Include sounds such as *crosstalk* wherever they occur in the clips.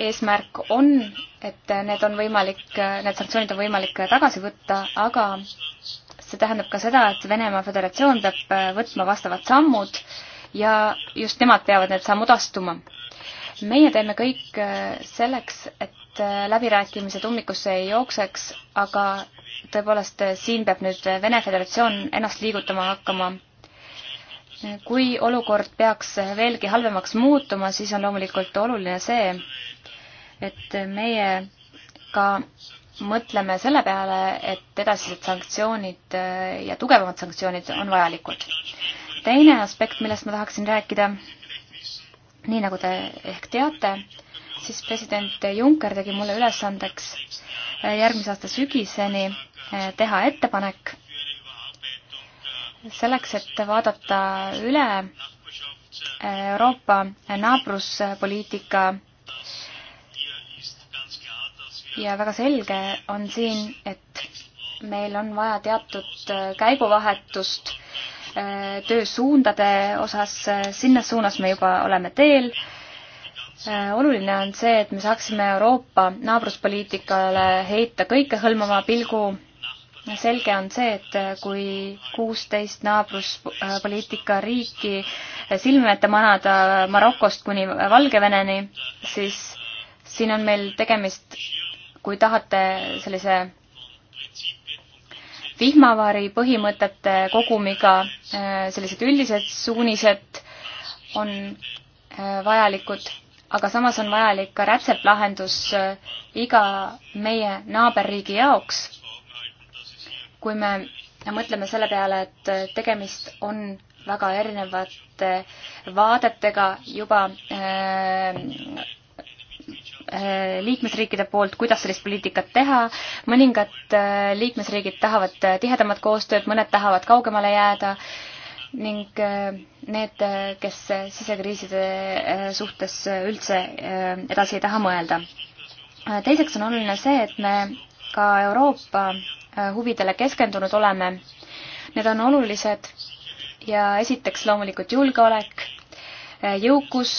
eesmärk on, et need on võimalik, need sanktsioonid on võimalik tagasi võtta, aga see tähendab ka seda, et Venemaa Föderatsioon peab äh, võtma vastavad sammud ja just nemad peavad need sammud astuma. meie teeme kõik äh, selleks, et äh, läbirääkimised ummikusse ei jookseks, aga tõepoolest siin peab nüüd Vene Föderatsioon ennast liigutama hakkama kui olukord peaks veelgi halvemaks muutuma, siis on loomulikult oluline see, et meie ka mõtleme selle peale, et edasised sanktsioonid äh, ja tugevamad sanktsioonid on vajalikud. teine aspekt, millest ma tahaksin rääkida, nii nagu te ehk teate, siis president Juncker tegi mulle ülesandeks äh, järgmise aasta sügiseni äh, teha ettepanek selleks, et vaadata üle eh, Euroopa naabruspoliitika ja väga selge on siin, et meil on vaja teatud eh, käiguvahetust eh, töösuundade osas, sinna suunas me juba oleme teel. oluline on see, et me saaksime Euroopa naabruspoliitikale heita kõikehõlmava pilgu selge on see, et äh, kui kuusteist naabruspoliitika riiki äh, silme ette manada äh, Marokost kuni Valgeveneni, siis siin on meil tegemist, kui tahate, sellise vihmavari põhimõtete kogumiga, sellised üldised suunised on vajalikud, aga samas on vajalik ka rätseplahendus iga meie naaberriigi jaoks kui me mõtleme selle peale, et tegemist on väga erinevate vaadetega juba äh, äh, liikmesriikide poolt, kuidas sellist poliitikat teha, mõningad äh, liikmesriigid tahavad tihedamat koostööd, mõned tahavad kaugemale jääda ning need, kes sisekriiside suhtes üldse edasi ei taha mõelda. teiseks on oluline see, et me ka Euroopa Äh, huvidele keskendunud oleme. Need on olulised ja esiteks loomulikult julgeolek, äh, jõukus,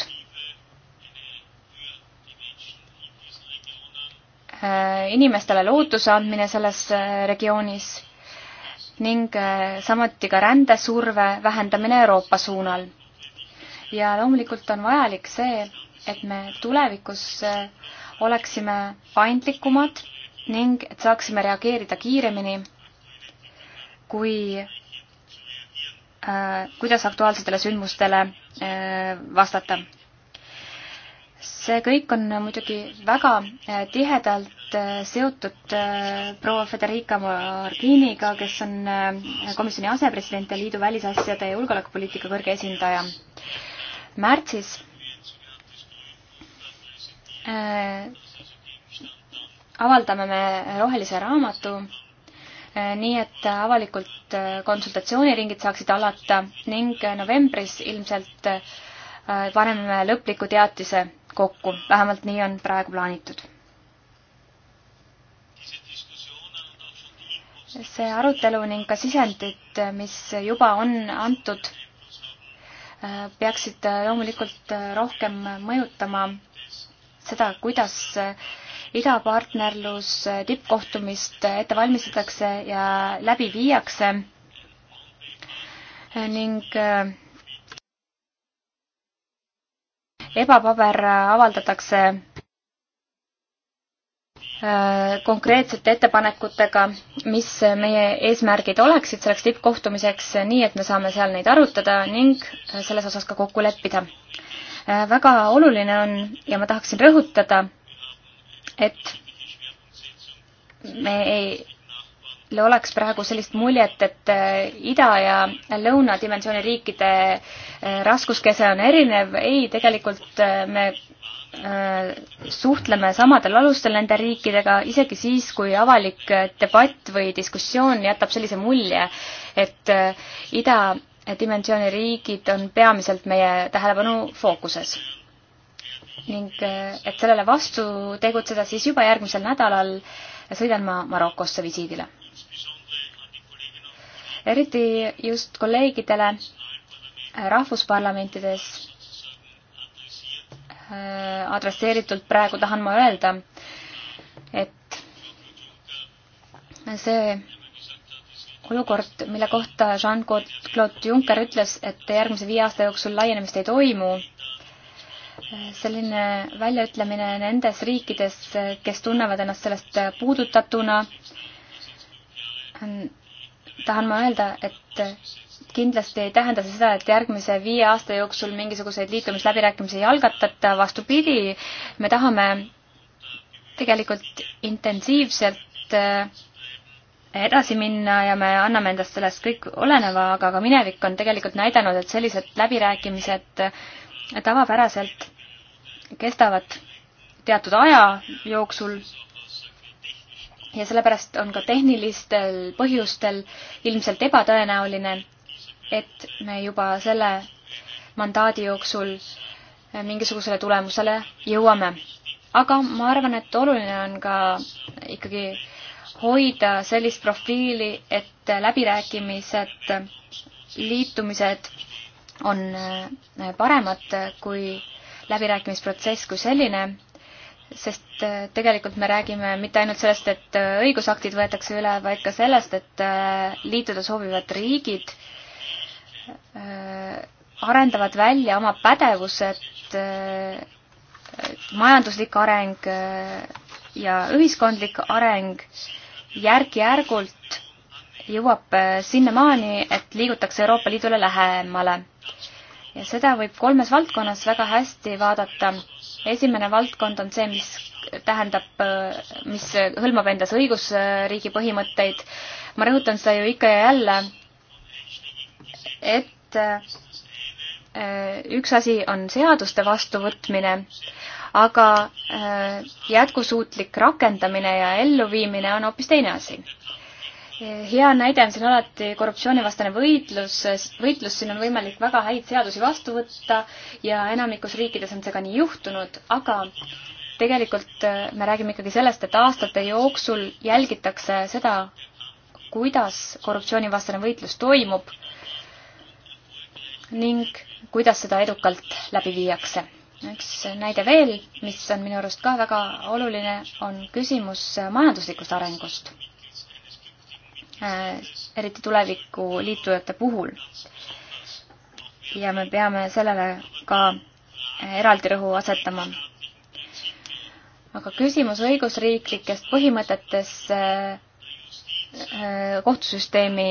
äh, inimestele lootuse andmine selles regioonis ning samuti ka rändesurve vähendamine Euroopa suunal. ja loomulikult on vajalik see, et me tulevikus oleksime paindlikumad ning et saaksime reageerida kiiremini, kui äh,, kuidas aktuaalsetele sündmustele äh, vastata. see kõik on muidugi väga äh, tihedalt äh, seotud äh, proua Federica Marginiga, kes on äh, komisjoni asepresident ja liidu välisasjade ja julgeolekupoliitika kõrge esindaja. märtsis avaldame me rohelise raamatu, eh, nii et avalikult eh, konsultatsiooniringid saaksid alata ning novembris ilmselt eh, paneme me lõpliku teatise kokku, vähemalt nii on praegu plaanitud. see arutelu ning ka sisendid, mis juba on antud, peaksid loomulikult rohkem mõjutama seda, kuidas idapartnerlus eh, tippkohtumist ette valmistatakse ja läbi viiakse eh, ning eh, ebapaber avaldatakse konkreetsete ettepanekutega, mis meie eesmärgid oleksid selleks tippkohtumiseks, nii et me saame seal neid arutada ning selles osas ka kokku leppida. väga oluline on ja ma tahaksin rõhutada, et me ei oleks praegu sellist muljet, et äh, ida- ja lõunadimensiooni riikide äh, raskuskese on erinev, ei, tegelikult äh, me suhtleme samadel alustel nende riikidega, isegi siis, kui avalik debatt või diskussioon jätab sellise mulje, et ida dimensiooni riigid on peamiselt meie tähelepanu fookuses ning eh, et sellele vastu tegutseda, siis juba järgmisel nädalal sõidan ma Marokosse visiidile. eriti just kolleegidele eh, rahvusparlamentides eh, adresseeritult praegu tahan ma öelda, et see olukord, mille kohta Jean-Claude Juncker ütles, et järgmise viie aasta jooksul laienemist ei toimu, selline väljaütlemine nendes riikides, kes tunnevad ennast sellest puudutatuna. tahan ma öelda, et kindlasti ei tähenda see seda, et järgmise viie aasta jooksul mingisuguseid liitumisläbirääkimisi ei algatata, vastupidi, me tahame tegelikult intensiivselt äh, edasi minna ja me anname endast sellest kõik oleneva, aga ka minevik on tegelikult näidanud, et sellised läbirääkimised tavapäraselt kestavad teatud aja jooksul ja sellepärast on ka tehnilistel põhjustel ilmselt ebatõenäoline, et me juba selle mandaadi jooksul mingisugusele tulemusele jõuame. aga ma arvan, et oluline on ka ikkagi hoida sellist profiili, et läbirääkimised, liitumised on paremad kui läbirääkimisprotsess kui selline, sest äh, tegelikult me räägime mitte ainult sellest, et äh, õigusaktid võetakse üle, vaid ka sellest, et äh, liituda soovivad riigid arendavad välja oma pädevused, majanduslik areng ja ühiskondlik areng järk-järgult jõuab sinnamaani, et liigutakse Euroopa Liidule lähemale ja seda võib kolmes valdkonnas väga hästi vaadata. esimene valdkond on see, mis tähendab, mis hõlmab endas õigusriigi põhimõtteid. ma rõhutan seda ju ikka ja jälle, et äh, üks asi on seaduste vastuvõtmine, aga äh, jätkusuutlik rakendamine ja elluviimine on hoopis teine asi hea näide on siin alati korruptsioonivastane võitlus, võitlus, siin on võimalik väga häid seadusi vastu võtta ja enamikus riikides on see ka nii juhtunud, aga tegelikult äh, me räägime ikkagi sellest, et aastate jooksul jälgitakse seda, kuidas korruptsioonivastane võitlus toimub ning kuidas seda edukalt läbi viiakse. üks näide veel, mis on minu arust ka väga oluline, on küsimus majanduslikust arengust Äh, eriti tuleviku liitujate puhul. ja me peame sellele ka äh, eraldi rõhu asetama. aga küsimus õigusriiklikest põhimõtetest äh, kohtusüsteemi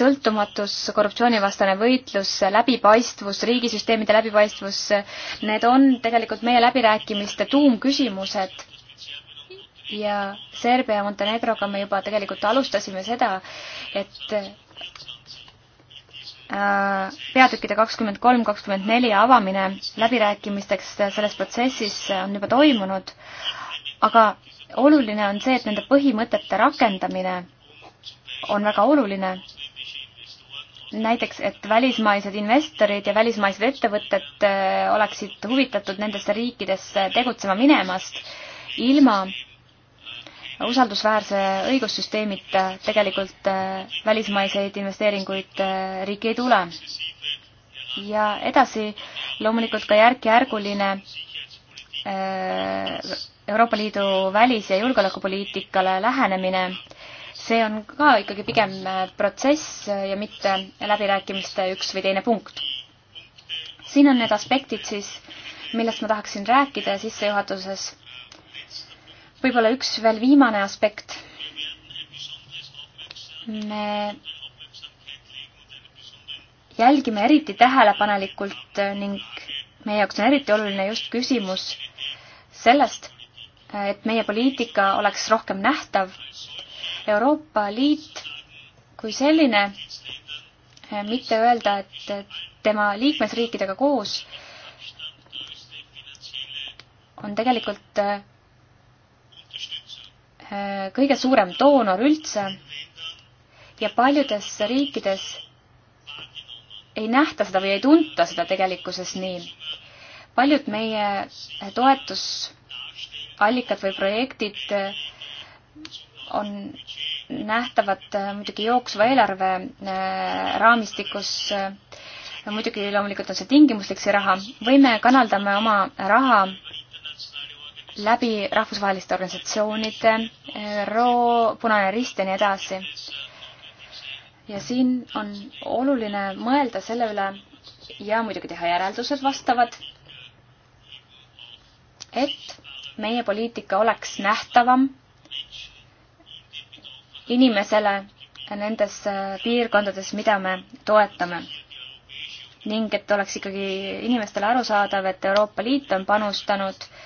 sõltumatus, korruptsioonivastane võitlus, läbipaistvus, riigisüsteemide läbipaistvus, need on tegelikult meie läbirääkimiste tuumküsimused ja Serbia ja Montenegroga me juba tegelikult alustasime seda, et äh, peatükkide kakskümmend kolm, kakskümmend neli avamine läbirääkimisteks selles protsessis on juba toimunud, aga oluline on see, et nende põhimõtete rakendamine on väga oluline. näiteks, et välismaised investorid ja välismaised ettevõtted äh, oleksid huvitatud nendesse riikidesse tegutsema minemast, ilma usaldusväärse õigussüsteemita äh, tegelikult äh, välismaiseid investeeringuid äh, riiki ei tule. ja edasi loomulikult ka järk-järguline Euroopa Liidu välis- ja julgeolekupoliitikale lähenemine, see on ka ikkagi pigem protsess ja mitte läbirääkimiste üks või teine punkt. siin on need aspektid siis, millest ma tahaksin rääkida sissejuhatuses võib-olla üks veel viimane aspekt. me jälgime eriti tähelepanelikult ning meie jaoks on eriti oluline just küsimus sellest, et meie poliitika oleks rohkem nähtav. Euroopa Liit kui selline, mitte öelda, et tema liikmesriikidega koos on tegelikult kõige suurem doonor üldse ja paljudes riikides ei nähta seda või ei tunta seda tegelikkuses nii. paljud meie toetusallikad või projektid on nähtavad muidugi jooksva eelarve äh, raamistikus. muidugi loomulikult on see tingimuslik, see raha, või me kanaldame oma raha läbi rahvusvaheliste organisatsioonide, ÜRO, Punane Rist ja nii edasi. ja siin on oluline mõelda selle üle ja muidugi teha järeldused vastavad, et meie poliitika oleks nähtavam inimesele nendes piirkondades, mida me toetame. ning et oleks ikkagi inimestele arusaadav, et Euroopa Liit on panustanud äh,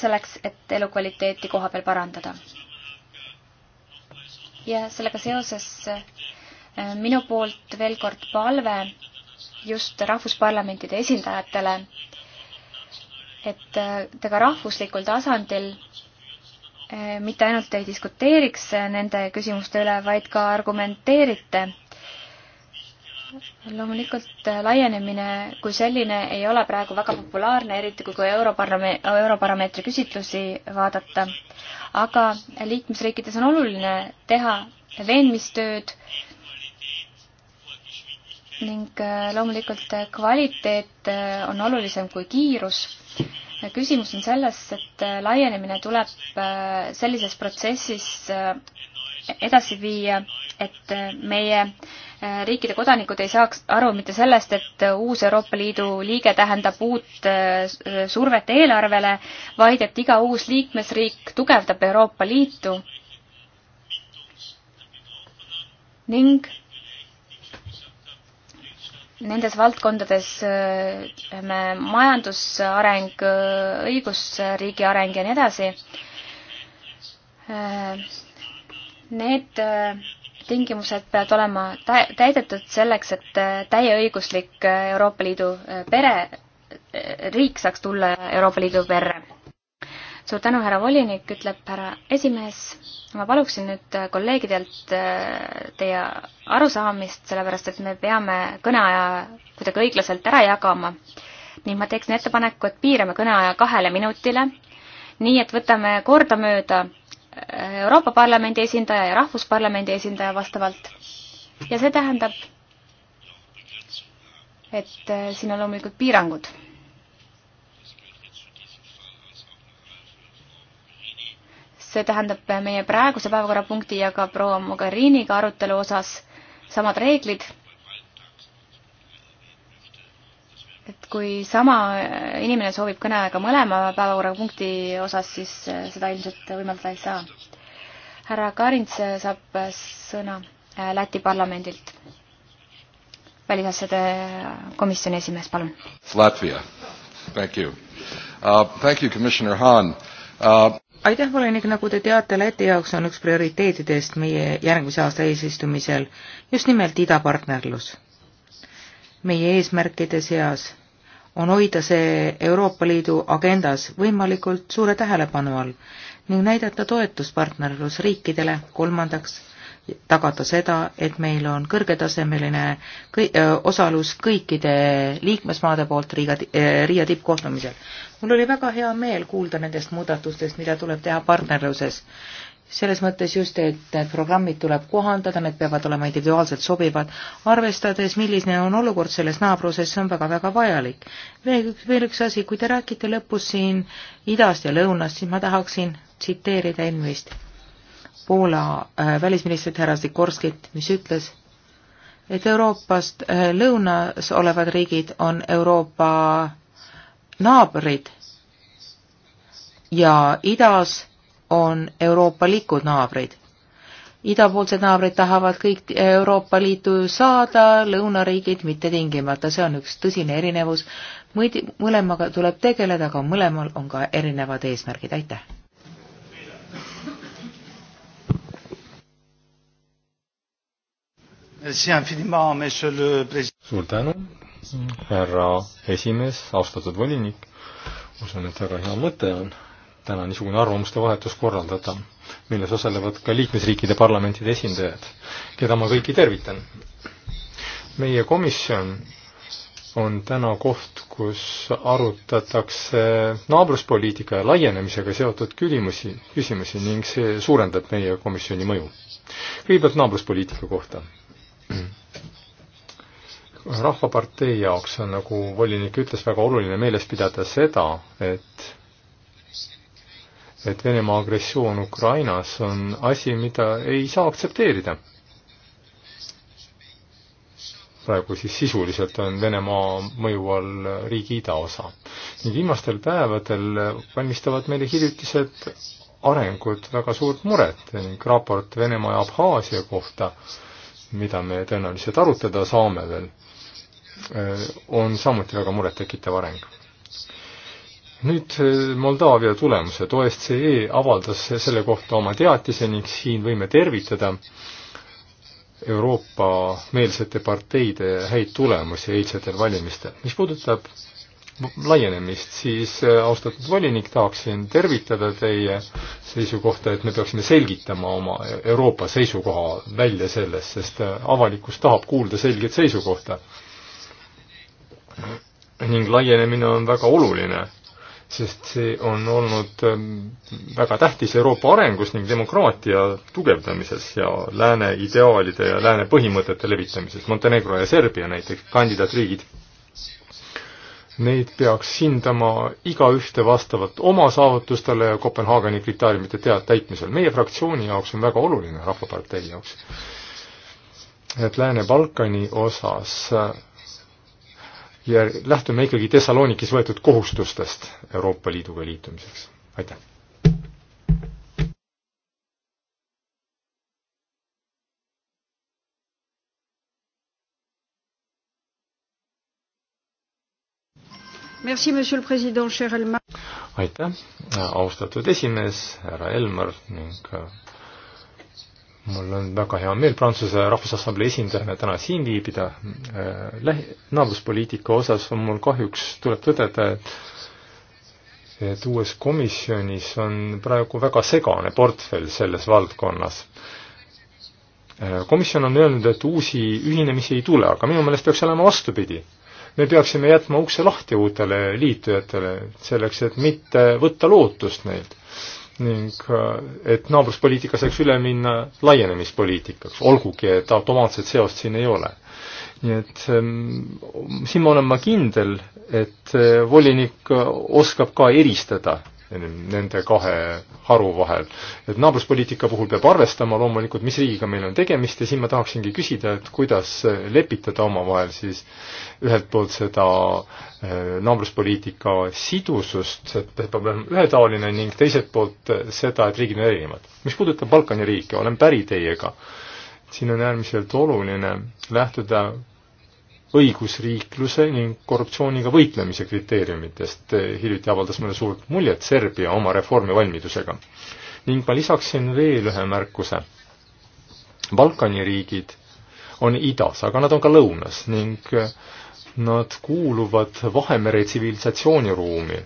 selleks, et elukvaliteeti koha peal parandada. ja sellega seoses äh, minu poolt veel kord palve just rahvusparlamentide esindajatele, et äh, te ka rahvuslikul tasandil äh, mitte ainult ei diskuteeriks nende küsimuste üle, vaid ka argumenteerite loomulikult äh, laienemine kui selline ei ole praegu väga populaarne, eriti kui, kui Europarlame-, Europarameetri küsitlusi vaadata. aga liikmesriikides on oluline teha veenmistööd ning äh, loomulikult äh, kvaliteet on olulisem kui kiirus. küsimus on selles, et laienemine tuleb sellises protsessis edasi viia, et meie äh, riikide kodanikud ei saaks aru mitte sellest, et uus Euroopa Liidu liige tähendab uut äh, survet eelarvele, vaid et iga uus liikmesriik tugevdab Euroopa Liitu ning nendes valdkondades ütleme, äh, majandusareng, õigusriigi areng ja nii edasi Need äh, tingimused peavad olema täidetud selleks, et äh, täieõiguslik äh, Euroopa Liidu pere, riik saaks tulla Euroopa Liidu perre. suur tänu, härra volinik, ütleb härra esimees. ma paluksin nüüd kolleegidelt teie arusaamist, sellepärast et me peame kõneaja kuidagi õiglaselt ära jagama. nii ma teeksin ettepaneku, et piirame kõneaja kahele minutile, nii et võtame kordamööda Euroopa Parlamendi esindaja ja Rahvusparlamendi esindaja vastavalt. ja see tähendab, et äh, siin on loomulikult piirangud. see tähendab meie praeguse päevakorrapunkti ja ka proua Mogheriniga arutelu osas samad reeglid et kui sama inimene soovib kõneaega mõlema päevakorrapunkti osas, siis äh, seda ilmselt võimaldada ei saa. härra Karins äh, saab äh, sõna Läti parlamendilt. välisasjade komisjoni esimees, palun. Latvia, thank you uh,. Thank you, commissioner Hahn uh.... aitäh, volinik, nagu te teate, Läti jaoks on üks prioriteetidest meie järgmise aasta eesistumisel just nimelt idapartnerlus meie eesmärkide seas on hoida see Euroopa Liidu agendas võimalikult suure tähelepanu all ning näidata toetust partnerlusriikidele, kolmandaks tagada seda, et meil on kõrgetasemeline kõi, öö, osalus kõikide liikmesmaade poolt Riiga, Riia tippkohtumisel. mul oli väga hea meel kuulda nendest muudatustest, mida tuleb teha partnerluses selles mõttes just, et need programmid tuleb kohandada, need peavad olema individuaalselt sobivad, arvestades, milline on olukord selles naabruses, see on väga-väga vajalik. veel üks, veel üks asi, kui te räägite lõpus siin idast ja lõunast, siis ma tahaksin tsiteerida eelmist Poola äh, välisministrit härra Sikorskit, mis ütles, et Euroopast äh, lõunas olevad riigid on Euroopa naabrid ja idas on euroopalikud naabrid. idapoolsed naabrid tahavad kõik Euroopa Liitu saada, lõunariigid mitte tingimata, see on üks tõsine erinevus. muid, mõlemaga tuleb tegeleda, aga mõlemal on ka erinevad eesmärgid, aitäh! suur tänu, härra esimees, austatud volinik. usun, et väga hea mõte on täna niisugune arvamuste vahetus korraldada, milles osalevad ka liikmesriikide parlamentide esindajad, keda ma kõiki tervitan. meie komisjon on täna koht, kus arutatakse naabruspoliitika ja laienemisega seotud küsimusi, küsimusi ning see suurendab meie komisjoni mõju. kõigepealt naabruspoliitika kohta rahvapartei jaoks on, nagu volinik ütles, väga oluline meeles pidada seda, et et Venemaa agressioon Ukrainas on asi, mida ei saa aktsepteerida. praegu siis sisuliselt on Venemaa mõju all riigi idaosa. ning viimastel päevadel valmistavad meile hiljutised arengud väga suurt muret ning raport Venemaa ja Abhaasia kohta, mida me tõenäoliselt arutada saame veel, on samuti väga murettekitav areng nüüd eh, Moldaavia tulemused, OSCE e avaldas selle kohta oma teatise ning siin võime tervitada Euroopa-meelsete parteide häid tulemusi eilsetel valimistel. mis puudutab laienemist, siis eh, austatud volinik, tahaksin tervitada teie seisukohta, et me peaksime selgitama oma Euroopa seisukoha välja sellest, sest eh, avalikkus tahab kuulda selget seisukohta. ning laienemine on väga oluline sest see on olnud ähm, väga tähtis Euroopa arengus ning demokraatia tugevdamises ja lääne ideaalide ja lääne põhimõtete levitamises. Montenegro ja Serbia näiteks, kandidaatriigid. Neid peaks hindama igaühte vastavalt oma saavutustele ja Kopenhaageni kriteeriumite tead täitmisel. meie fraktsiooni jaoks on väga oluline, Rahvapartei jaoks, et Lääne-Balkani osas äh, ja lähtume ikkagi Thessalonikis võetud kohustustest Euroopa Liiduga liitumiseks. aitäh! Merci, monsieur le président, cher Elmar. aitäh, austatud esimees, härra Elmar ning mul on väga hea meel Prantsuse Rahvusassamblee esindajana täna siin viibida. Äh, lähi-, naabruspoliitika osas on mul kahjuks, tuleb tõdeda, et et uues komisjonis on praegu väga segane portfell selles valdkonnas. Äh, komisjon on öelnud, et uusi ühinemisi ei tule, aga minu meelest peaks olema vastupidi me peaksime jätma ukse lahti uutele liitujatele, selleks et mitte võtta lootust neilt ning äh, et naabruspoliitika saaks üle minna laienemispoliitikaks, olgugi et automaatset seost siin ei ole. nii et ähm, siin ma olen ma kindel, et äh, volinik äh, oskab ka eristada nende kahe haru vahel. et naabruspoliitika puhul peab arvestama loomulikult, mis riigiga meil on tegemist ja siin ma tahaksingi küsida, et kuidas lepitada omavahel siis ühelt poolt seda äh, naabruspoliitika sidusust, et peab olema ühetaoline ning teiselt poolt äh, seda, et riigid on erinevad. mis puudutab Balkani riike, olen päri teiega, siin on äärmiselt oluline lähtuda õigusriikluse ning korruptsiooniga võitlemise kriteeriumitest hiljuti avaldas mulle suurt muljet Serbia oma reformivalmidusega. ning ma lisaksin veel ühe märkuse. Balkani riigid on idas, aga nad on ka lõunas ning nad kuuluvad Vahemere tsivilisatsiooniruumi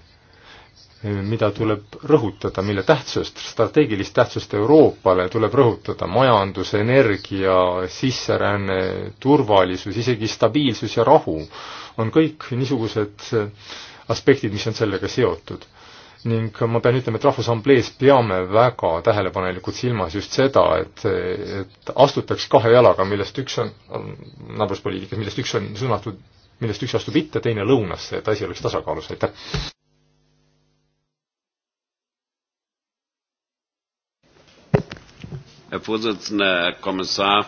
mida tuleb rõhutada, mille tähtsust, strateegilist tähtsust Euroopale tuleb rõhutada, majandus, energia, sisseränne, turvalisus, isegi stabiilsus ja rahu on kõik niisugused aspektid, mis on sellega seotud. ning ma pean ütlema, et Rahvusassamblees peame väga tähelepanelikult silmas just seda, et, et astutaks kahe jalaga, millest üks on, on naabruspoliitikas, millest üks on suunatud millest üks astub itta, teine lõunasse, et asi oleks tasakaalus, aitäh! Herr Vorsitzende, Herr Kommissar.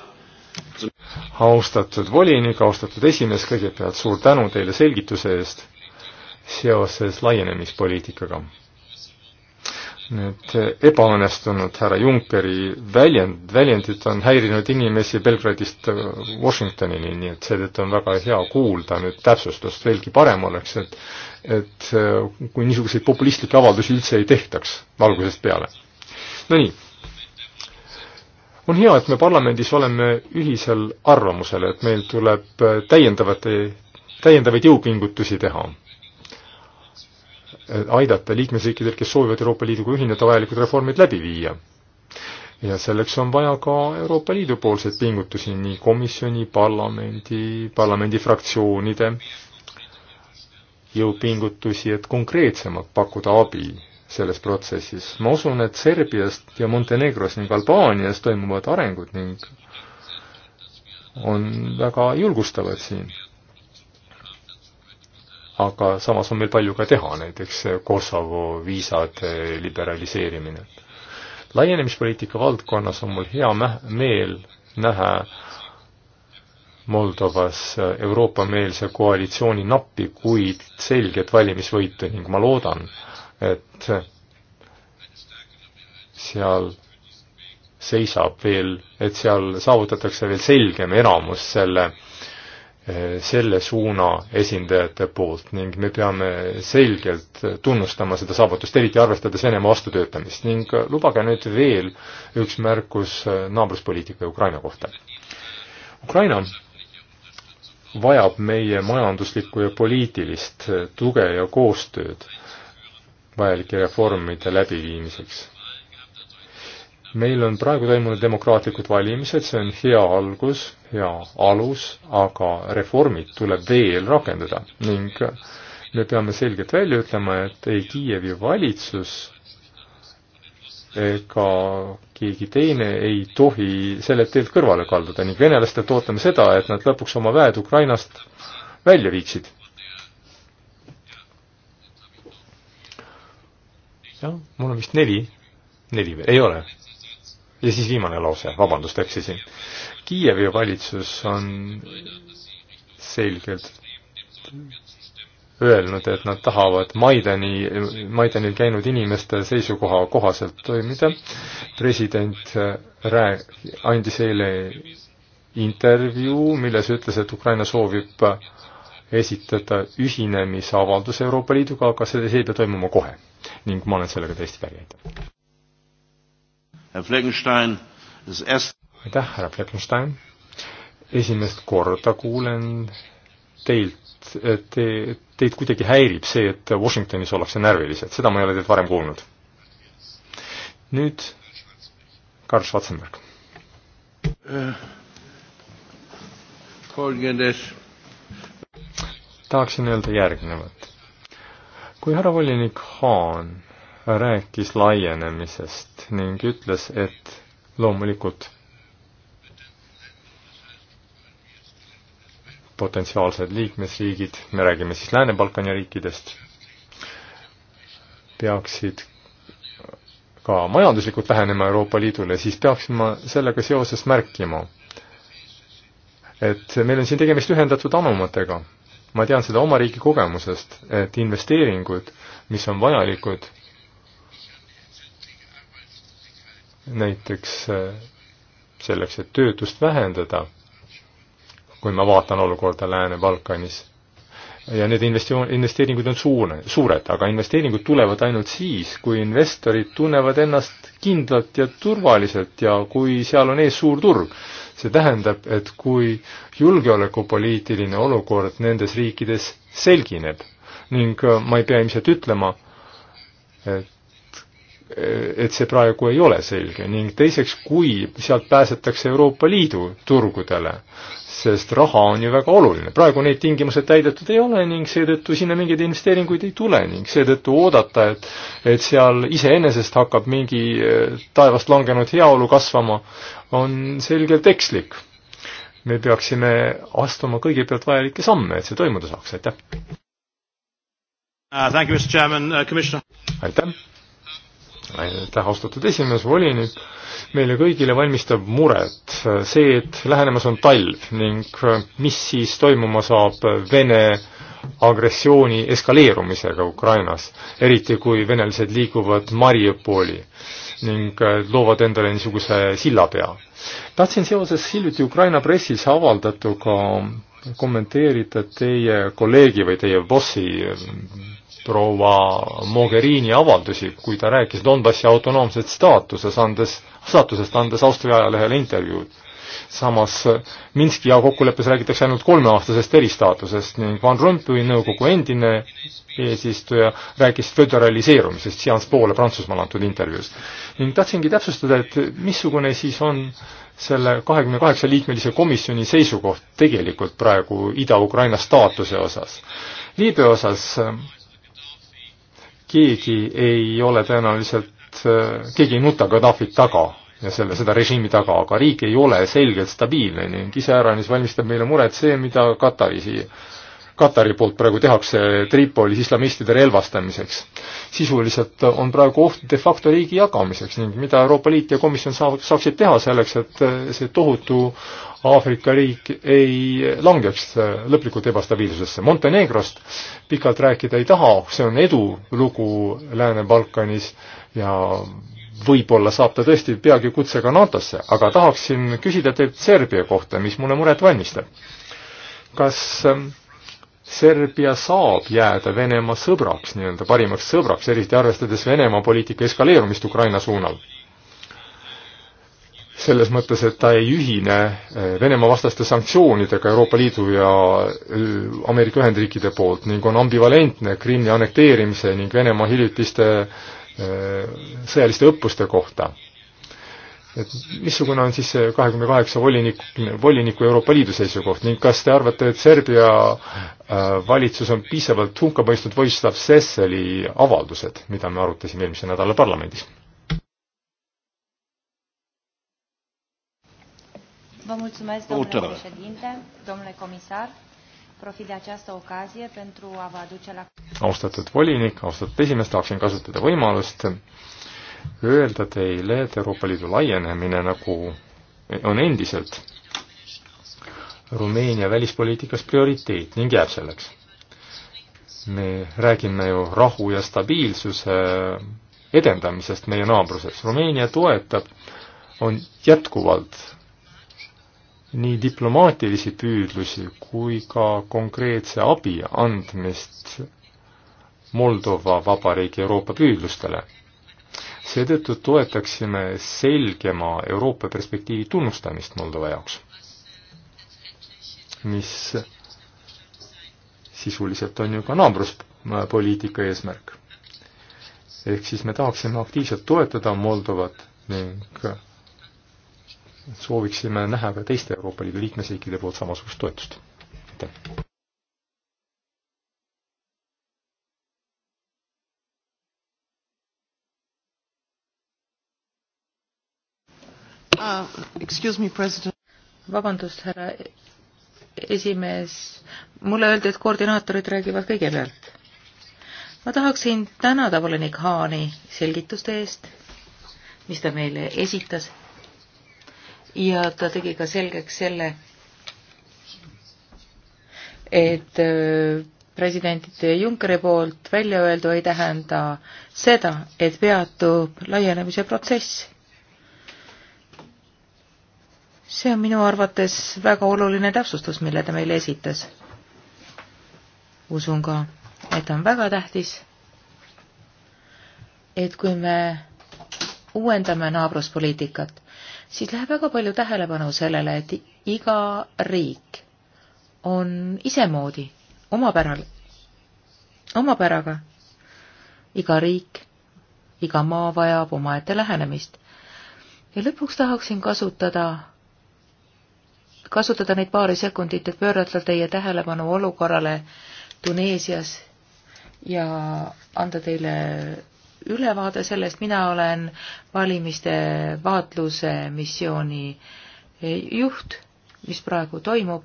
austatud volinik, austatud esimees, kõigepealt suur tänu teile selgituse eest seoses laienemispoliitikaga. Need ebaõnnestunud härra Junckeri väljend, väljendid on häirinud inimesi Belgradist äh, Washingtonini, nii et seetõttu on väga hea kuulda nüüd täpsustust, veelgi parem oleks, et et äh, kui niisuguseid populistlikke avaldusi üldse ei tehtaks algusest peale. Nonii on hea, et me parlamendis oleme ühisel arvamusel, et meil tuleb täiendavate, täiendavaid jõupingutusi teha. aidata liikmesriikidel, kes soovivad Euroopa Liiduga ühineda, vajalikud reformid läbi viia. ja selleks on vaja ka Euroopa Liidu poolseid pingutusi nii komisjoni, parlamendi, parlamendifraktsioonide jõupingutusi, et konkreetsemalt pakkuda abi selles protsessis. ma usun, et Serbiast ja Montenegros ning Albaanias toimuvad arengud ning on väga julgustavad siin. aga samas on meil palju ka teha, näiteks Kosovo viisade liberaliseerimine. laienemispoliitika valdkonnas on mul hea meel näha Moldovas Euroopa-meelse koalitsiooni nappi, kuid selget valimisvõitu ning ma loodan, et seal seisab veel, et seal saavutatakse veel selgem enamus selle, selle suuna esindajate poolt ning me peame selgelt tunnustama seda saavutust, eriti arvestades Venemaa vastutöötamist ning lubage nüüd veel üks märkus naabruspoliitika Ukraina kohta. Ukraina vajab meie majanduslikku ja poliitilist tuge ja koostööd vajalike reformide läbiviimiseks. meil on praegu toimunud demokraatlikud valimised, see on hea algus, hea alus, aga reformid tuleb veel rakendada ning me peame selgelt välja ütlema, et ei Kiievi valitsus ega keegi teine ei tohi sellelt teelt kõrvale kalduda ning venelastelt ootame seda, et nad lõpuks oma väed Ukrainast välja viiksid jah, mul on vist neli, neli veel, ei ole. ja siis viimane lause, vabandust, eksisin. Kiievi valitsus on selgelt öelnud, et nad tahavad Maidani, Maidanil käinud inimeste seisukoha kohaselt toimida. president rää-, andis eile intervjuu, milles ütles, et Ukraina soovib esitada ühinemisavalduse Euroopa Liiduga, aga see ei pea toimuma kohe ning ma olen sellega täiesti päri, aitäh. aitäh, härra Fleckenstein. esimest korda kuulen teilt, te, teid kuidagi häirib see, et Washingtonis ollakse närvilised, seda ma ei ole teilt varem kuulnud. nüüd Karl Schwarzenberg äh,. Folgendes tahaksin öelda järgnevat kui härra volinik Haan rääkis laienemisest ning ütles, et loomulikult potentsiaalsed liikmesriigid, me räägime siis Lääne-Balkani riikidest, peaksid ka majanduslikult lähenema Euroopa Liidule, siis peaksin ma sellega seoses märkima, et meil on siin tegemist ühendatud anumatega ma tean seda oma riigi kogemusest, et investeeringud, mis on vajalikud näiteks eh, selleks, et töötust vähendada, kui ma vaatan olukorda Lääne-Balkanis ja need investio-, investeeringud on suure, suured, aga investeeringud tulevad ainult siis, kui investorid tunnevad ennast kindlalt ja turvaliselt ja kui seal on ees suur turg. see tähendab, et kui julgeolekupoliitiline olukord nendes riikides selgineb ning äh, ma ei pea ilmselt ütlema, et et see praegu ei ole selge ning teiseks, kui sealt pääsetakse Euroopa Liidu turgudele, sest raha on ju väga oluline. praegu need tingimused täidetud ei ole ning seetõttu sinna mingeid investeeringuid ei tule ning seetõttu oodata, et, et seal iseenesest hakkab mingi eh, taevast langenud heaolu kasvama, on selgelt ekslik. me peaksime astuma kõigepealt vajalikke samme, et see toimuda saaks, aitäh uh,! uh aitäh! aitäh, austatud esimees, volinik, meile kõigile valmistab muret see, et lähenemas on talv ning mis siis toimuma saab Vene agressiooni eskaleerumisega Ukrainas, eriti kui venelased liiguvad Mariupoli ning loovad endale niisuguse sillapea. tahtsin seoses hiljuti Ukraina pressis avaldatuga kommenteerida teie kolleegi või teie bossi proua Mogherini avaldusi, kui ta rääkis Donbassi autonoomset staatuses, andes, staatusest, andes Austria ajalehele intervjuud. samas Minski ja kokkuleppes räägitakse ainult kolmeaastasest eristaatusest ning Van Rompuy nõukogu endine eesistuja rääkis föderaliseerumisest Sciences Poole Prantsusmaal antud intervjuus. ning tahtsingi täpsustada, et missugune siis on selle kahekümne kaheksa liikmelise komisjoni seisukoht tegelikult praegu Ida-Ukraina staatuse osas. Liibüa osas keegi ei ole tõenäoliselt, äh, keegi ei nuta Gaddafit taga ja selle, seda režiimi taga, aga riik ei ole selgelt stabiilne ning iseäranis valmistab meile muret see, mida Katari siia Katari poolt praegu tehakse Tripolis islamistide relvastamiseks. sisuliselt on praegu oht de facto riigi jagamiseks ning mida Euroopa Liit ja komisjon saab, saaksid teha selleks, et äh, see tohutu Aafrika riik ei langeks äh, lõplikult ebastabiilsusesse. Montenegrost pikalt rääkida ei taha, see on edulugu Lääne-Balkanis ja võib-olla saab ta tõesti peagi kutsega NATO-sse, aga tahaksin küsida teilt Serbia kohta, mis mulle muret valmistab. kas ähm, Serbia saab jääda Venemaa sõbraks, nii-öelda parimaks sõbraks, eriti arvestades Venemaa poliitika eskaleerumist Ukraina suunal? selles mõttes, et ta ei ühine eh, Venemaa vastaste sanktsioonidega Euroopa Liidu ja eh, Ameerika Ühendriikide poolt ning on ambivalentne Krimmi annekteerimise ning Venemaa hiljutiste eh, sõjaliste õppuste kohta. et missugune on siis see kahekümne kaheksa volinik, voliniku Euroopa Liidu seisukoht ning kas te arvate, et Serbia valitsus on piisavalt hukka mõistnud Vojislav Sesseli avaldused, mida me arutasime eelmise nädala parlamendis? Vă mulțumesc, domnule Autoră. președinte, domnule comisar. Profit de această ocazie pentru a vă aduce la... Austatud volinik, austatud esimees, tahaksin kasutada võimalust öelda teile, et Euroopa Liidu laienemine nagu on endiselt Rumeenia välispoliitikas prioriteet ning jääb selleks. me räägime ju rahu ja stabiilsuse edendamisest meie naabruses. Rumeenia toetab, on jätkuvalt nii diplomaatilisi püüdlusi kui ka konkreetse abi andmist Moldova Vabariigi Euroopa püüdlustele. seetõttu toetaksime selgema Euroopa perspektiivi tunnustamist Moldova jaoks, mis sisuliselt on ju ka naabruspoliitika eesmärk. ehk siis me tahaksime aktiivselt toetada Moldovat ning sooviksime näha ka teiste Euroopa Liidu liikmesriikide poolt samasugust toetust. aitäh! Uh, vabandust, härra esimees, mulle öeldi, et koordinaatorid räägivad kõigepealt. ma tahaksin tänada volinik Haani selgituste eest, mis ta meile esitas ja ta tegi ka selgeks selle, et äh, president Junckeri poolt välja öeldu ei tähenda seda, et peatub laienemise protsess. see on minu arvates väga oluline täpsustus, mille ta meile esitas. usun ka, et on väga tähtis, et kui me uuendame naabruspoliitikat siis läheb väga palju tähelepanu sellele, et iga riik on isemoodi, omapäral, omapäraga. iga riik, iga maa vajab omaette lähenemist. ja lõpuks tahaksin kasutada kasutada neid paari sekundit, et pöörata teie tähelepanu olukorrale Tuneesias ja anda teile ülevaade sellest, mina olen valimiste vaatluse missiooni juht, mis praegu toimub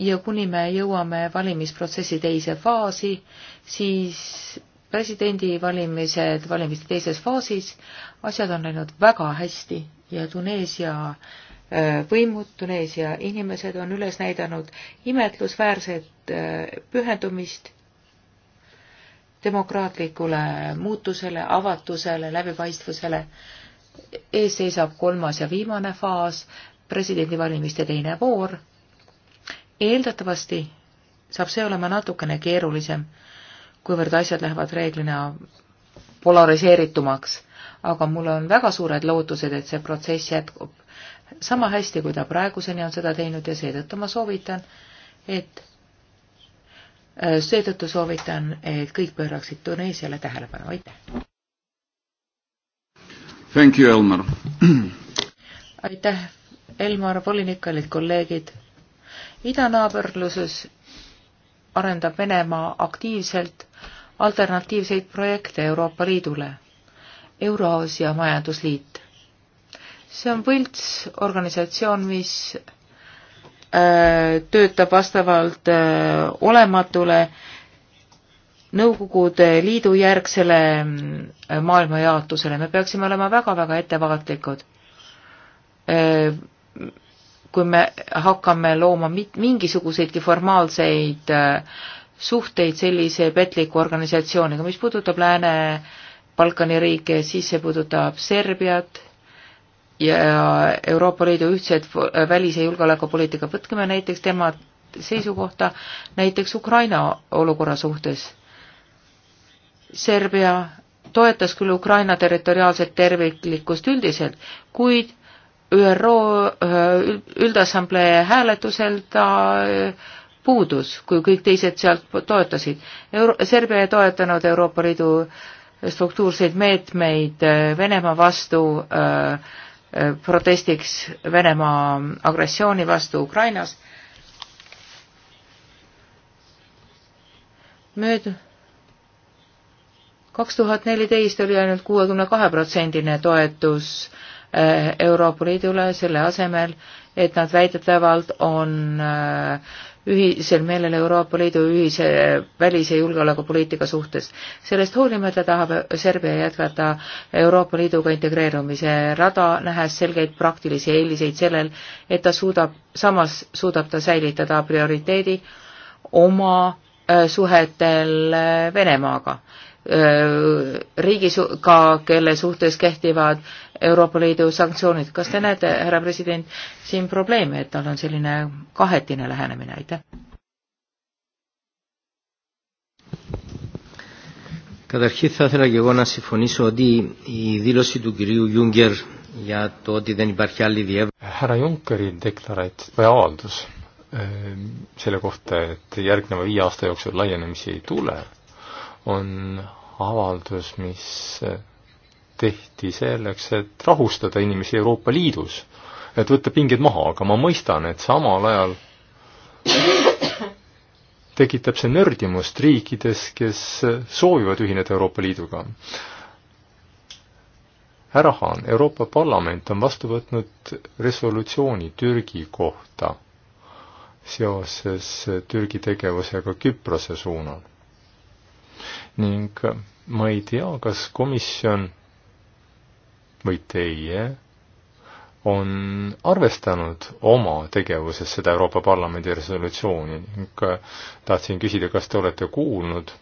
ja kuni me jõuame valimisprotsessi teise faasi, siis presidendivalimised valimiste teises faasis, asjad on läinud väga hästi ja Tuneesia äh, võimud, Tuneesia inimesed on üles näidanud imetlusväärset äh, pühendumist demokraatlikule muutusele, avatusele, läbipaistvusele. ees seisab kolmas ja viimane faas, presidendivalimiste teine voor. eeldatavasti saab see olema natukene keerulisem, kuivõrd asjad lähevad reeglina polariseeritumaks, aga mul on väga suured lootused, et see protsess jätkub sama hästi, kui ta praeguseni on seda teinud ja seetõttu ma soovitan, et Äh, seetõttu soovitan, et kõik pööraksid Tuneesiale tähelepanu, aitäh! Thank you, Elmar! *clears throat* aitäh, Elmar, volinik, kallid kolleegid! idanaaberluses arendab Venemaa aktiivselt alternatiivseid projekte Euroopa Liidule, Euraasia Majandusliit. see on võlts organisatsioon, mis Äh, töötab vastavalt äh, olematule Nõukogude Liidu järgsele äh, maailmajaotusele. me peaksime olema väga-väga ettevaatlikud, kui me hakkame looma mingisuguseidki formaalseid suhteid sellise petliku organisatsiooniga, mis puudutab Lääne-Balkani riike, siis see puudutab Serbiat, ja Euroopa Liidu ühtset välis- ja julgeolekupoliitika, võtkeme näiteks tema seisukohta näiteks Ukraina olukorra suhtes. Serbia toetas küll Ukraina territoriaalset terviklikkust üldiselt, kuid ÜRO üldassamblee hääletusel ta puudus, kui kõik teised sealt toetasid. Euro-, Serbia ei toetanud Euroopa Liidu struktuurseid meetmeid Venemaa vastu äh, Äh, protestiks Venemaa agressiooni vastu Ukrainas. möödu-, kaks tuhat neliteist oli ainult kuuekümne kahe protsendine toetus äh, Euroopa Liidule, selle asemel, et nad väidetavalt on äh, ühisel meelel Euroopa Liidu ühise välise julgeolekupoliitika suhtes. sellest hoolimata tahab Serbia jätkata Euroopa Liiduga integreerumise rada, nähes selgeid praktilisi eeliseid sellel, et ta suudab, samas suudab ta säilitada prioriteedi oma äh, suhetel äh, Venemaaga äh, riigis ka, kelle suhtes kehtivad Euroopa Liidu sanktsioonid, kas te näete, härra president, siin probleeme, et tal on selline kahetine lähenemine, aitäh? Καταρχήν θα ήθελα και εγώ να συμφωνήσω ότι η δήλωση του κυρίου Γιούγκερ για το ότι δεν υπάρχει άλλη διεύρυνση. Χαρά Γιούγκερη deklarat või avaldus selle kohta, et järgneva viie aasta jooksul laienemisi ei tule, on avaldus, mis tehti selleks, et rahustada inimesi Euroopa Liidus, et võtta pinged maha, aga ma mõistan, et samal ajal tekitab see nördimust riikides, kes soovivad ühineda Euroopa Liiduga. härra Haan, Euroopa Parlament on vastu võtnud resolutsiooni Türgi kohta seoses Türgi tegevusega Küprose suunal. ning ma ei tea, kas komisjon või teie on arvestanud oma tegevuses seda Euroopa Parlamendi resolutsiooni ning äh, tahtsin küsida, kas te olete kuulnud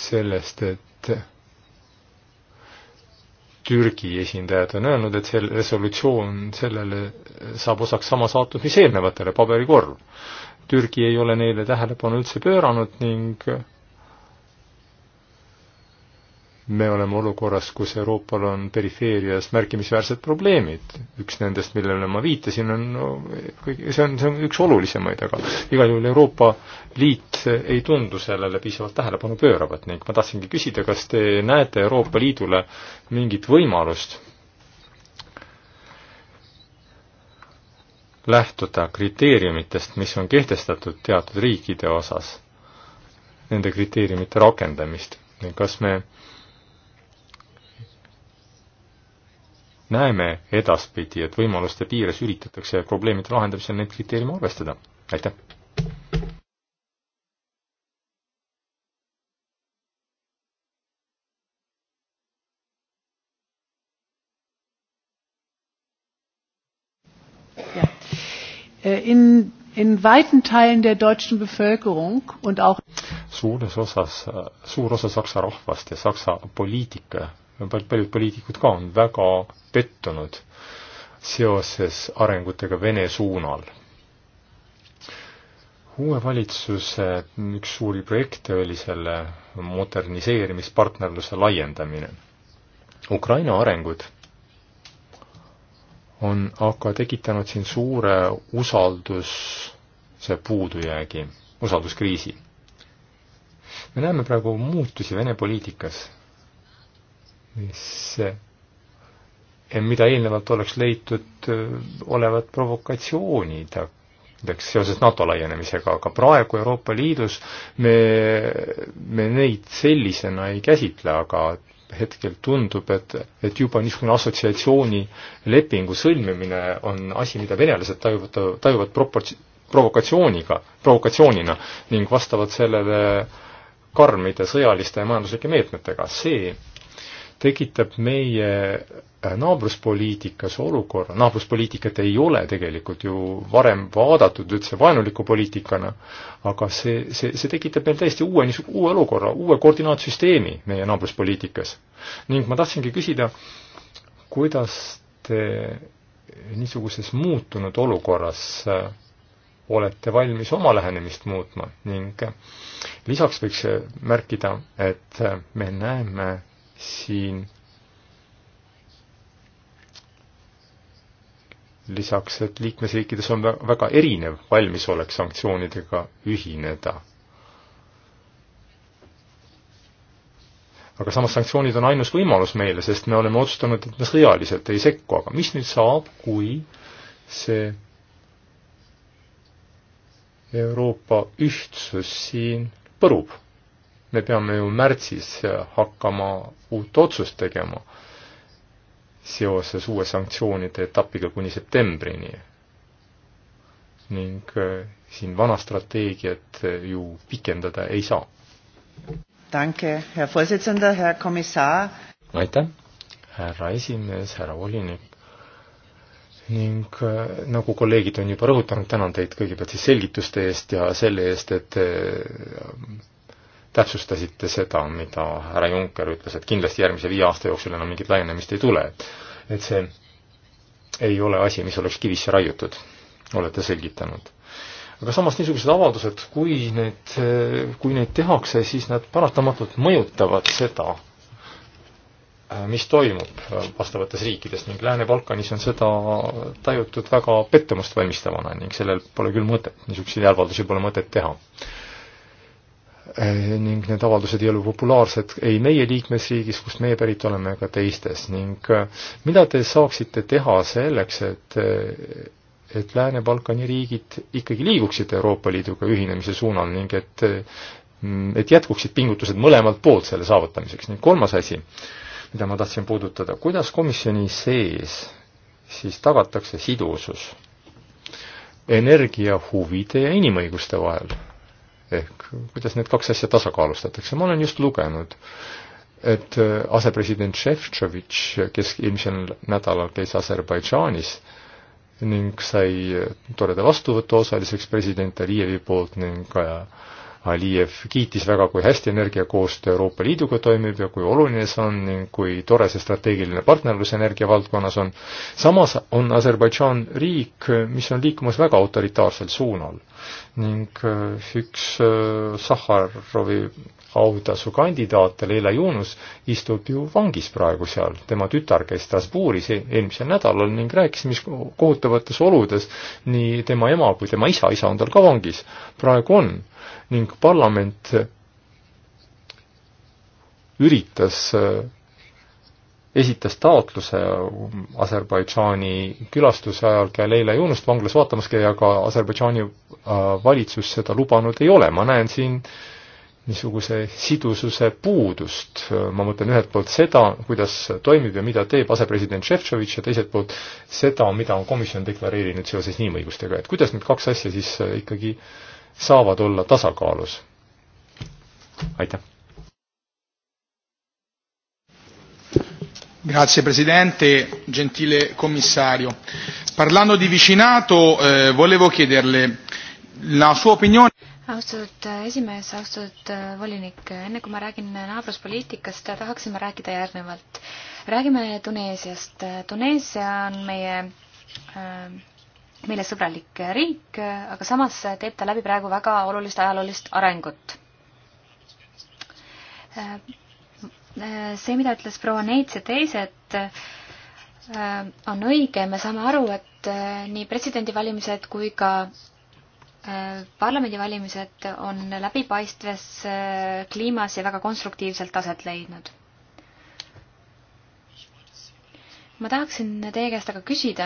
sellest, et Türgi esindajad on öelnud, et see resolutsioon sellele saab osaks sama saatus, mis eelnevatele, paberikorv. Türgi ei ole neile tähelepanu üldse pööranud ning me oleme olukorras, kus Euroopal on perifeerias märkimisväärsed probleemid. üks nendest, millele ma viitasin, on no,, see on, see on üks olulisemaid, aga igal juhul Euroopa Liit ei tundu sellele piisavalt tähelepanu pööravat ning ma tahtsingi küsida, kas te näete Euroopa Liidule mingit võimalust lähtuda kriteeriumitest, mis on kehtestatud teatud riikide osas, nende kriteeriumite rakendamist ning kas me äh, näeme edaspidi, et võimaluste piires üritatakse probleemide lahendamisel neid kriteeriume arvestada. aitäh! Äh, in, in weiten Teilen der deutschen Bevölkerung und auch suures osas, suur osa Saksa rahvast ja Saksa poliitika paljud poliitikud ka on väga pettunud seoses arengutega Vene suunal. uue valitsuse üks suuri projekte oli selle moderniseerimispartnerluse laiendamine. Ukraina arengud on aga tekitanud siin suure usalduse puudujäägi, usalduskriisi. me näeme praegu muutusi Vene poliitikas mis, eh, mida eelnevalt oleks leitud eh, olevat provokatsioonid näiteks eh, seoses NATO laienemisega, aga praegu Euroopa Liidus me, me neid sellisena ei käsitle, aga hetkel tundub, et, et juba niisugune assotsiatsiooni lepingu sõlmimine on asi, mida venelased tajuvad, tajuvad proports-, provokatsiooniga, provokatsioonina ning vastavad sellele karmide sõjaliste ja majanduslike meetmetega. see tekitab meie äh, naabruspoliitikas olukorra, naabruspoliitikat ei ole tegelikult ju varem vaadatud üldse vaenuliku poliitikana, aga see, see, see tekitab meil täiesti uue, niisuguse uue olukorra, uue koordinaatsüsteemi meie naabruspoliitikas. ning ma tahtsingi küsida, kuidas te niisuguses muutunud olukorras äh, olete valmis oma lähenemist muutma ning äh, lisaks võiks märkida, et me näeme siin lisaks, et liikmesriikides on väga erinev valmisolek sanktsioonidega ühineda. aga samas sanktsioonid on ainus võimalus meile, sest me oleme otsustanud, et me sõjaliselt ei sekku, aga mis nüüd saab, kui see Euroopa ühtsus siin põrub? me peame ju märtsis hakkama uut otsust tegema seoses uue sanktsioonide etapiga kuni septembrini. ning eh, siin vana strateegiat eh, ju pikendada ei saa. Danke, Herr Vorsitzender, Herr Kommissar. aitäh, härra esimees, härra volinik ning eh, nagu kolleegid on juba rõhutanud, tänan teid kõigepealt siis selgituste eest ja selle eest, et täpsustasite seda, mida härra Juncker ütles, et kindlasti järgmise viie aasta jooksul enam mingit laienemist ei tule. et see ei ole asi, mis oleks kivisse raiutud, olete selgitanud. aga samas niisugused avaldused, kui need, kui neid tehakse, siis nad paratamatult mõjutavad seda, mis toimub vastavates riikides ning Lääne-Balkanis on seda tajutud väga pettumust valmistavana ning sellel pole küll mõtet, niisuguseid avaldusi pole mõtet teha Eh, ning need avaldused ei ole populaarsed ei meie liikmesriigis, kust meie pärit oleme, ega teistes ning eh, mida te saaksite teha selleks, et eh, et Lääne-Balkani riigid ikkagi liiguksid Euroopa Liiduga ühinemise suunal ning et mm, et jätkuksid pingutused mõlemalt poolt selle saavutamiseks ning kolmas asi, mida ma tahtsin puudutada, kuidas komisjoni sees siis tagatakse sidusus energiahuvide ja inimõiguste vahel ehk kuidas need kaks asja tasakaalustatakse, ma olen just lugenud, et äh, asepresident Šefčovitš, kes eelmisel nädalal käis Aserbaidžaanis ning sai äh, toreda vastuvõtu osaliseks president Alijevi poolt ning äh, Aliyev kiitis väga, kui hästi energiakoostöö Euroopa Liiduga toimib ja kui oluline see on ning kui tore see strateegiline partnerlus energia valdkonnas on. samas on Aserbaidžaan riik, mis on liikumas väga autoritaarsel suunal ning äh, üks äh, Sahharovi autasu kandidaatele Leila Juunus istub ju vangis praegu seal, tema tütar käis Strasbourgis e-, eelmisel nädalal ning rääkis, mis kohutavates oludes nii tema ema kui tema isa, isa on tal ka vangis, praegu on. ning parlament üritas, esitas taotluse Aserbaidžaani külastuse ajal käia Leila Juunust vanglas vaatamas, aga Aserbaidžaani äh, valitsus seda lubanud ei ole, ma näen siin äh, niisuguse sidususe puudust, ma mõtlen ühelt poolt seda, kuidas toimib ja mida teeb asepresident Šefčovitš ja teiselt poolt seda, mida on komisjon deklareerinud seoses inimõigustega, et kuidas need kaks asja siis äh, ikkagi saavad olla tasakaalus? aitäh! Grazie Presidente, gentile Commissario. Parlando di vicinato eh, volevo chiederle la sua opinione austatud äh, esimees, austatud äh, volinik, enne kui ma räägin naabruspoliitikast, tahaksin ma rääkida järgnevalt. räägime Tuneesiast. Tuneesia on meie, äh, meile sõbralik riik, aga samas teeb ta läbi praegu väga olulist ajaloolist arengut. see, mida ütles proua Neits ja teised, on õige, me saame aru, et nii presidendivalimised kui ka parlamendivalimised on läbipaistves äh, kliimas ja väga konstruktiivselt aset leidnud. ma tahaksin teie käest aga küsida,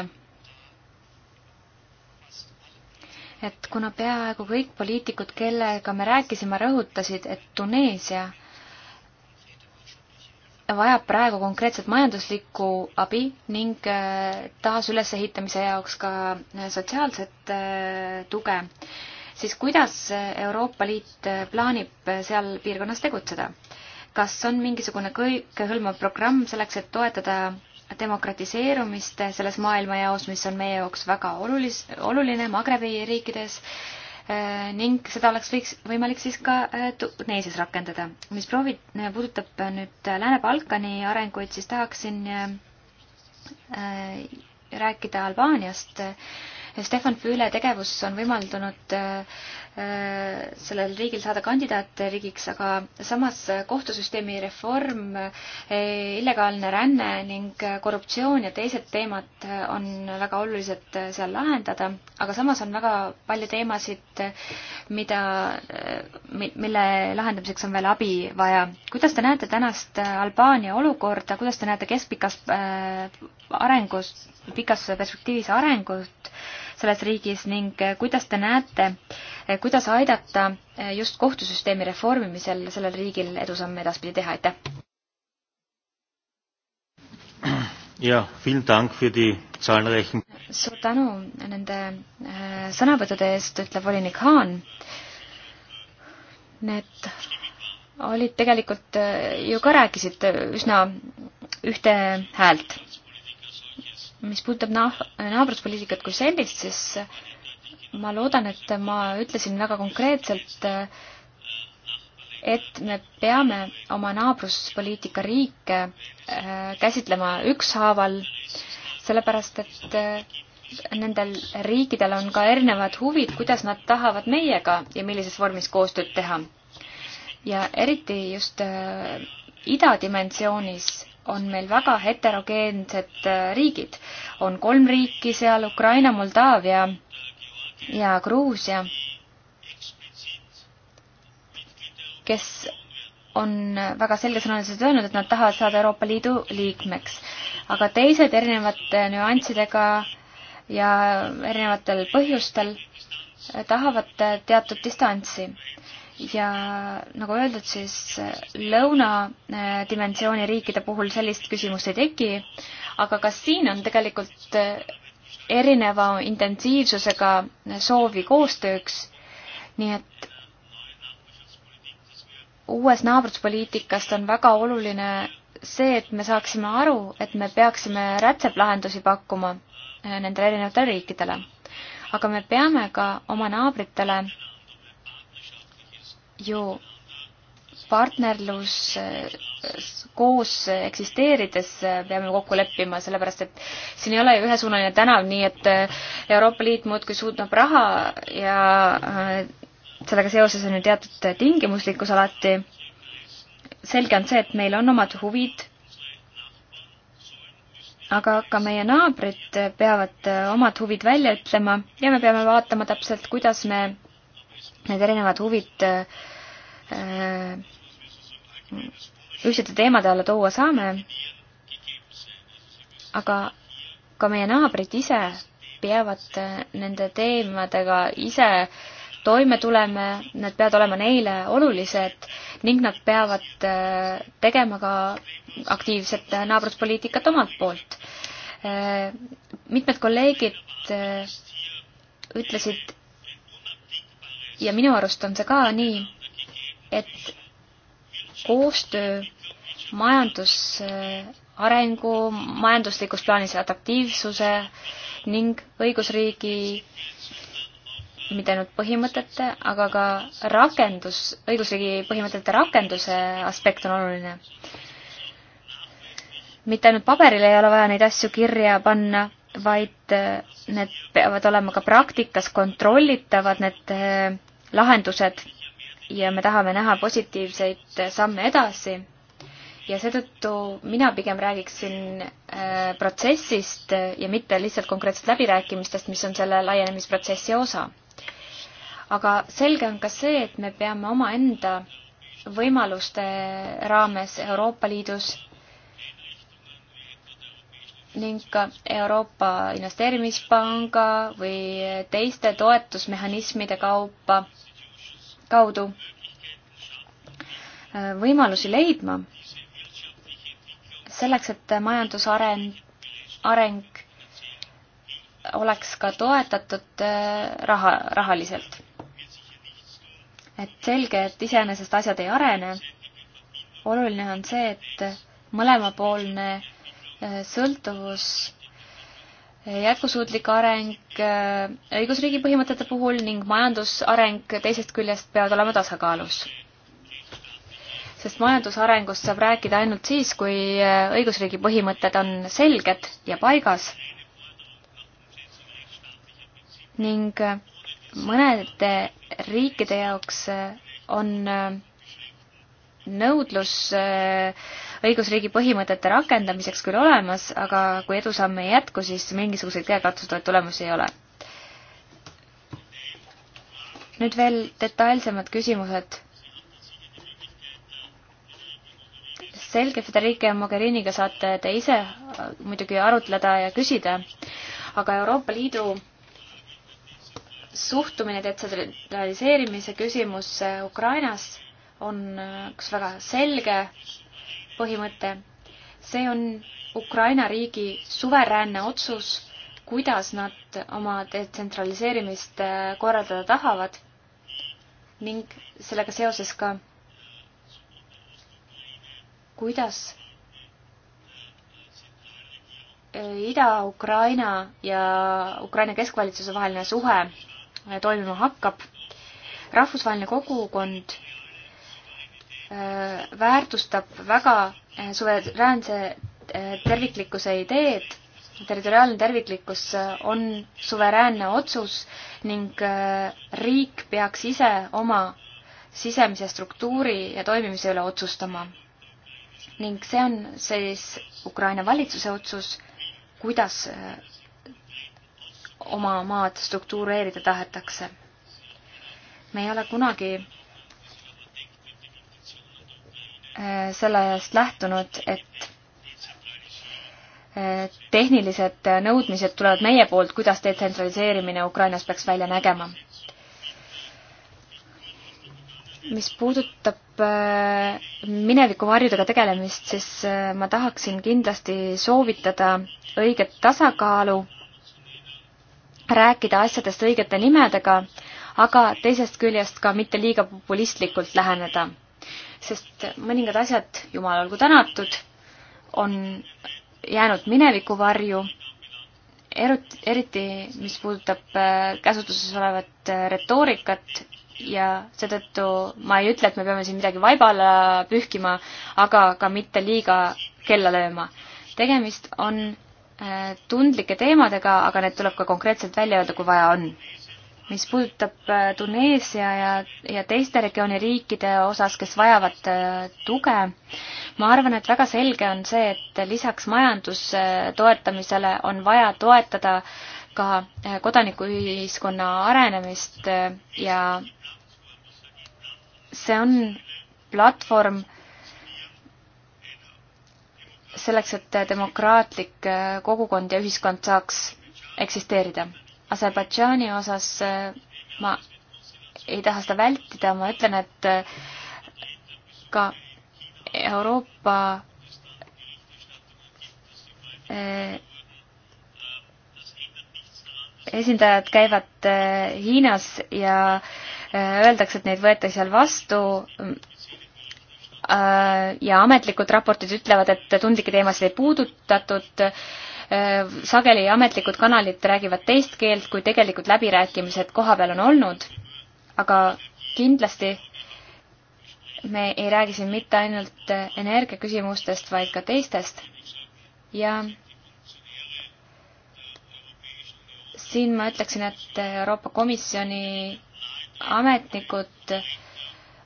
et kuna peaaegu kõik poliitikud, kellega me rääkisime, rõhutasid, et Tuneesia vajab praegu konkreetset majanduslikku abi ning äh, taasülesehitamise jaoks ka äh, sotsiaalset äh, tuge, siis kuidas Euroopa Liit plaanib seal piirkonnas tegutseda? kas on mingisugune kõikehõlmav programm selleks, et toetada demokratiseerumist selles maailmajaos, mis on meie jaoks väga olulis-, oluline Magrebi riikides Äh, ning seda oleks võiks, võimalik siis ka äh, Tuneesias rakendada. mis proovi-, äh, puudutab nüüd Lääne-Balkani arenguid, siis tahaksin rääkida Albaaniast. Stefan Füüle tegevus on võimaldanud äh, äh, sellel riigil saada kandidaatriigiks, aga samas kohtusüsteemi reform, äh, illegaalne ränne ning korruptsioon ja teised teemad on väga olulised seal lahendada, aga samas on väga palju teemasid, mida, mille lahendamiseks on veel abi vaja. kuidas te näete tänast Albaania olukorda, kuidas te näete keskpikas arengus, pikas perspektiivis arengut selles riigis ning eh, kuidas te näete, eh, kuidas aidata eh, just kohtusüsteemi reformimisel sellel riigil edusamme edaspidi teha, aitäh! jah, suur tänu nende sõnavõttude eest, ütleb volinik Haan. Need olid tegelikult ju ka rääkisid üsna ühte häält mis puudutab naab-, naabruspoliitikat kui sellist, siis äh, ma loodan, et ma ütlesin väga konkreetselt, äh, et me peame oma naabruspoliitika riike äh, käsitlema ükshaaval, sellepärast et nendel riikidel on ka erinevad huvid, kuidas nad tahavad meiega ja millises vormis koostööd teha. ja eriti just idadimensioonis on meil väga heterogeensed äh, riigid. on kolm riiki seal, Ukraina, Moldaavia ja Gruusia, kes on väga selgesõnaliselt öelnud, et nad tahavad saada Euroopa Liidu liikmeks. aga teised erinevate nüanssidega ja erinevatel põhjustel tahavad teatud distantsi ja nagu öeldud, siis lõunadimensiooni äh, riikide puhul sellist küsimust ei teki, aga kas siin on tegelikult äh, erineva intensiivsusega äh, soovi koostööks, nii et uues naabruspoliitikast on väga oluline see, et me saaksime aru, et me peaksime rätseplahendusi pakkuma nendele erinevatele riikidele. aga me peame ka oma naabritele ju partnerlus koos eksisteerides peame kokku leppima, sellepärast et siin ei ole ju ühesuunaline tänav, nii et Euroopa Liit muudkui suudab raha ja äh, sellega seoses on ju teatud tingimuslikkus alati. selge on see, et meil on omad huvid, aga ka meie naabrid peavad omad huvid välja ütlema ja me peame vaatama täpselt, kuidas me need erinevad huvid äh, Äh, ühtsete teemade alla tuua saame, aga ka meie naabrid ise peavad äh, nende teemadega ise toime tulema, nad peavad olema neile olulised ning nad peavad äh, tegema ka aktiivset naabruspoliitikat omalt poolt. mitmed kolleegid ütlesid ja minu arust on see ka nii, et koostöö majandusarengu, äh, majanduslikus plaanis adaptiivsuse ning õigusriigi mitte ainult põhimõtete, aga ka rakendus, õigusriigi põhimõtete rakenduse aspekt on oluline. mitte ainult paberile ei ole vaja neid asju kirja panna, vaid äh, need peavad olema ka praktikas kontrollitavad, need äh, lahendused ja me tahame näha positiivseid samme edasi ja seetõttu mina pigem räägiksin äh, protsessist ja mitte lihtsalt konkreetselt läbirääkimistest, mis on selle laienemisprotsessi osa. aga selge on ka see, et me peame omaenda võimaluste raames Euroopa Liidus ning ka Euroopa Investeerimispanga või teiste toetusmehhanismide kaupa äh, kaudu äh, võimalusi leidma selleks, et majandusareng, areng oleks ka toetatud äh, raha, rahaliselt. et selge, et iseenesest asjad ei arene. oluline on see, et mõlemapoolne äh, sõltuvus jätkusuutlik areng äh, õigusriigi põhimõtete puhul ning majandusareng teisest küljest peavad olema tasakaalus. sest majandusarengust saab rääkida ainult siis, kui äh, õigusriigi põhimõtted on selged ja paigas ning äh, mõnede riikide jaoks on nõudlus õigusriigi põhimõtete rakendamiseks küll olemas, aga kui edusamme ei jätku, siis mingisuguseid käekatsutavaid tulemusi ei ole. nüüd veel detailsemad küsimused. selge, Federica ja Mogheriniga saate te ise muidugi arutleda ja küsida, aga Euroopa Liidu suhtumine detsentraliseerimise küsimusse Ukrainas on üks äh, väga selge põhimõte. see on Ukraina riigi suveräänne otsus, kuidas nad oma detsentraliseerimist äh, korraldada tahavad ning sellega seoses ka, kuidas äh, Ida-Ukraina ja Ukraina keskvalitsuse vaheline suhe äh, toimima hakkab. rahvusvaheline kogukond Äh, väärtustab väga äh, suveräänse äh, terviklikkuse ideed, territoriaalne terviklikkus on suveräänne otsus ning riik peaks ise oma sisemise struktuuri ja toimimise üle otsustama. ning see on siis Ukraina valitsuse otsus, kuidas oma maad struktureerida tahetakse. me ei ole kunagi Äh, sellest lähtunud, et äh, tehnilised nõudmised tulevad meie poolt, kuidas detsentraliseerimine Ukrainas peaks välja nägema. mis puudutab äh, minevikuvarjudega tegelemist, siis ma tahaksin kindlasti soovitada õiget tasakaalu, rääkida asjadest õigete nimedega, aga teisest küljest ka mitte liiga populistlikult läheneda sest mõningad asjad, jumal olgu tänatud, on jäänud mineviku varju, erut-, eriti mis puudutab äh, käsutuses olevat äh, retoorikat ja seetõttu ma ei ütle, et me peame siin midagi vaiba alla pühkima, aga ka mitte liiga kella lööma. tegemist on äh, tundlike teemadega, aga need tuleb ka konkreetselt välja öelda, kui vaja on mis puudutab äh, Tuneesia ja, ja teiste regiooni riikide osas, kes vajavad äh, tuge, ma arvan, et väga selge on see, et lisaks majandustoetamisele äh, on vaja toetada ka kodanikuühiskonna arenemist ja see on platvorm selleks, et demokraatlik kogukond ja ühiskond saaks eksisteerida Aserbaidžaani osas eh, ma ei taha seda vältida, ma ütlen, et eh, ka Euroopa eh, esindajad käivad Hiinas ja öeldakse, et neid võetakse seal vastu, Äh, ja ametlikud raportid ütlevad, et tundlikke teemasid ei puudutatud. Äh, sageli ametlikud kanalid räägivad teist keelt, kui tegelikult läbirääkimised kohapeal on olnud. aga kindlasti me ei räägi siin mitte ainult energiaküsimustest, vaid ka teistest. ja siin ma ütleksin, et Euroopa Komisjoni ametnikud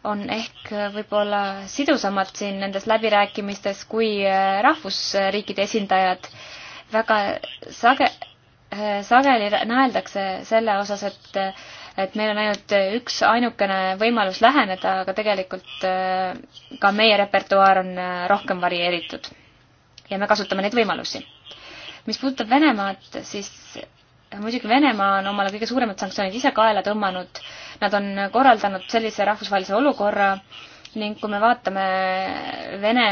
on ehk võib-olla sidusamad siin nendes läbirääkimistes kui äh, rahvusriikide esindajad. väga sage-, äh, sageli naeldakse selle osas, et, äh, et meil on ainult üks ainukene võimalus läheneda, aga tegelikult ka meie repertuaar on rohkem varieeritud. ja me kasutame neid võimalusi. mis puudutab Venemaad, siis muidugi Venemaa on omale kõige suuremad sanktsioonid ise kaela tõmmanud. Nad on korraldanud sellise rahvusvahelise olukorra ning kui me vaatame Vene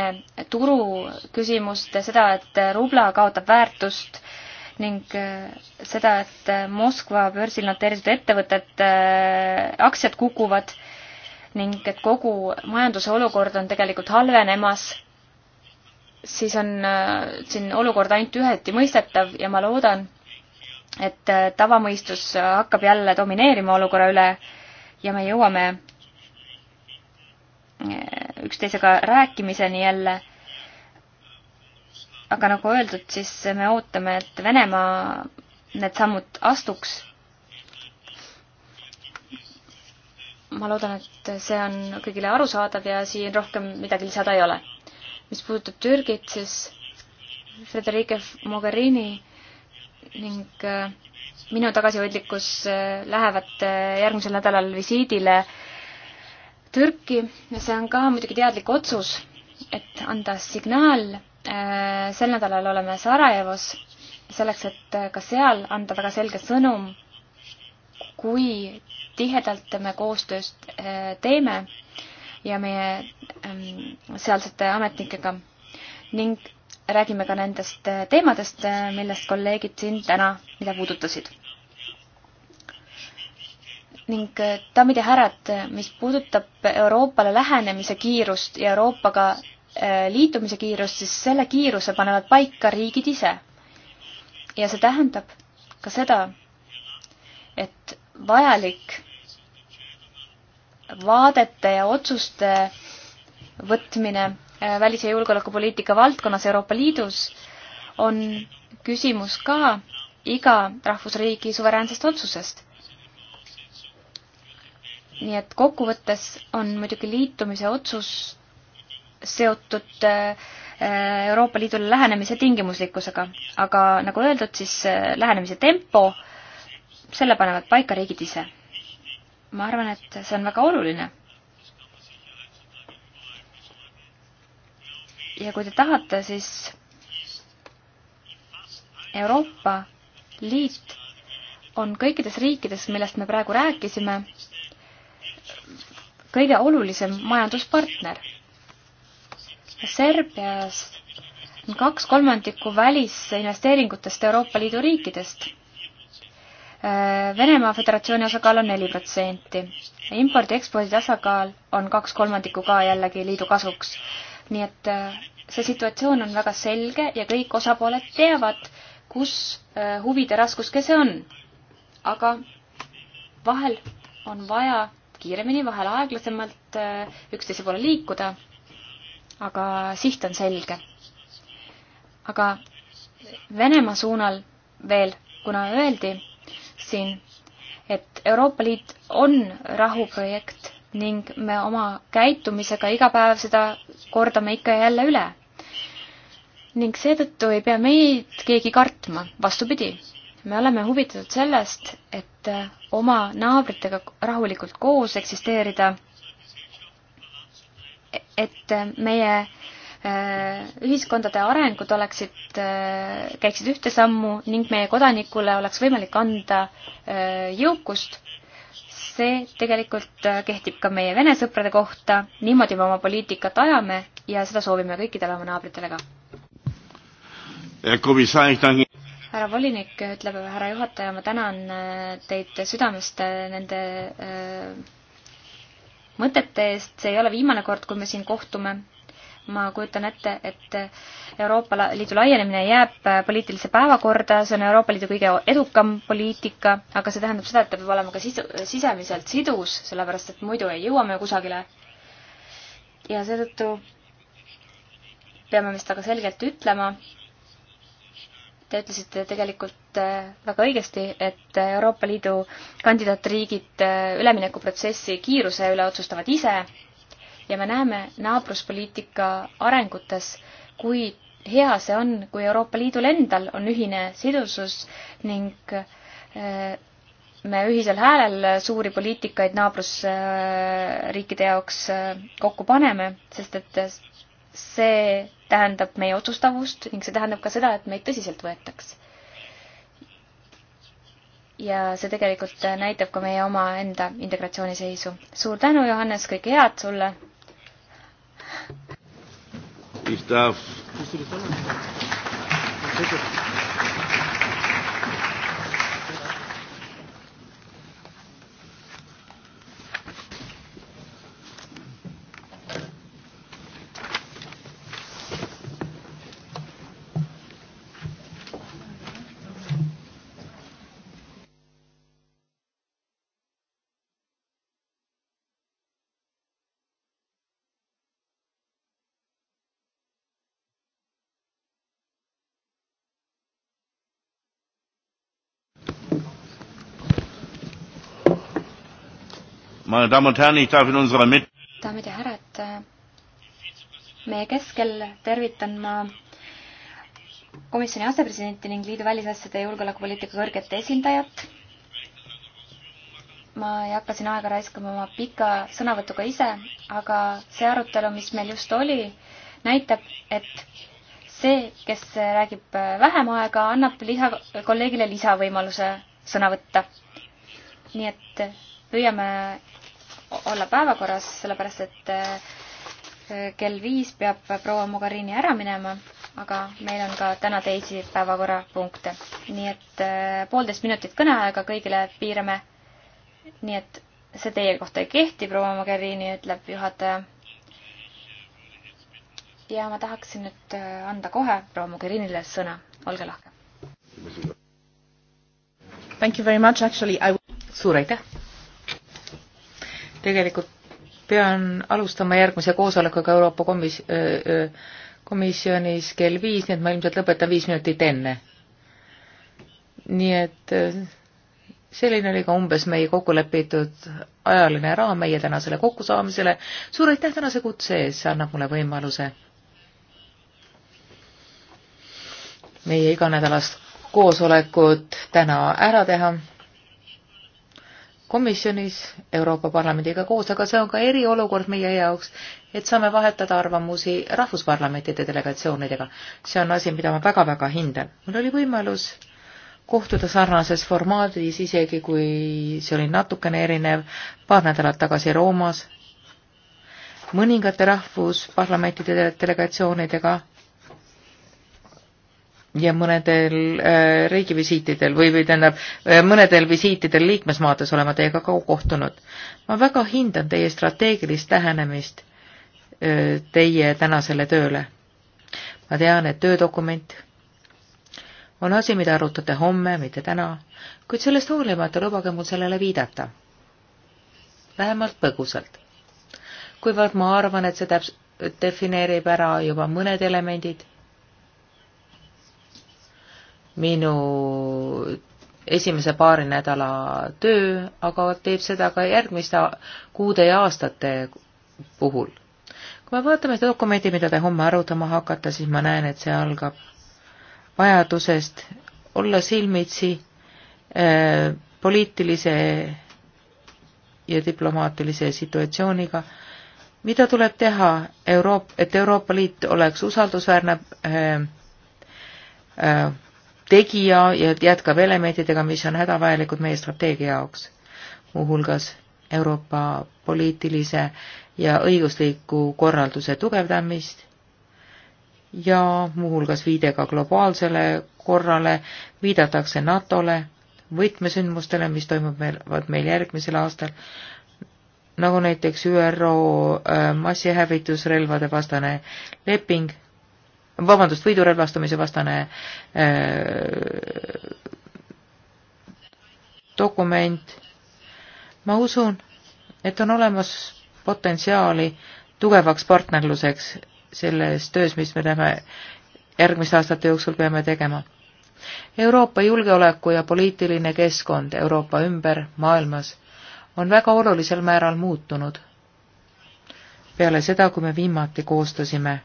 turu küsimust, seda, et rubla kaotab väärtust ning seda, et Moskva börsil noteeritud ettevõtted äh,, aktsiad kukuvad ning et kogu majanduse olukord on tegelikult halvenemas, siis on äh, siin olukord ainult üheti mõistetav ja ma loodan, et äh, tavamõistus hakkab jälle domineerima olukorra üle ja me jõuame äh, üksteisega rääkimiseni jälle. aga nagu öeldud, siis me ootame, et Venemaa need sammud astuks. ma loodan, et see on kõigile arusaadav ja siin rohkem midagi lisada ei ole. mis puudutab Türgit, siis Frederica Mogherini ning äh, minu tagasihoidlikkus äh, lähevad äh, järgmisel nädalal visiidile Türki ja see on ka muidugi teadlik otsus, et anda signaal, sel nädalal oleme Sarajevos, selleks et ka seal anda väga selge sõnum, kui tihedalt me koostööst teeme ja meie ähm, sealsete ametnikega ning räägime ka nendest äh, teemadest, äh, millest kolleegid siin täna, mida puudutasid. ning äh, daamid ja härrad, mis puudutab Euroopale lähenemise kiirust ja Euroopaga liitumise kiirust, siis selle kiiruse panevad paika riigid ise. ja see tähendab ka seda, et vajalik vaadete ja otsuste võtmine Äh, välis- ja julgeolekupoliitika valdkonnas Euroopa Liidus, on küsimus ka iga rahvusriigi suveräänsest otsusest. nii et kokkuvõttes on muidugi liitumise otsus seotud äh, Euroopa Liidule lähenemise tingimuslikkusega, aga nagu öeldud, siis äh, lähenemise tempo, selle panevad paika riigid ise. ma arvan, et see on väga oluline ja kui te tahate, siis Euroopa Liit on kõikides riikides, millest me praegu rääkisime, kõige olulisem majanduspartner. Serbias on kaks kolmandikku välisinvesteeringutest Euroopa Liidu riikidest. Venemaa Föderatsiooni osakaal on neli protsenti. impordi-ekspordi tasakaal on kaks kolmandikku ka jällegi liidu kasuks nii et äh, see situatsioon on väga selge ja kõik osapooled teavad, kus äh, huvide raskuskese on. aga vahel on vaja kiiremini, vahel aeglasemalt äh, üksteise poole liikuda. aga siht on selge. aga Venemaa suunal veel, kuna öeldi siin, et Euroopa Liit on rahuprojekt ning me oma käitumisega iga päev seda kordame ikka ja jälle üle. ning seetõttu ei pea meid keegi kartma, vastupidi, me oleme huvitatud sellest, et oma naabritega rahulikult koos eksisteerida, et meie äh, ühiskondade arengud oleksid, äh, käiksid ühte sammu ning meie kodanikule oleks võimalik anda äh, jõukust see tegelikult äh, kehtib ka meie vene sõprade kohta, niimoodi me oma poliitikat ajame ja seda soovime kõikidele oma naabritele ka. Äh, härra volinik, ütleb härra juhataja, ma tänan äh, teid südamest nende mõtete eest, see ei ole viimane kord, kui me siin kohtume ma kujutan ette, et Euroopa Liidu laienemine jääb äh, poliitilise päevakorda, see on Euroopa Liidu kõige edukam poliitika, aga see tähendab seda, et ta peab olema ka sisu, sisemiselt sidus, sellepärast et muidu ei jõua me kusagile. ja seetõttu peame me seda ka selgelt ütlema. Te ütlesite tegelikult äh, väga õigesti, et Euroopa Liidu kandidaatriigid äh, üleminekuprotsessi kiiruse üle otsustavad ise ja me näeme naabruspoliitika arengutes, kui hea see on, kui Euroopa Liidul endal on ühine sidusus ning eh, me ühisel häälel suuri poliitikaid naabrusriikide jaoks eh, kokku paneme, sest et see tähendab meie otsustavust ning see tähendab ka seda, et meid tõsiselt võetaks. ja see tegelikult näitab ka meie omaenda integratsiooni seisu. suur tänu, Johannes, kõike head sulle! Ich darf. Meine Damen und Herren, ich darf in unserer Mitte. Daamid ja härrad, meie keskel tervitan ma komisjoni asepresidenti ning liidu välisasjade ja julgeolekupoliitika kõrget esindajat. ma ei hakka siin aega raiskama oma pika sõnavõtuga ise, aga see arutelu, mis meil just oli, näitab, et see, kes räägib vähem aega, annab liha, kolleegile lisavõimaluse sõna võtta. nii et püüame olla päevakorras, sellepärast et äh, kell viis peab proua Mogherini ära minema, aga meil on ka täna teisi päevakorrapunkte. nii et äh, poolteist minutit kõneaega kõigile piirame. nii et see teie kohta ei kehti, proua Mogherini, ütleb juhataja. ja ma tahaksin nüüd äh, anda kohe proua Mogherinile sõna, olge lahke. suur aitäh tegelikult pean alustama järgmise koosolekuga Euroopa komis-, komisjonis kell viis, nii et ma ilmselt lõpetan viis minutit enne. nii et selline oli ka umbes meie kokkulepitud ajaline raam meie tänasele kokkusaamisele. suur aitäh tänase kutse eest, see annab mulle võimaluse meie iganädalast koosolekut täna ära teha komisjonis Euroopa Parlamendiga koos, aga see on ka eriolukord meie jaoks, et saame vahetada arvamusi rahvusparlamentide delegatsioonidega. see on asi, mida ma väga-väga hindan. mul oli võimalus kohtuda sarnases formaadis, isegi kui see oli natukene erinev, paar nädalat tagasi Roomas, mõningate rahvusparlamentide delegatsioonidega ja mõnedel äh, riigivisiitidel või, või tähendab, äh, mõnedel visiitidel liikmesmaades olema teiega ka kohtunud. ma väga hindan teie strateegilist lähenemist äh, teie tänasele tööle. ma tean, et töödokument on asi, mida arutate homme, mitte täna, kuid sellest hoolimata lubage mul sellele viidata. vähemalt põgusalt. kuivõrd ma arvan, et see täps-, defineerib ära juba mõned elemendid minu esimese paari nädala töö, aga teeb seda ka järgmiste kuude ja aastate puhul. kui me vaatame seda dokumenti, mida te homme arutama hakkate, siis ma näen, et see algab vajadusest olla silmitsi äh, poliitilise ja diplomaatilise situatsiooniga, mida tuleb teha Euroop-, et Euroopa Liit oleks usaldusväärne äh, äh, tegija ja jätkab elementidega, mis on hädavajalikud meie strateegia jaoks, muuhulgas Euroopa poliitilise ja õigusliku korralduse tugevdamist ja muuhulgas viidega globaalsele korrale viidatakse NATO-le, võtmesündmustele, mis toimub meil, meil järgmisel aastal, nagu näiteks ÜRO äh, massihävitusrelvade vastane leping vabandust, võidurelvastumise vastane äh, dokument. ma usun, et on olemas potentsiaali tugevaks partnerluseks selles töös, mis me näeme järgmiste aastate jooksul peame tegema. Euroopa julgeoleku ja poliitiline keskkond Euroopa ümber maailmas on väga olulisel määral muutunud peale seda, kui me viimati koostasime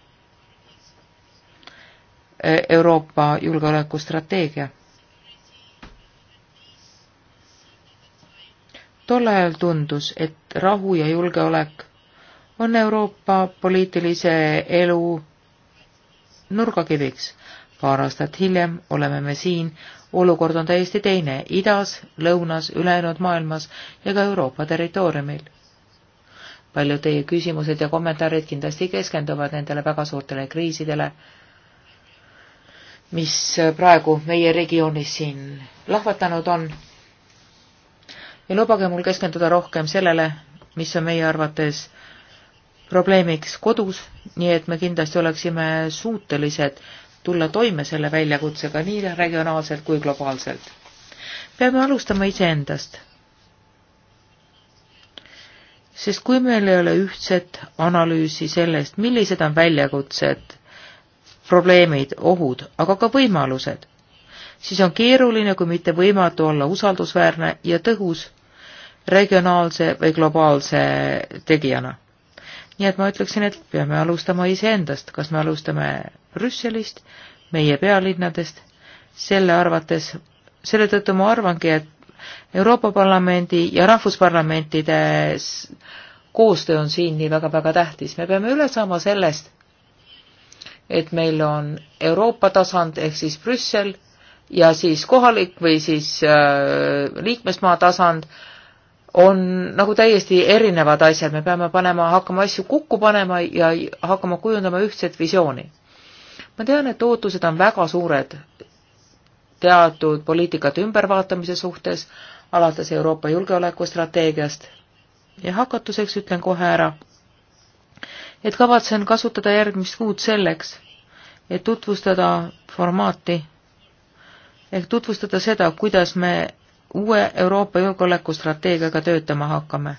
Euroopa julgeolekustrateegia. tol ajal tundus, et rahu ja julgeolek on Euroopa poliitilise elu nurgakiviks. paar aastat hiljem oleme me siin, olukord on täiesti teine idas, lõunas, ülejäänud maailmas ja ka Euroopa territooriumil. paljud teie küsimused ja kommentaarid kindlasti keskenduvad nendele väga suurtele kriisidele mis praegu meie regioonis siin lahvatanud on. ja lubage mul keskenduda rohkem sellele, mis on meie arvates probleemiks kodus, nii et me kindlasti oleksime suutelised tulla toime selle väljakutsega nii regionaalselt kui globaalselt. peame alustama iseendast. sest kui meil ei ole ühtset analüüsi sellest, millised on väljakutsed probleemid, ohud, aga ka võimalused, siis on keeruline kui mitte võimatu olla usaldusväärne ja tõhus regionaalse või globaalse tegijana. nii et ma ütleksin, et peame alustama iseendast, kas me alustame Brüsselist, meie pealinnadest, selle arvates, selle tõttu ma arvangi, et Euroopa Parlamendi ja rahvusparlamentide koostöö on siin nii väga-väga tähtis, me peame üle saama sellest, et meil on Euroopa tasand ehk siis Brüssel ja siis kohalik või siis äh, liikmesmaa tasand on nagu täiesti erinevad asjad, me peame panema, hakkama asju kokku panema ja hakkama kujundama ühtset visiooni. ma tean, et ootused on väga suured teatud poliitikate ümbervaatamise suhtes, alates Euroopa julgeolekustrateegiast ja hakatuseks ütlen kohe ära et kavatsen kasutada järgmist kuud selleks, et tutvustada formaati ehk tutvustada seda, kuidas me uue Euroopa julgeolekustrateegiaga töötama hakkame.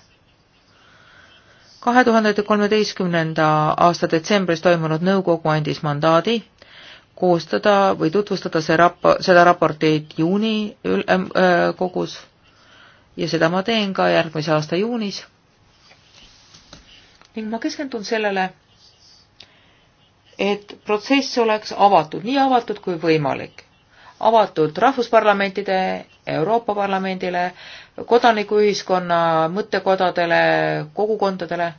kahe tuhande kolmeteistkümnenda aasta detsembris toimunud nõukogu andis mandaadi koostada või tutvustada see rap-, seda raportit juuni ülemkogus äh, ja seda ma teen ka järgmise aasta juunis ning ma keskendun sellele, et protsess oleks avatud, nii avatud kui võimalik. avatud rahvusparlamentide, Euroopa Parlamendile, kodanikuühiskonna mõttekodadele, kogukondadele.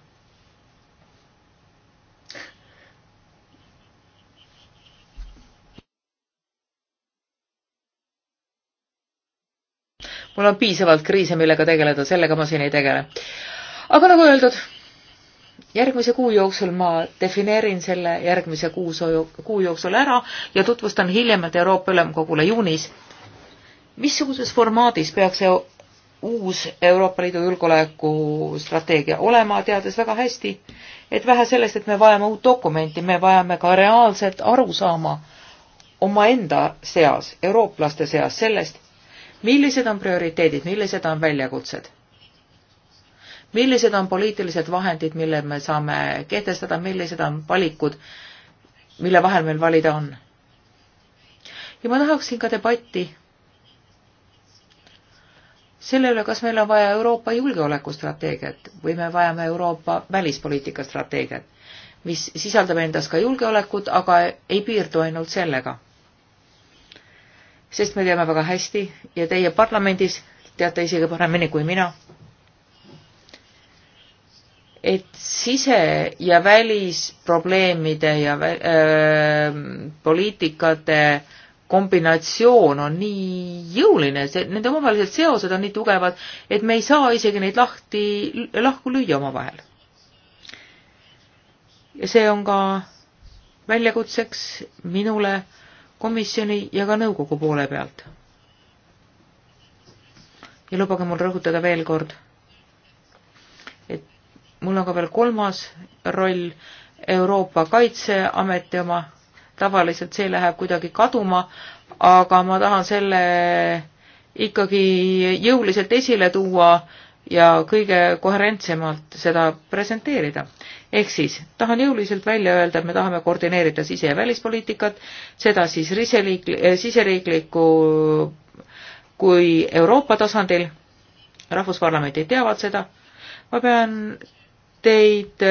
mul on piisavalt kriise, millega tegeleda, sellega ma siin ei tegele. aga nagu öeldud järgmise kuu jooksul ma defineerin selle järgmise kuus, kuu jooksul ära ja tutvustan hiljemalt Euroopa Ülemkogule juunis, missuguses formaadis peaks see uus Euroopa Liidu julgeolekustrateegia olema, teades väga hästi, et vähe sellest, et me vajame uut dokumenti, me vajame ka reaalset arusaama omaenda seas, eurooplaste seas sellest, millised on prioriteedid, millised on väljakutsed millised on poliitilised vahendid, mille me saame kehtestada, millised on valikud, mille vahel meil valida on. ja ma tahaksin ka debatti selle üle, kas meil on vaja Euroopa julgeolekustrateegiat või me vajame Euroopa välispoliitika strateegiat, mis sisaldab endas ka julgeolekut, aga ei piirdu ainult sellega. sest me teame väga hästi ja teie parlamendis teate isegi paremini kui mina et sise- ja välisprobleemide ja vä äh, poliitikate kombinatsioon on nii jõuline, see, nende omavahelised seosed on nii tugevad, et me ei saa isegi neid lahti, lahku lüüa omavahel. ja see on ka väljakutseks minule komisjoni ja ka nõukogu poole pealt. ja lubage mul rõhutada veel kord mul on ka veel kolmas roll, Euroopa Kaitseameti oma, tavaliselt see läheb kuidagi kaduma, aga ma tahan selle ikkagi jõuliselt esile tuua ja kõige koherentsemalt seda presenteerida. ehk siis tahan jõuliselt välja öelda, et me tahame koordineerida sise- ja välispoliitikat, seda siis riseliik-, eh, siseriikliku kui Euroopa tasandil, rahvusparlamendid teavad seda, ma pean teid,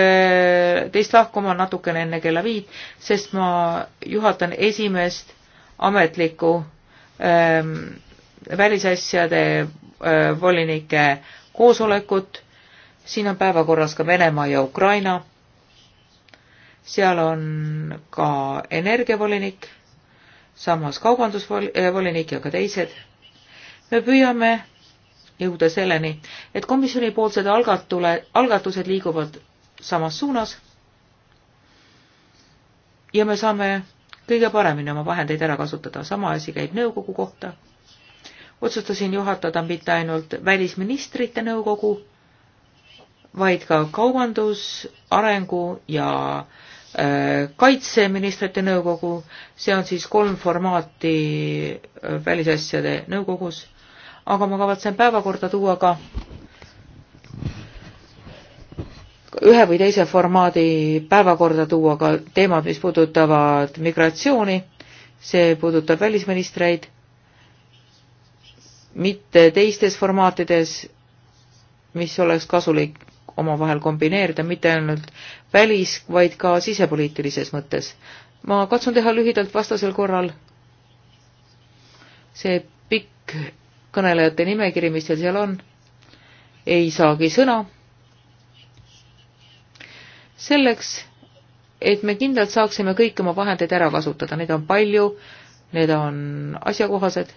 teist lahkuma natukene enne kella viit, sest ma juhatan esimest ametlikku ähm, välisasjade äh, volinike koosolekut. siin on päevakorras ka Venemaa ja Ukraina. seal on ka energiavolinik, samas kaubandusvolinik äh, ja ka teised. me püüame jõuda selleni, et komisjoni poolsed algatule, algatused liiguvad samas suunas ja me saame kõige paremini oma vahendeid ära kasutada. sama asi käib nõukogu kohta. otsustasin juhatada mitte ainult välisministrite nõukogu, vaid ka kaubandus, arengu ja äh, kaitseministrite nõukogu, see on siis kolm formaati äh, välisasjade nõukogus aga ma kavatsen päevakorda tuua ka ühe või teise formaadi päevakorda tuua ka teemad, mis puudutavad migratsiooni, see puudutab välisministreid, mitte teistes formaatides, mis oleks kasulik omavahel kombineerida, mitte ainult välis, vaid ka sisepoliitilises mõttes. ma katsun teha lühidalt vastasel korral see pikk kõnelejate nimekiri, mis teil seal on, ei saagi sõna. selleks, et me kindlalt saaksime kõik oma vahendeid ära kasutada, neid on palju, need on asjakohased.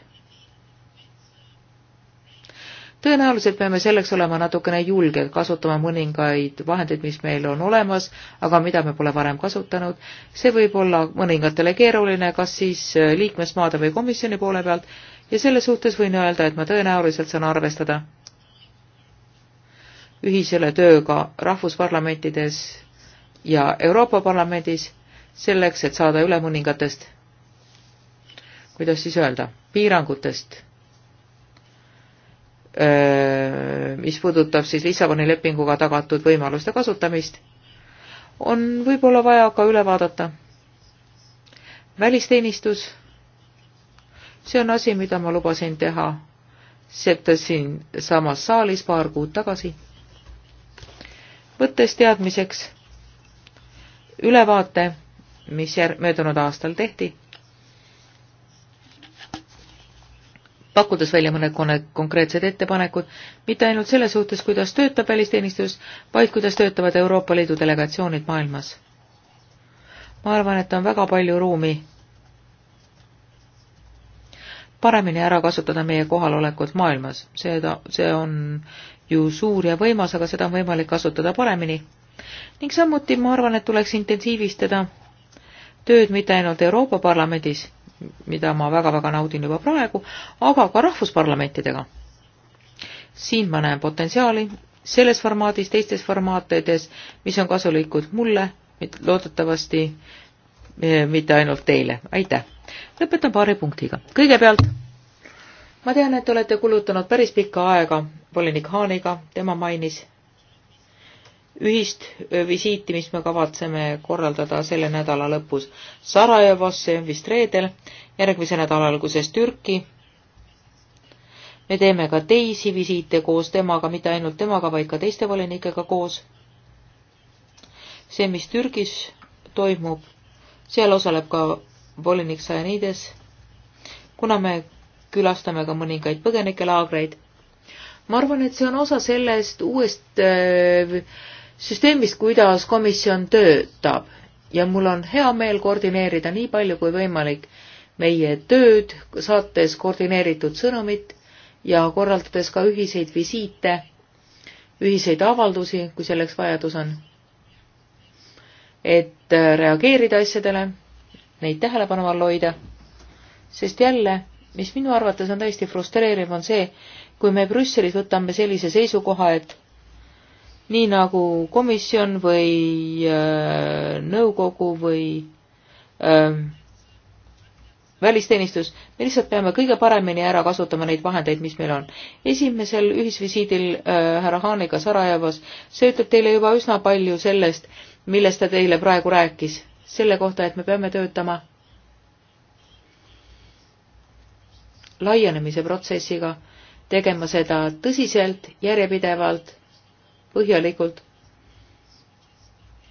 tõenäoliselt peame selleks olema natukene julged, kasutama mõningaid vahendeid, mis meil on olemas, aga mida me pole varem kasutanud. see võib olla mõningatele keeruline, kas siis liikmesmaade või komisjoni poole pealt ja selle suhtes võin öelda, et ma tõenäoliselt saan arvestada ühisele tööga rahvusparlamentides ja Euroopa Parlamendis selleks, et saada üle mõningatest, kuidas siis öelda, piirangutest, mis puudutab siis Lissaboni lepinguga tagatud võimaluste kasutamist, on võib-olla vaja ka üle vaadata välisteenistus see on asi, mida ma lubasin teha, seda siin samas saalis paar kuud tagasi. võttes teadmiseks ülevaate, mis jär-, möödunud aastal tehti, pakkudes välja mõned konkreetsed ettepanekud, mitte ainult selle suhtes, kuidas töötab välisteenistus, vaid kuidas töötavad Euroopa Liidu delegatsioonid maailmas. ma arvan, et on väga palju ruumi paremini ära kasutada meie kohalolekut maailmas. seda, see on ju suur ja võimas, aga seda on võimalik kasutada paremini. ning samuti ma arvan, et tuleks intensiivistada tööd mitte ainult Euroopa Parlamendis, mida ma väga-väga naudin juba praegu, aga ka rahvusparlamentidega. siin ma näen potentsiaali, selles formaadis, teistes formaatides, mis on kasulikud mulle, loodetavasti eh, mitte ainult teile, aitäh! lõpetan paari punktiga. kõigepealt, ma tean, et te olete kulutanud päris pikka aega volinik Haaniga, tema mainis ühist visiiti, mis me kavatseme korraldada selle nädala lõpus Sarajevosse, vist reedel, järgmise nädala alguses Türki. me teeme ka teisi visiite koos temaga, mitte ainult temaga, vaid ka teiste volinikega koos. see, mis Türgis toimub, seal osaleb ka volinik Sajanides, kuna me külastame ka mõningaid põgenikelaagreid. ma arvan, et see on osa sellest uuest äh, süsteemist, kuidas komisjon töötab ja mul on hea meel koordineerida nii palju kui võimalik meie tööd, saates koordineeritud sõnumit ja korraldades ka ühiseid visiite, ühiseid avaldusi, kui selleks vajadus on, et äh, reageerida asjadele neid tähelepanu all hoida, sest jälle, mis minu arvates on täiesti frustreeriv, on see, kui me Brüsselis võtame sellise seisukoha, et nii nagu komisjon või öö, äh, nõukogu või öö, ähm, välisteenistus, me lihtsalt peame kõige paremini ära kasutama neid vahendeid, mis meil on. esimesel ühisvisiidil äh, härra Haaniga Sarajevas, see ütleb teile juba üsna palju sellest, millest ta teile praegu rääkis selle kohta, et me peame töötama laienemise protsessiga, tegema seda tõsiselt, järjepidevalt, põhjalikult,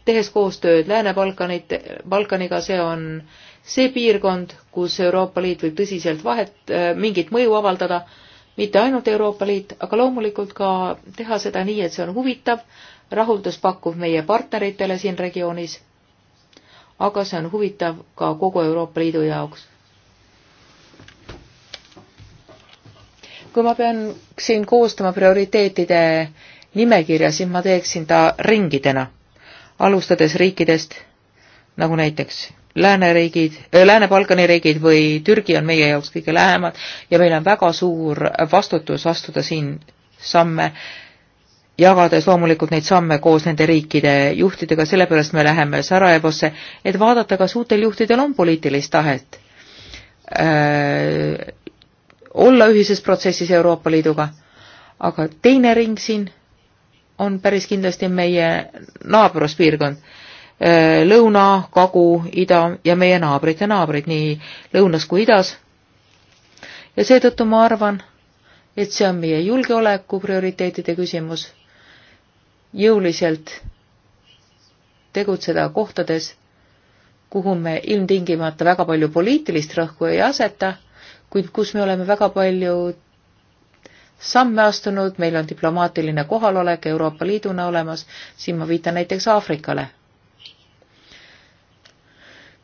tehes koostööd Lääne-Balkanit, Balkaniga, see on see piirkond, kus Euroopa Liit võib tõsiselt vahet, äh, mingit mõju avaldada, mitte ainult Euroopa Liit, aga loomulikult ka teha seda nii, et see on huvitav, rahulduspakkuv meie partneritele siin regioonis aga see on huvitav ka kogu Euroopa Liidu jaoks. kui ma peaksin koostama prioriteetide nimekirja, siis ma teeksin ta ringidena, alustades riikidest nagu näiteks lääneriigid, äh, Lääne-Balkani riigid või Türgi on meie jaoks kõige lähemad ja meil on väga suur vastutus astuda siin samme jagades loomulikult neid samme koos nende riikide juhtidega, sellepärast me läheme Sarajevosse, et vaadata, kas uutel juhtidel on poliitilist tahet öö, äh, olla ühises protsessis Euroopa Liiduga. aga teine ring siin on päris kindlasti meie naabruspiirkond, äh, lõuna, kagu, ida ja meie naabrite naabrid nii lõunas kui idas. ja seetõttu ma arvan, et see on meie julgeoleku prioriteetide küsimus jõuliselt tegutseda kohtades, kuhu me ilmtingimata väga palju poliitilist rõhku ei aseta, kuid kus me oleme väga palju samme astunud, meil on diplomaatiline kohalolek Euroopa Liiduna olemas, siin ma viitan näiteks Aafrikale,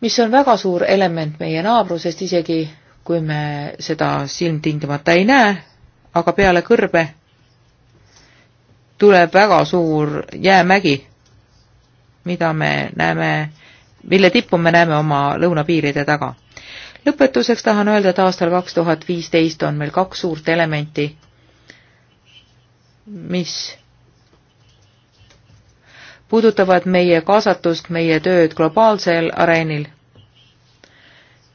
mis on väga suur element meie naabrusest, isegi kui me seda silmtingimata ei näe, aga peale kõrbe tuleb väga suur jäämägi, mida me näeme, mille tippu me näeme oma lõunapiiride taga. lõpetuseks tahan öelda, et aastal kaks tuhat viisteist on meil kaks suurt elementi, mis puudutavad meie kaasatust, meie tööd globaalsel areenil.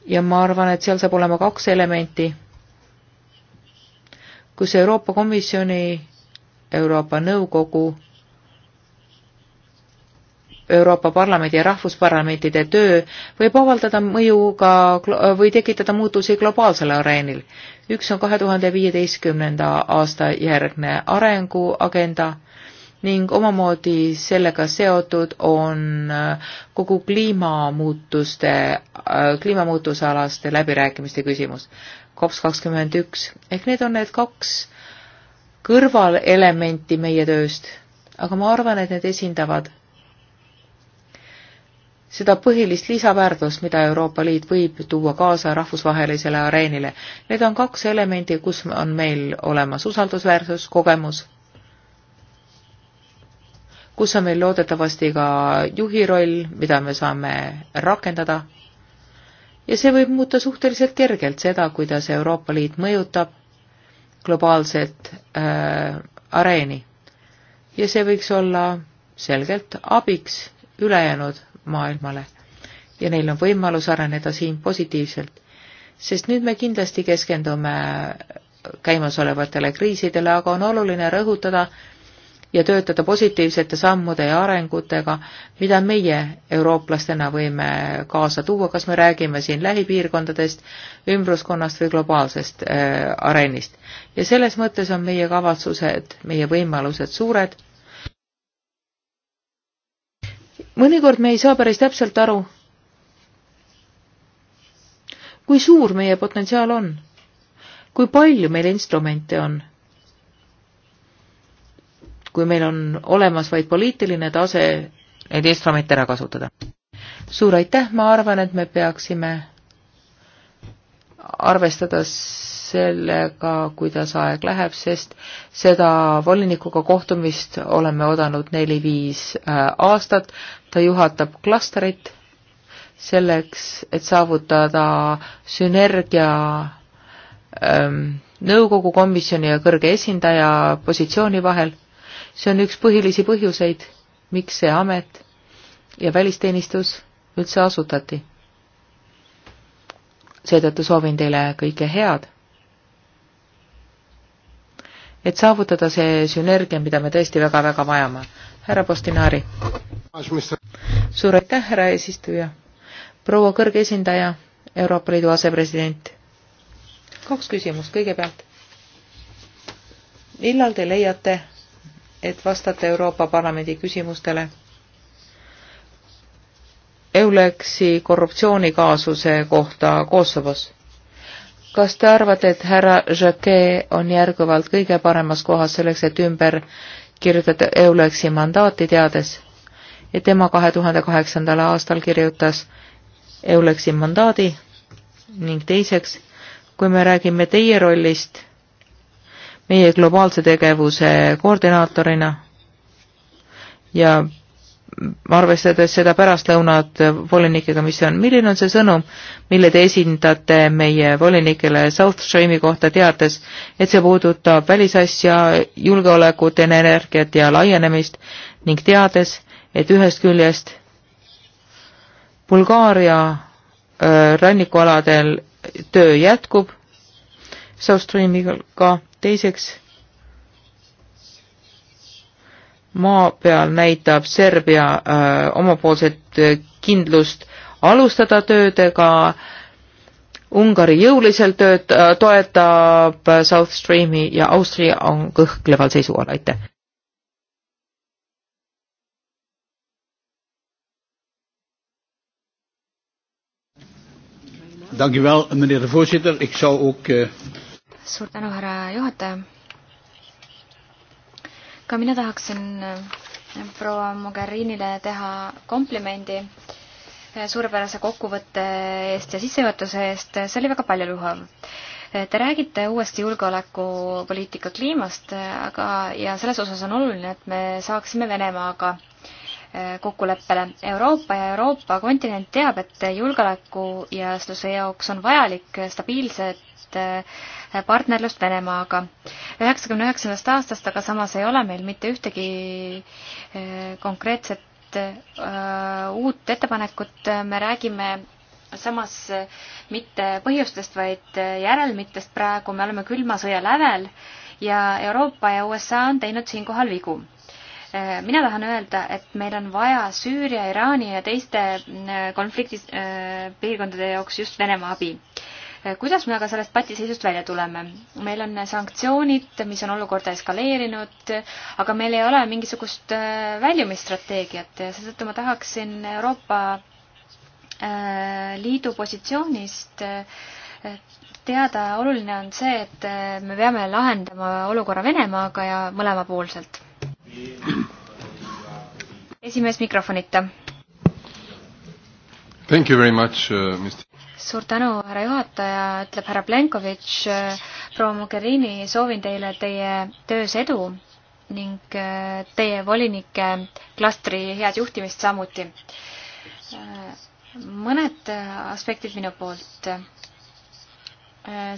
ja ma arvan, et seal saab olema kaks elementi, kus Euroopa Komisjoni Euroopa Nõukogu, Euroopa Parlamendi ja rahvusparlamentide töö võib avaldada mõju ka või tekitada muutusi globaalsel areenil. üks on kahe tuhande viieteistkümnenda aasta järgne arenguagenda ning omamoodi sellega seotud on äh, kogu kliimamuutuste, äh, kliimamuutuse alaste läbirääkimiste küsimus. COPS kakskümmend üks ehk need on need kaks kõrvalelementi meie tööst, aga ma arvan, et need esindavad seda põhilist lisaväärtust, mida Euroopa Liit võib tuua kaasa rahvusvahelisele areenile. Need on kaks elementi, kus on meil olemas usaldusväärsus, kogemus, kus on meil loodetavasti ka juhi roll, mida me saame rakendada, ja see võib muuta suhteliselt kergelt seda, kuidas Euroopa Liit mõjutab globaalset äh, areeni. ja see võiks olla selgelt abiks ülejäänud maailmale ja neil on võimalus areneda siin positiivselt, sest nüüd me kindlasti keskendume käimasolevatele kriisidele, aga on oluline rõhutada äh, ja töötada positiivsete sammude ja arengutega, mida meie eurooplastena võime kaasa tuua, kas me räägime siin lähipiirkondadest, ümbruskonnast või globaalsest äh, areenist. ja selles mõttes on meie kavatsused, meie võimalused suured. mõnikord me ei saa päris täpselt aru, kui suur meie potentsiaal on, kui palju meil instrumente on kui meil on olemas vaid poliitiline tase, neid instrumente ära kasutada. suur aitäh, ma arvan, et me peaksime arvestada sellega, kuidas aeg läheb, sest seda volinikuga kohtumist oleme oodanud neli-viis äh, aastat, ta juhatab klastrit selleks, et saavutada sünergia ähm, nõukogu komisjoni ja kõrge esindaja positsiooni vahel see on üks põhilisi põhjuseid, miks see amet ja välisteenistus üldse asutati. seetõttu soovin teile kõike head. et saavutada see sünergia, mida me tõesti väga-väga vajame. härra Postinaari. suur aitäh, härra eesistuja. proua kõrge esindaja, Euroopa Liidu asepresident. kaks küsimust kõigepealt. millal te leiate et vastate Euroopa Parlamendi küsimustele Euleksi korruptsioonikaasuse kohta Kosovos. kas te arvate, et härra Jacquet on järguvalt kõige paremas kohas selleks, et ümber kirjutada Euleksi mandaati, teades, et tema kahe tuhande kaheksandal aastal kirjutas Euleksi mandaadi ning teiseks, kui me räägime teie rollist meie globaalse tegevuse koordinaatorina ja arvestades seda pärastlõunat volinikega, mis on, milline on see sõnum, mille te esindate meie volinikele South Streami kohta, teades, et see puudutab välisasja, julgeolekut, energiat ja laienemist ning teades, et ühest küljest Bulgaaria äh, rannikualadel töö jätkub South Streamiga teiseks, maa peal näitab Serbia öö, äh, omapoolset äh, kindlust alustada töödega, Ungari jõuliselt tööt-, äh, toetab South Streami ja Austria on kõhkleval seisukohal, aitäh! Dank u wel, meneer de voorzitter. Ik zou ook uh, suur tänu, härra juhataja. ka mina tahaksin äh, proua Mogherinile teha komplimendi äh, suurepärase kokkuvõtte eest ja sissejuhatuse eest, see oli väga paljuluhav. Äh, te räägite uuesti julgeolekupoliitika kliimast, aga, ja selles osas on oluline, et me saaksime Venemaaga kokkuleppele. Euroopa ja Euroopa kontinent teab, et julgeoleku ja sõjastuse jaoks on vajalik stabiilset partnerlust Venemaaga. üheksakümne üheksandast aastast aga samas ei ole meil mitte ühtegi eh, konkreetset eh, uut ettepanekut, me räägime samas mitte põhjustest, vaid järelmitest praegu, me oleme külma sõja lävel ja Euroopa ja USA on teinud siinkohal vigu. Eh, mina tahan öelda, et meil on vaja Süüria, Iraani ja teiste mm, konfliktis, piirkondade jaoks just Venemaa abi. Eh, kuidas me aga sellest patiseisust välja tuleme? meil on eh, sanktsioonid, mis on olukorda eskaleerinud, aga meil ei ole mingisugust eh, väljumisstrateegiat ja seetõttu ma tahaksin Euroopa Liidu positsioonist teada, oluline on see, et me peame lahendama olukorra Venemaaga ja mõlemapoolselt. esimees mikrofonita. Thank you very much uh,, Mr suur tänu, härra juhataja, ütleb härra Plenkovitš. proua Mogherini, soovin teile teie töös edu ning äh, teie volinike klastri head juhtimist samuti. Äh, mõned äh, aspektid minu poolt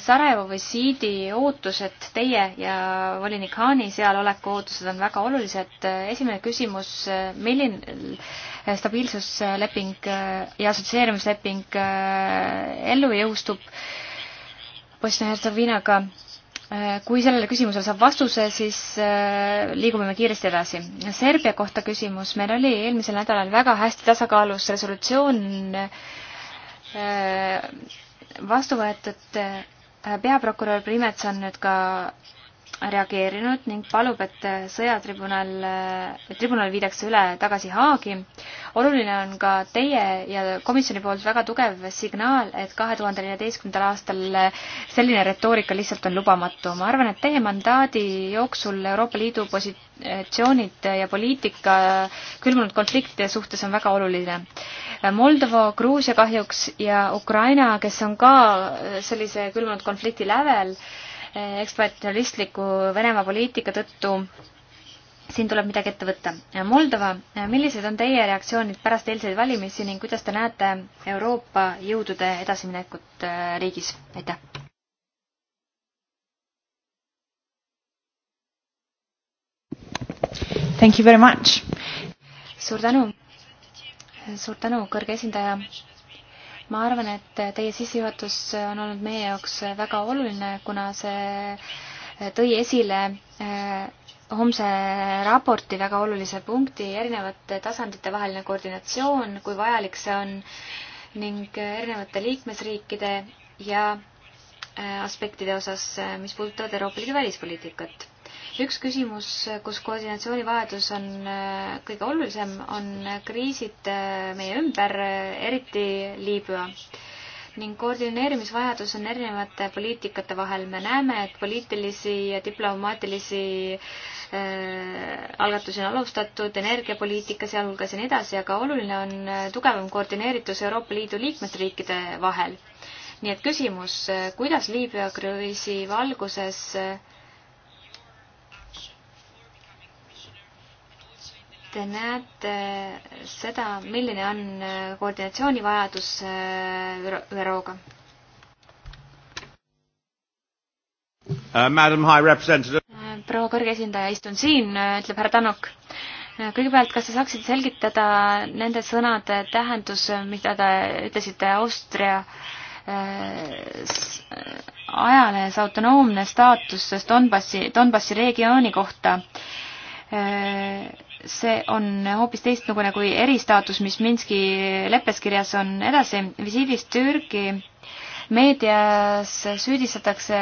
Sarajevo visiidi ootused, teie ja volinik Haani sealoleku ootused on väga olulised. esimene küsimus, milline stabiilsusleping ja assotsieerimisleping äh, ellu jõustub Bosnia-Hertsegiinaga? Äh, kui sellele küsimusele saab vastuse, siis äh, liigume me kiiresti edasi. Serbia kohta küsimus, meil oli eelmisel nädalal väga hästi tasakaalus resolutsioon vastu võetud äh, peaprokurör Primets on nüüd ka reageerinud ning palub, et sõjatribunal, tribunal viidakse üle tagasi Haagi. oluline on ka teie ja komisjoni poolt väga tugev signaal, et kahe tuhande neljateistkümnendal aastal selline retoorika lihtsalt on lubamatu. ma arvan, et teie mandaadi jooksul Euroopa Liidu positsioonid ja poliitika külmunud konfliktide suhtes on väga oluline. Moldova, Gruusia kahjuks ja Ukraina, kes on ka sellise külmunud konflikti lävel, ekspansionistliku Venemaa poliitika tõttu siin tuleb midagi ette võtta. Moldova, millised on teie reaktsioonid pärast eilseid valimisi ning kuidas te näete Euroopa jõudude edasiminekut äh, riigis? aitäh! Thank you very much! suur tänu! suur tänu, kõrge esindaja ma arvan, et teie sissejuhatus on olnud meie jaoks väga oluline, kuna see tõi esile äh, homse raporti väga olulise punkti, erinevate tasandite vaheline koordinatsioon, kui vajalik see on, ning erinevate liikmesriikide ja äh, aspektide osas, äh, mis puudutavad Euroopa Liidu välispoliitikat üks küsimus, kus koordinatsiooni vajadus on äh, kõige olulisem, on kriisid äh, meie ümber, eriti Liibüa ning koordineerimisvajadus on erinevate poliitikate vahel. me näeme, et poliitilisi ja diplomaatilisi äh, algatusi on alustatud, energiapoliitika sealhulgas ja nii edasi, aga oluline on äh, tugevam koordineeritus Euroopa Liidu liikmesriikide vahel. nii et küsimus, kuidas Liibüa kriisi valguses äh, te näete seda, milline on äh, koordinatsioonivajadus äh, ÜRO-ga? Uh, äh, proua kõrge esindaja, istun siin, ütleb härra Tanok. kõigepealt, kas te saaksite selgitada nende sõnade tähendus, mida te ütlesite Austria ajalehes autonoomne staatus Donbassi, Donbassi regiooni kohta? see on hoopis teistsugune kui eristaatus, mis Minski leppes kirjas on. edasi, visiidist Türgi meedias süüdistatakse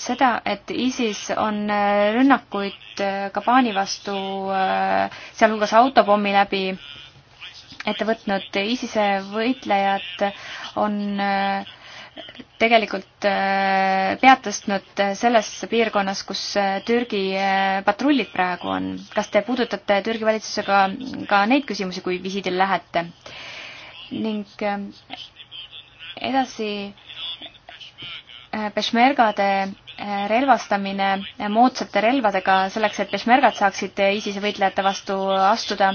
seda, et ISIS on rünnakuid Kabaani vastu, sealhulgas autopommi läbi ette võtnud. ISISe võitlejad on äh, tegelikult äh, pead tõstnud äh, selles piirkonnas, kus äh, Türgi patrullid praegu on. kas te puudutate Türgi valitsusega ka neid küsimusi, kui visiidil lähete? ning edasi peshmergade relvastamine moodsate relvadega selleks, et peshmergad saaksid ISISe võitlejate vastu astuda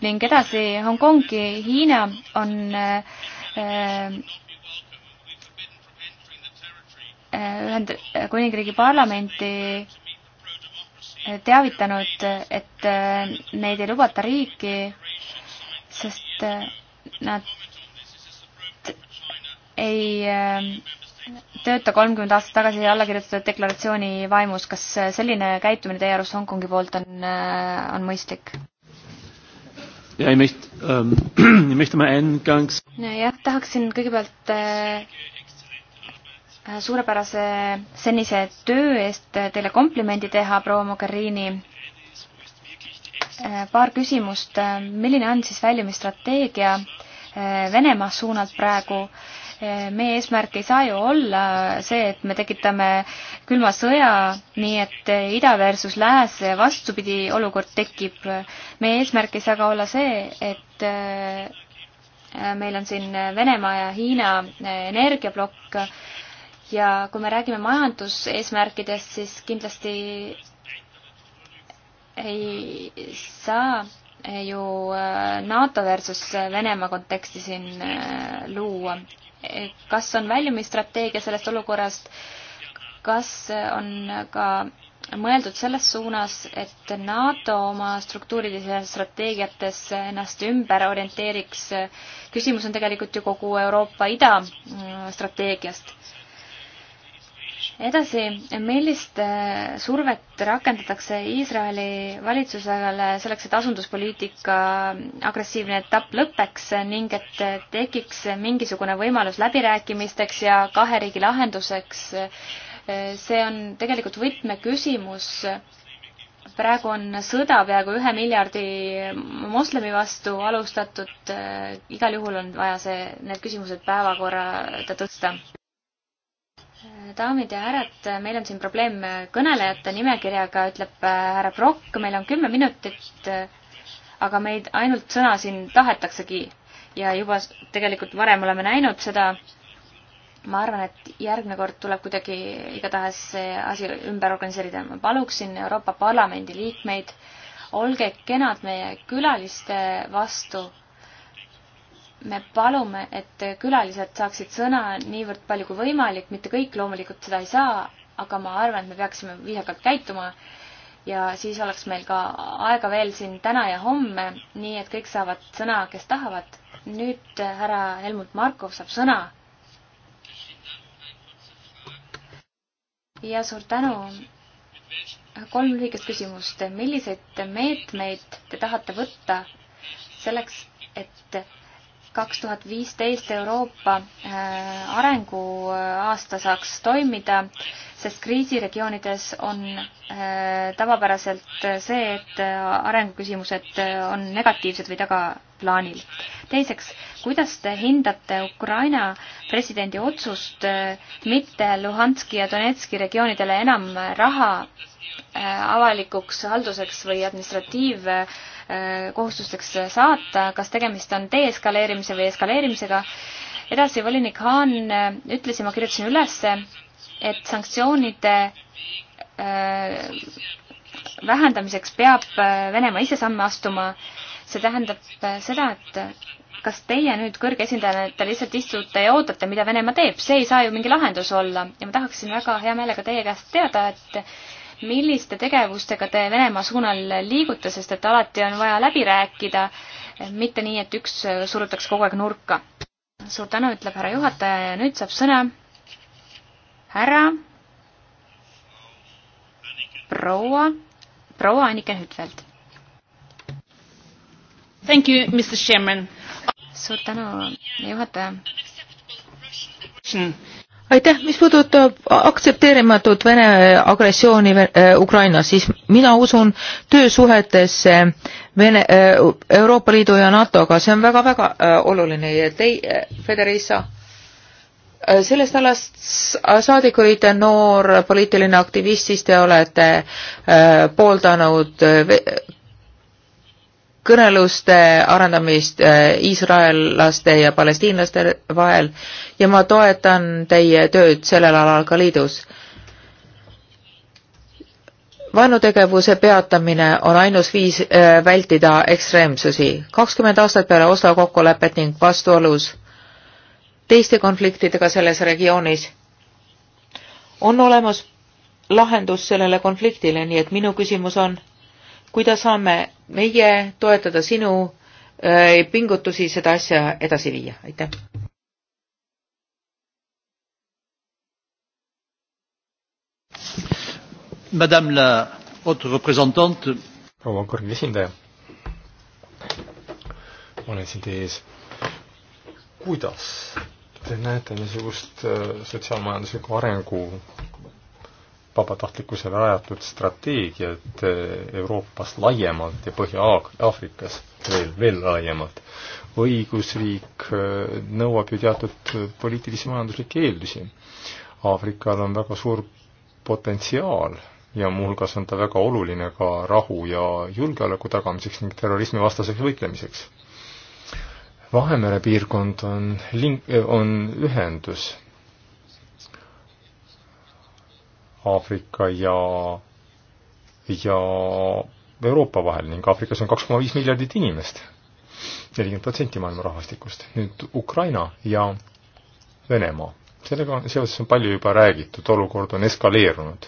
ning edasi Hongkongi, Hiina on äh, ühend-, Kuningriigi parlamenti teavitanud, et äh, neid ei lubata riiki, sest äh, nad ei äh, tööta kolmkümmend aastat tagasi alla kirjutatud deklaratsiooni vaimus. kas selline käitumine teie arust Hongkongi poolt on, on mõistlik? Ähm, *clears throat* jah, tahaksin kõigepealt suurepärase senise töö eest teile komplimendi teha, proua Mogherini. Äh, paar küsimust, äh, milline on siis väljumisstrateegia äh, Venemaa suunalt praegu? meie eesmärk ei saa ju olla see, et me tekitame külma sõja, nii et ida versus lääs vastupidi olukord tekib. meie eesmärk ei saa ka olla see, et meil on siin Venemaa ja Hiina energiaplokk ja kui me räägime majanduseesmärkidest, siis kindlasti ei saa ju äh, NATO versus Venemaa konteksti siin äh, luua. kas on väljumisstrateegia sellest olukorrast, kas on ka mõeldud selles suunas, et NATO oma struktuurides ja strateegiates ennast ümber orienteeriks. küsimus on tegelikult ju kogu Euroopa idastrateegiast äh, edasi, millist äh, survet rakendatakse Iisraeli valitsusele selleks, et asunduspoliitika agressiivne etapp lõpeks ning et tekiks mingisugune võimalus läbirääkimisteks ja kahe riigi lahenduseks? Äh, see on tegelikult võtmeküsimus. praegu on sõda peaaegu ühe miljardi moslemi vastu alustatud. Äh, igal juhul on vaja see, need küsimused päevakorda tõsta daamid ja härrad, meil on siin probleem kõnelejate nimekirjaga, ütleb äh, härra Prokk, meil on kümme minutit, äh, aga meid ainult sõna siin tahetaksegi ja juba tegelikult varem oleme näinud seda. ma arvan, et järgmine kord tuleb kuidagi igatahes see asi ümber organiseerida. ma paluksin Euroopa Parlamendi liikmeid, olge kenad meie külaliste vastu me palume, et külalised saaksid sõna niivõrd palju kui võimalik, mitte kõik loomulikult seda ei saa, aga ma arvan, et me peaksime viisakalt käituma ja siis oleks meil ka aega veel siin täna ja homme, nii et kõik saavad sõna, kes tahavad. nüüd äh, härra Helmut Markov saab sõna. ja suur tänu. kolm lühikest küsimust. milliseid meetmeid te tahate võtta selleks, et kaks tuhat viisteist Euroopa äh, arenguaasta saaks toimida, sest kriisiregioonides on äh, tavapäraselt see, et äh, arenguküsimused on negatiivsed või tagaplaanil. teiseks, kuidas te hindate Ukraina presidendi otsust mitte Luhanski ja Donetski regioonidele enam raha avalikuks halduseks või administratiiv Äh, kohustusteks saata, kas tegemist on deeskaleerimise või eskaleerimisega. edasi volinik Haan äh, ütles ja ma kirjutasin üles, et sanktsioonide äh, vähendamiseks peab Venemaa ise samme astuma. see tähendab seda, et kas teie nüüd kõrge esindajana, et te lihtsalt istute ja ootate, mida Venemaa teeb, see ei saa ju mingi lahendus olla ja ma tahaksin väga hea meelega teie käest teada, et milliste tegevustega te Venemaa suunal liigute, sest et alati on vaja läbi rääkida, mitte nii, et üks surutakse kogu aeg nurka. suur tänu, ütleb härra juhataja ja nüüd saab sõna härra proua, proua Anniken Hütfeldt. Thank you, Mr Chairman. suur tänu, juhataja aitäh, mis puudutab aktsepteerimatut Vene agressiooni äh, Ukrainas, siis mina usun töösuhetesse Vene, äh, Euroopa Liidu ja NATO-ga, see on väga-väga äh, oluline ja tei-, Federica, sellest alast saadik olite noor poliitiline aktivist, siis te olete pooldanud kõneluste arendamist äh, iisraellaste ja palestiinlaste vahel ja ma toetan teie tööd sellel alal ka liidus. vaenutegevuse peatamine on ainus viis äh, vältida ekstreemsusi. kakskümmend aastat peale Oslo kokkulepet ning vastuolus teiste konfliktidega selles regioonis on olemas lahendus sellele konfliktile, nii et minu küsimus on kuidas saame meie toetada sinu äh, pingutusi seda asja edasi viia, aitäh. Madame la haute représentante. proua kõrge esindaja, olen siin teie ees. kuidas te näete niisugust äh, sotsiaalmajanduslikku arengu vabatahtlikkusele rajatud strateegiat eh, Euroopas laiemalt ja Põhja-Aafrikas veel, veel laiemalt. õigusriik eh, nõuab ju teatud eh, poliitilisi majanduslikke eeldusi. Aafrikal on väga suur potentsiaal ja muuhulgas on ta väga oluline ka rahu ja julgeoleku tagamiseks ning terrorismivastaseks võitlemiseks. Vahemere piirkond on link, on ühendus Aafrika ja, ja Euroopa vahel ning Aafrikas on kaks koma viis miljardit inimest, nelikümmend protsenti maailma rahvastikust. nüüd Ukraina ja Venemaa, sellega seoses on palju juba räägitud, olukord on eskaleerunud.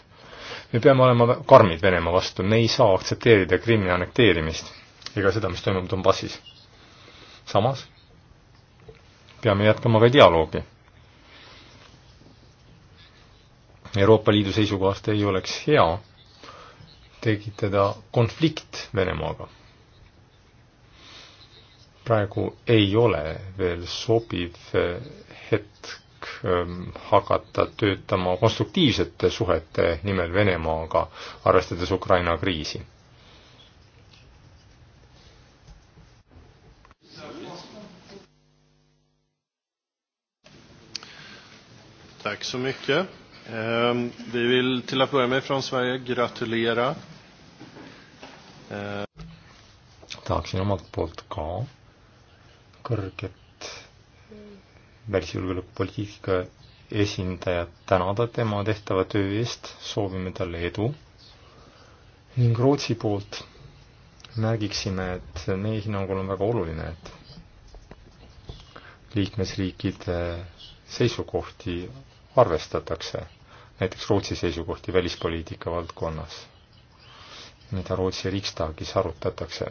me peame olema karmid Venemaa vastu, me ei saa aktsepteerida Krimmi annekteerimist ega seda, mis toimub Donbassis. samas peame jätkama ka dialoogi Euroopa Liidu seisukohast ei oleks hea tekitada konflikt Venemaaga. praegu ei ole veel sobiv hetk ähm, hakata töötama konstruktiivsete suhete nimel Venemaaga, arvestades Ukraina kriisi. Tack så mycket. Ehm, vi vill till att börja med från Sverige gratulera. Ehm. tahaksin omalt poolt ka kõrget välisjulgeolekupoliitika esindajat tänada tema tehtava töö eest, soovime talle edu. ning Rootsi poolt märgiksime, et meie hinnangul on väga oluline, et liikmesriikide eh, seisukohti arvestatakse näiteks Rootsi seisukohti välispoliitika valdkonnas, mida Rootsi Riksdagis arutatakse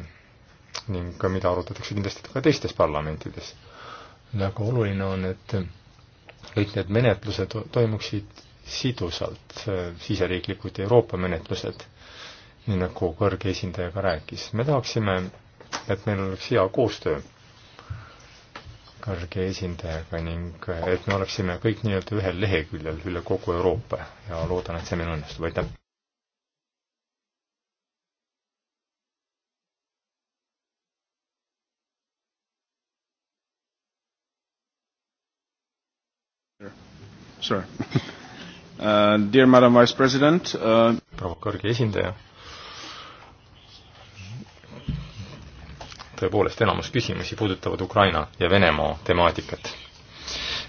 ning ka mida arutatakse kindlasti ka teistes parlamentides. väga oluline on, et kõik need menetlused toimuksid sidusalt, siseriiklikud Euroopa menetlused, nii nagu kõrge esindaja ka rääkis. me tahaksime, et meil oleks hea koostöö kõrge esindajaga ning et me oleksime kõik nii-öelda ühel leheküljel üle kogu Euroopa ja loodan, et see meil õnnestub, aitäh! Sure. *laughs* Uh, dear Madam Vice President uh... proua kõrge esindaja tõepoolest enamus küsimusi puudutavad Ukraina ja Venemaa temaatikat.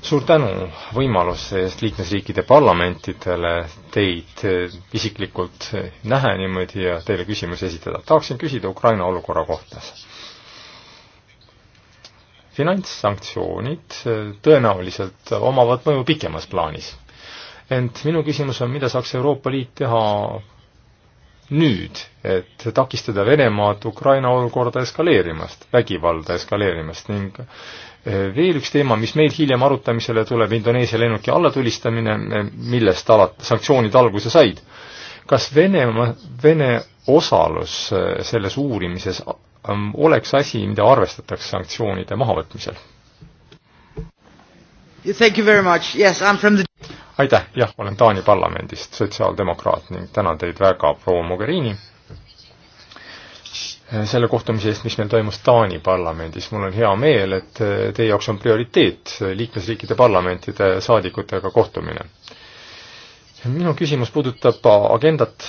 suur tänu võimaluse eest liikmesriikide parlamentidele teid eh, isiklikult eh, näha niimoodi ja teile küsimusi esitada. tahaksin küsida Ukraina olukorra kohta. finantssanktsioonid eh, tõenäoliselt omavad mõju pikemas plaanis ent minu küsimus on, mida saaks Euroopa Liit teha nüüd, et takistada Venemaad Ukraina olukorda eskaleerimast, vägivalda eskaleerimast ning eh, veel üks teema, mis meil hiljem arutamisele tuleb, Indoneesia lennuki allatulistamine, eh, millest alat-, sanktsioonid alguse said. kas Venemaa, Vene osalus eh, selles uurimises oleks asi, mida arvestatakse sanktsioonide mahavõtmisel? Thank you very much, yes I am from the aitäh, jah, ma olen Taani parlamendist sotsiaaldemokraat ning tänan teid väga, proua Mogherini, selle kohtumise eest, mis meil toimus Taani parlamendis. mul on hea meel, et teie jaoks on prioriteet liikmesriikide parlamentide saadikutega kohtumine. minu küsimus puudutab agendat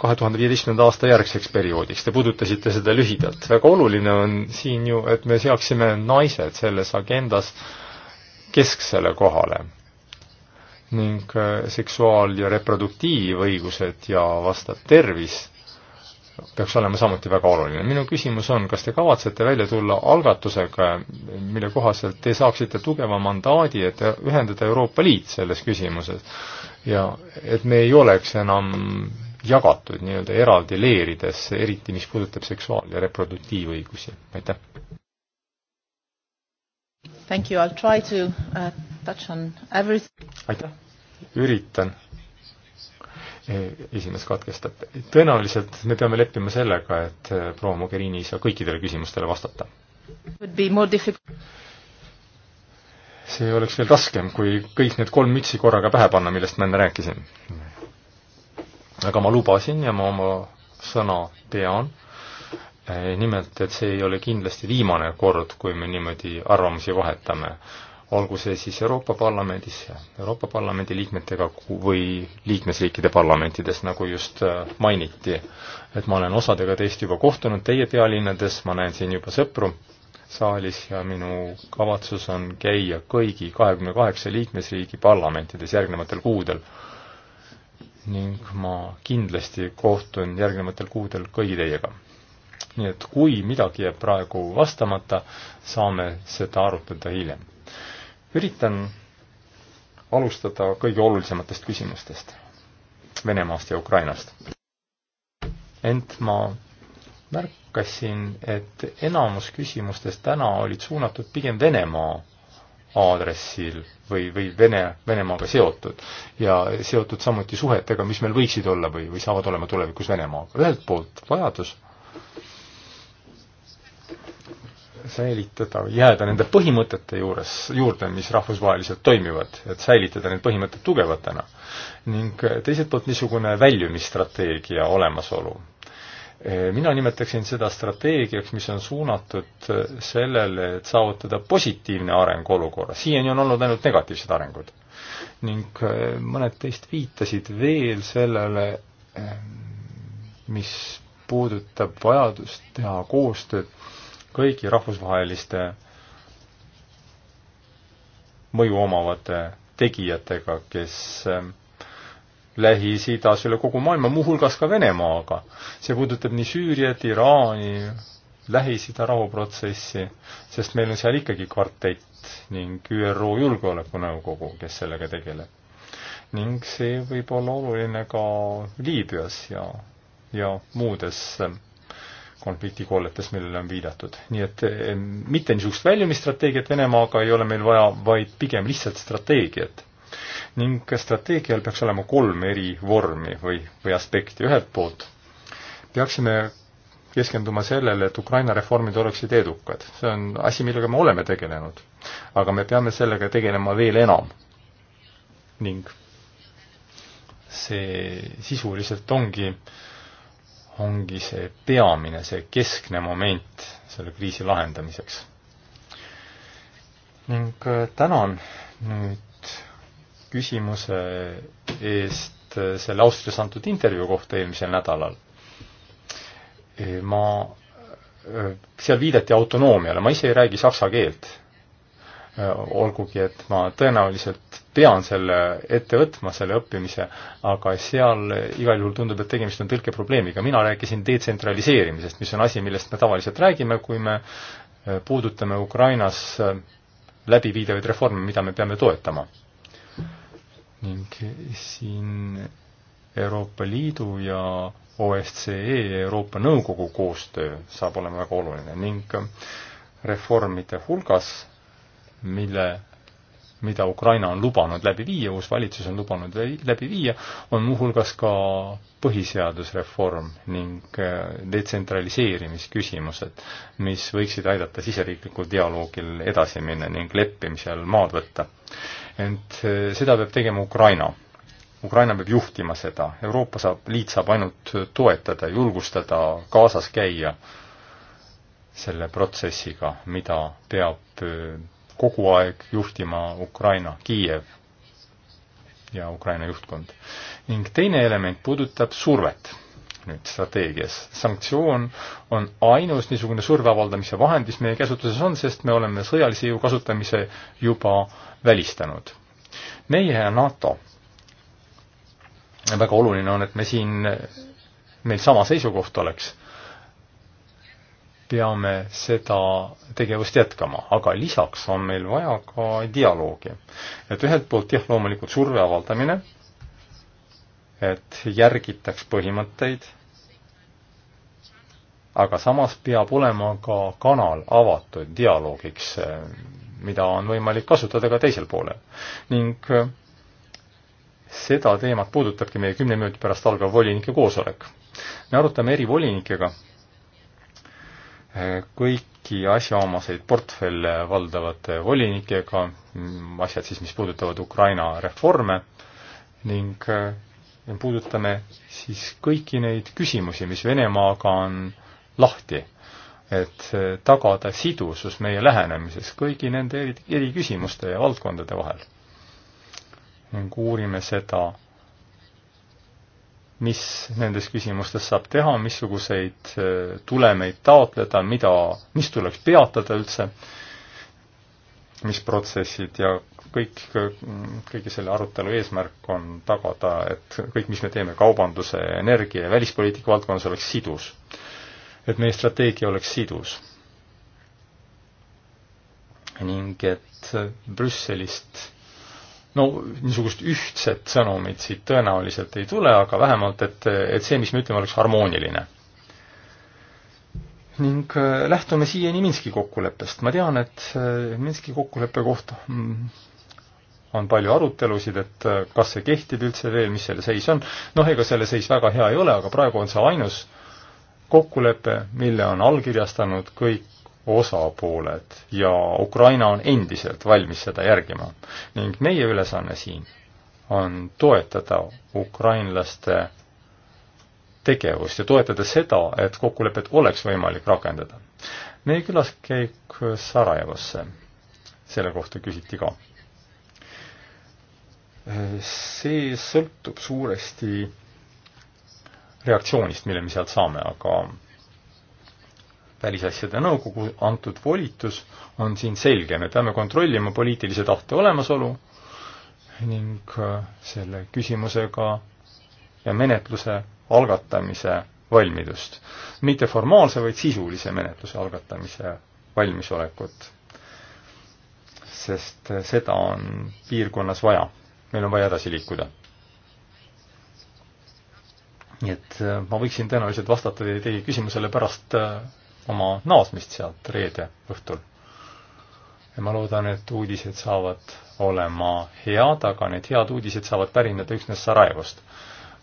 kahe tuhande viieteistkümnenda aasta järgseks perioodiks. Te puudutasite seda lühidalt. väga oluline on siin ju, et me seaksime naised selles agendas kesksele kohale ning äh, seksuaal- ja reproduktiivõigused ja vastav tervis peaks olema samuti väga oluline. minu küsimus on, kas te kavatsete välja tulla algatusega, mille kohaselt te saaksite tugeva mandaadi, et ühendada Euroopa Liit selles küsimuses ja et me ei oleks enam jagatud nii-öelda eraldi leeridesse, eriti mis puudutab seksuaal- ja reproduktiivõigusi, aitäh! Thank you, I will try to uh, touch on everything. aitäh! üritan, e, esimees katkestab, tõenäoliselt me peame leppima sellega, et e, proua Mogherini ei saa kõikidele küsimustele vastata. see oleks veel raskem, kui kõik need kolm mütsi korraga pähe panna, millest ma enne rääkisin. aga ma lubasin ja ma oma sõna pean e, nimelt, et see ei ole kindlasti viimane kord, kui me niimoodi arvamusi vahetame olgu see siis Euroopa Parlamendis, Euroopa Parlamendi liikmetega või liikmesriikide parlamentides, nagu just äh, mainiti. et ma olen osadega teist juba kohtunud teie pealinnades, ma näen siin juba sõpru saalis ja minu kavatsus on käia kõigi kahekümne kaheksa liikmesriigi parlamentides järgnevatel kuudel. ning ma kindlasti kohtun järgnevatel kuudel kõigi teiega nii et kui midagi jääb praegu vastamata, saame seda arutada hiljem üritan alustada kõige olulisematest küsimustest Venemaast ja Ukrainast. ent ma märkasin, et enamus küsimustest täna olid suunatud pigem Venemaa aadressil või, või Vene, Venemaaga seotud. ja seotud samuti suhetega, mis meil võiksid olla või, või saavad olema tulevikus Venemaaga. ühelt poolt vajadus säilitada, jääda nende põhimõtete juures, juurde, mis rahvusvaheliselt toimivad, et säilitada need põhimõtted tugevatena. ning eh, teiselt poolt niisugune väljumisstrateegia olemasolu. Eh, mina nimetaksin seda strateegiaks, mis on suunatud eh, sellele, et saavutada positiivne areng olukorras, siiani on olnud ainult negatiivsed arengud. ning mõned teist viitasid veel sellele, mis puudutab vajadust teha koostööd kõigi rahvusvaheliste mõju omavate tegijatega, kes ähm, Lähis-Idas üle kogu maailma, muuhulgas ka Venemaaga. see puudutab nii Süüriat, Iraani, Lähis-Ida rahuprotsessi, sest meil on seal ikkagi kvartett ning ÜRO Julgeolekunõukogu, kes sellega tegeleb. ning see võib olla oluline ka Liibüas ja, ja muudes ähm, konfliktikolletes, millele on viidatud. nii et eh, mitte niisugust väljumisstrateegiat Venemaaga ei ole meil vaja, vaid pigem lihtsalt strateegiat. ning strateegial peaks olema kolm eri vormi või, või aspekti. ühelt poolt peaksime keskenduma sellele, et Ukraina reformid oleksid edukad. see on asi, millega me oleme tegelenud. aga me peame sellega tegelema veel enam. ning see sisuliselt ongi äh, ongi see peamine, see keskne moment selle kriisi lahendamiseks. ning äh, tänan nüüd küsimuse eest äh, selle Austrias antud intervjuu kohta eelmisel nädalal. ma, äh, seal viidati autonoomiale, ma ise ei räägi saksa keelt olgugi, et ma tõenäoliselt pean selle ette võtma, selle õppimise, aga seal igal juhul tundub, et tegemist on tõlkeprobleemiga. mina rääkisin detsentraliseerimisest, mis on asi, millest me tavaliselt räägime, kui me äh, puudutame Ukrainas äh, läbiviidavaid reforme, mida me peame toetama. ning siin Euroopa Liidu ja OSCE ja Euroopa Nõukogu koostöö saab olema väga oluline ning äh, reformide hulgas, mille mida Ukraina on lubanud läbi viia, uus valitsus on lubanud läbi viia, on muuhulgas ka põhiseadusreform ning äh, detsentraliseerimisküsimused, mis võiksid aidata siseriiklikul dialoogil edasi minna ning leppimisel maad võtta. ent äh, seda peab tegema Ukraina. Ukraina peab juhtima seda, Euroopa saab, liit saab ainult toetada, julgustada, kaasas käia selle protsessiga, mida peab äh, kogu aeg juhtima Ukraina, Kiiev ja Ukraina juhtkond. ning teine element puudutab survet nüüd strateegias. sanktsioon on ainus niisugune surve avaldamise vahend, mis meie käsutuses on, sest me oleme sõjalise jõu kasutamise juba välistanud. meie ja NATO väga oluline on, et me siin, meil sama seisukoht oleks peame seda tegevust jätkama, aga lisaks on meil vaja ka dialoogi. et ühelt poolt jah, loomulikult surve avaldamine, et järgitaks põhimõtteid, aga samas peab olema ka kanal avatud dialoogiks, mida on võimalik kasutada ka teisel poolel. ning seda teemat puudutabki meie kümne minuti pärast algav volinike koosolek. me arutame erivolinikega kõiki asjaomaseid portfelle valdavate volinikega, mm, asjad siis, mis puudutavad Ukraina reforme ning äh, puudutame siis kõiki neid küsimusi, mis Venemaaga on lahti, et äh, tagada sidusus meie lähenemises kõigi nende eri, eri küsimuste ja valdkondade vahel. ning uurime seda mis nendes küsimustes saab teha, missuguseid eh, tulemeid taotleda, mida, mis tuleks peatada üldse, mis protsessid ja kõik, kõigi selle arutelu eesmärk on tagada, et kõik, mis me teeme kaubanduse, energia ja välispoliitika valdkonnas, oleks sidus. et meie strateegia oleks sidus. ning et Brüsselist no niisugust ühtset sõnumit siit tõenäoliselt ei tule, aga vähemalt, et, et see, mis me ütleme, oleks harmooniline. ning äh, lähtume siiani Minski kokkuleppest. ma tean, et äh, Minski kokkuleppe kohta mm, on palju arutelusid, et äh, kas see kehtib üldse veel, mis selle seis on. noh, ega selle seis väga hea ei ole, aga praegu on see ainus kokkulepe, mille on allkirjastanud kõik osapooled ja Ukraina on endiselt valmis seda järgima. ning meie ülesanne siin on toetada ukrainlaste tegevust ja toetada seda, et kokkulepet oleks võimalik rakendada. meie külaskäik Sarajevosse, selle kohta küsiti ka. see sõltub suuresti reaktsioonist, mille me sealt saame, aga välisasjade nõukogu antud volitus on siin selge, me peame kontrollima poliitilise tahte olemasolu ning äh, selle küsimusega ja menetluse algatamise valmidust. mitte formaalse, vaid sisulise menetluse algatamise valmisolekut. sest äh, seda on piirkonnas vaja, meil on vaja edasi liikuda nii et äh, ma võiksin tõenäoliselt vastata teie, teie küsimusele pärast oma naasmist sealt reede õhtul. ja ma loodan, et uudised saavad olema head, aga need head uudised saavad pärineda üksnes Sarajevost.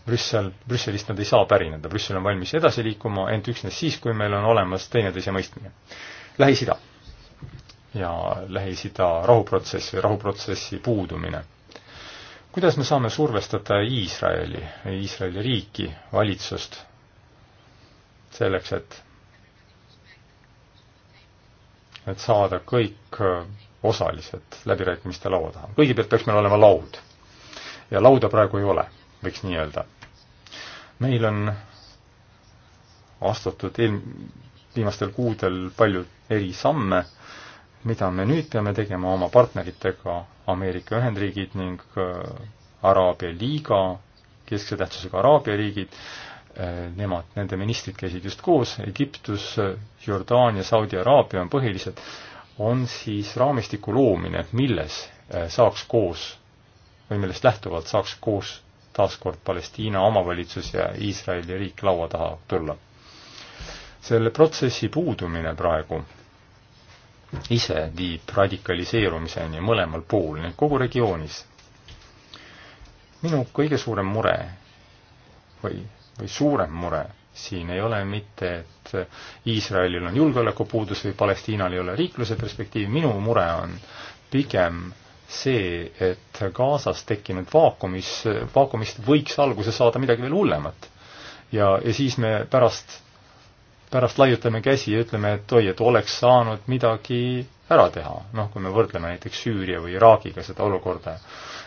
Brüssel, Brüsselist nad ei saa pärineda, Brüssel on valmis edasi liikuma, ent üksnes siis, kui meil on olemas teineteise mõistmine. Lähis-Ida ja Lähis-Ida rahuprotsess või rahuprotsessi puudumine kuidas me saame survestada Iisraeli, Iisraeli riiki, valitsust selleks, et et saada kõik äh, osalised läbirääkimiste laua taha. kõigepealt peaks meil olema laud. ja lauda praegu ei ole, võiks nii öelda. meil on astutud eel-, viimastel kuudel palju erisamme, mida me nüüd peame tegema oma partneritega, Ameerika Ühendriigid ning äh, Araabia liiga, keskse tähtsusega Araabia riigid, Äh, nemad, nende ministrid käisid just koos, Egiptus, Jordaania, Saudi Araabia on põhilised, on siis raamistiku loomine, milles äh, saaks koos või millest lähtuvalt saaks koos taaskord Palestiina omavalitsus ja Iisraeli riik laua taha tulla. selle protsessi puudumine praegu ise viib radikaliseerumiseni mõlemal pool, nii et kogu regioonis. minu kõige suurem mure või või suurem mure siin ei ole mitte, et Iisraelil on julgeolekupuudus või Palestiinal ei ole riikluse perspektiivi, minu mure on pigem see, et Gazas tekkinud vaakumis, vaakumist võiks alguse saada midagi veel hullemat. ja, ja siis me pärast, pärast laiutame käsi ja ütleme, et oi, et oleks saanud midagi ära teha, noh, kui me võrdleme näiteks Süüria või Iraagiga seda olukorda,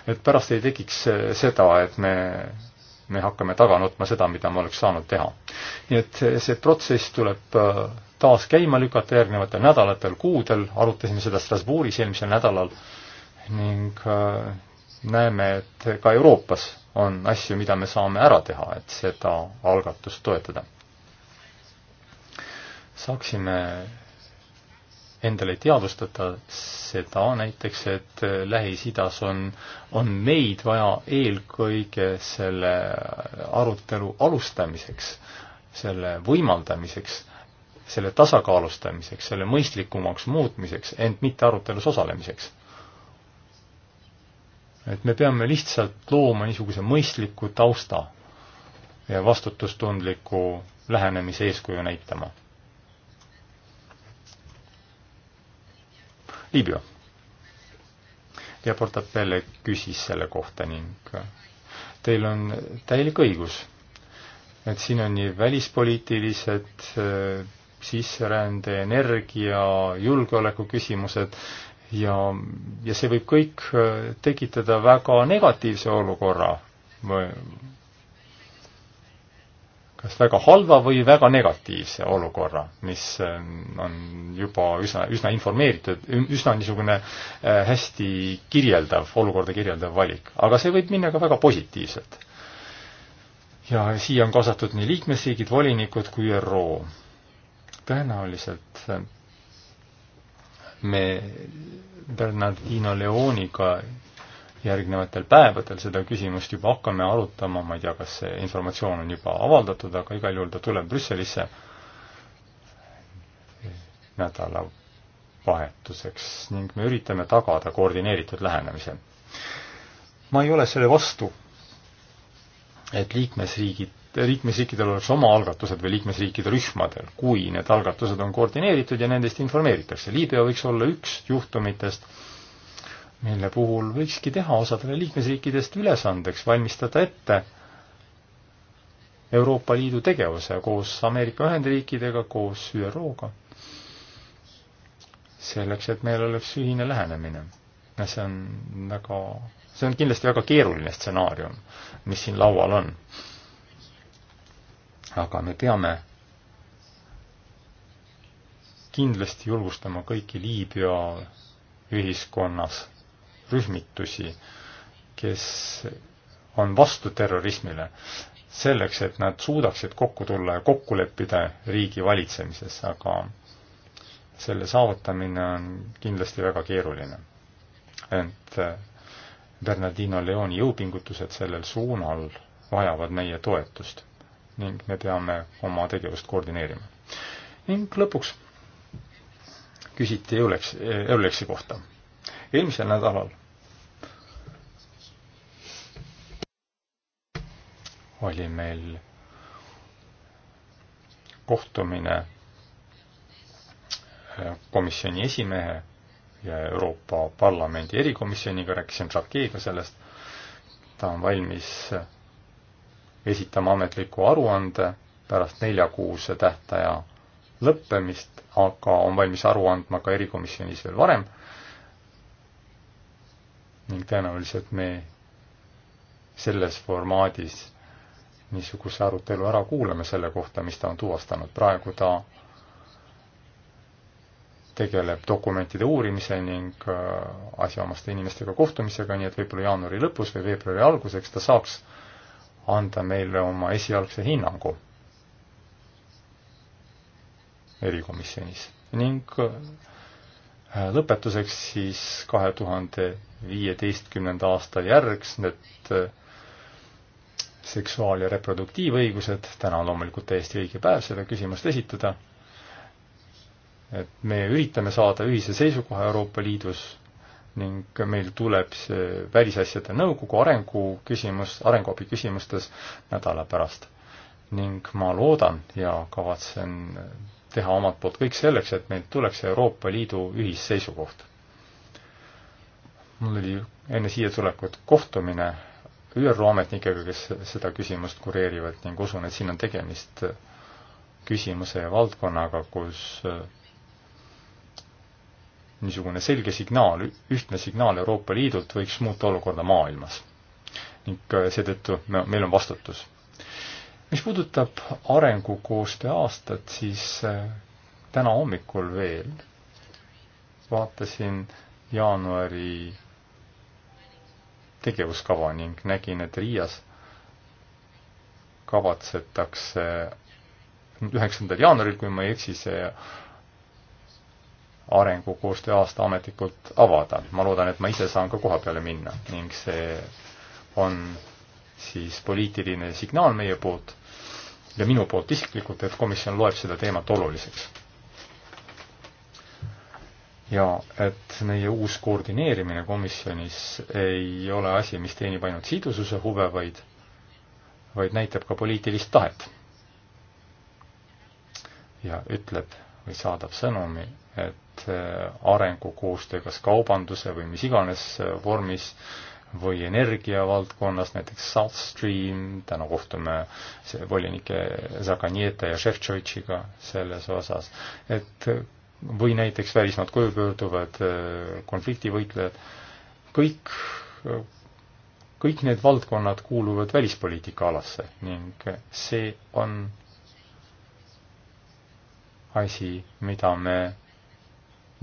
et pärast ei tekiks seda, et me me hakkame taga nutma seda, mida me oleks saanud teha. nii et see protsess tuleb äh, taas käima lükata järgnevatel nädalatel, kuudel, arutasime seda Strasbourgis eelmisel nädalal ning äh, näeme, et ka Euroopas on asju, mida me saame ära teha, et seda algatust toetada. saaksime endale ei teadvustata seda näiteks, et Lähis-Idas on, on meid vaja eelkõige selle arutelu alustamiseks, selle võimaldamiseks, selle tasakaalustamiseks, selle mõistlikumaks muutmiseks, ent mitte arutelus osalemiseks. et me peame lihtsalt looma niisuguse mõistliku tausta ja vastutustundliku lähenemise eeskuju näitama Liibüa. ja Portapelle küsis selle kohta ning teil on täielik õigus, et siin on nii välispoliitilised sisserände, energia, julgeoleku küsimused ja, ja see võib kõik tekitada väga negatiivse olukorra kas väga halva või väga negatiivse olukorra, mis ähm, on juba üsna, üsna informeeritud, üsna niisugune äh, hästi kirjeldav, olukorda kirjeldav valik. aga see võib minna ka väga positiivselt. ja siia on kaasatud nii liikmesriigid, volinikud kui ÜRO. tõenäoliselt äh, me Bernardino Leoniga järgnevatel päevadel seda küsimust juba hakkame arutama, ma ei tea, kas see informatsioon on juba avaldatud, aga igal juhul ta tuleb Brüsselisse nädalavahetuseks ning me üritame tagada koordineeritud lähenemise. ma ei ole selle vastu, et liikmesriigid, liikmesriikidel oleks oma algatused või liikmesriikide rühmadel, kui need algatused on koordineeritud ja nendest informeeritakse. Liibüa võiks olla üks juhtumitest, mille puhul võikski teha osadele liikmesriikidest ülesandeks valmistada ette Euroopa Liidu tegevuse koos Ameerika Ühendriikidega, koos ÜRO-ga. selleks, et meil oleks ühine lähenemine. ja see on väga, see on kindlasti väga keeruline stsenaarium, mis siin laual on. aga me peame kindlasti julgustama kõiki Liibüa ühiskonnas rühmitusi, kes on vastu terrorismile, selleks, et nad suudaksid kokku tulla ja kokku leppida riigi valitsemises, aga selle saavutamine on kindlasti väga keeruline. ent äh, Bernardino Leoni jõupingutused sellel suunal vajavad meie toetust ning me peame oma tegevust koordineerima. ning lõpuks küsiti Euleksi, Euleksi kohta eelmisel nädalal oli meil kohtumine äh, komisjoni esimehe ja Euroopa Parlamendi erikomisjoniga, rääkisin Rakeega sellest, ta on valmis esitama ametliku aruande pärast neljakuuse tähtaja lõppemist, aga on valmis aru andma ka erikomisjonis veel varem ning tõenäoliselt me selles formaadis niisuguse arutelu ära kuulame selle kohta, mis ta on tuvastanud. praegu ta tegeleb dokumentide uurimise ning äh, asjaomaste inimestega kohtumisega, nii et võib-olla jaanuari lõpus või veebruari alguseks ta saaks anda meile oma esialgse hinnangu erikomisjonis ning äh, Äh, lõpetuseks siis kahe tuhande viieteistkümnenda aasta järgs need äh, seksuaal- ja reproduktiivõigused, täna on loomulikult täiesti õige päev seda küsimust esitada, et me üritame saada ühise seisukoha Euroopa Liidus ning meil tuleb see Välisasjade Nõukogu arengu küsimus, arenguabi küsimustes nädala pärast. ning ma loodan ja kavatsen teha omalt poolt kõik selleks, et meil tuleks Euroopa Liidu ühisseisukoht. mul oli enne siia tulekut kohtumine ÜRO ametnikega, kes seda küsimust kureerivad ning usun, et siin on tegemist küsimuse ja valdkonnaga, kus äh, niisugune selge signaal, ühtne signaal Euroopa Liidult võiks muuta olukorda maailmas. ning äh, seetõttu me, meil on vastutus mis puudutab arengukoostöö aastat, siis eh, täna hommikul veel vaatasin jaanuari tegevuskava ning nägin, et Riias kavatsetakse üheksandal jaanuaril, kui ma ei eksi, see arengukoostöö aasta ametlikult avada. ma loodan, et ma ise saan ka koha peale minna ning see on siis poliitiline signaal meie poolt ja minu poolt isiklikult, et komisjon loeb seda teemat oluliseks. ja et meie uus koordineerimine komisjonis ei ole asi, mis teenib ainult sidususe huve, vaid, vaid näitab ka poliitilist tahet. ja ütleb või saadab sõnumi, et äh, arengukoostöö kas kaubanduse või mis iganes äh, vormis äh, või energiavaldkonnas, näiteks South Stream, täna kohtume volinike Zaganieta ja Šefčovitšiga selles osas, et või näiteks välismaalt koju pöörduvad äh, konfliktivõitlejad, kõik, kõik need valdkonnad kuuluvad välispoliitika alasse ning see on asi, mida me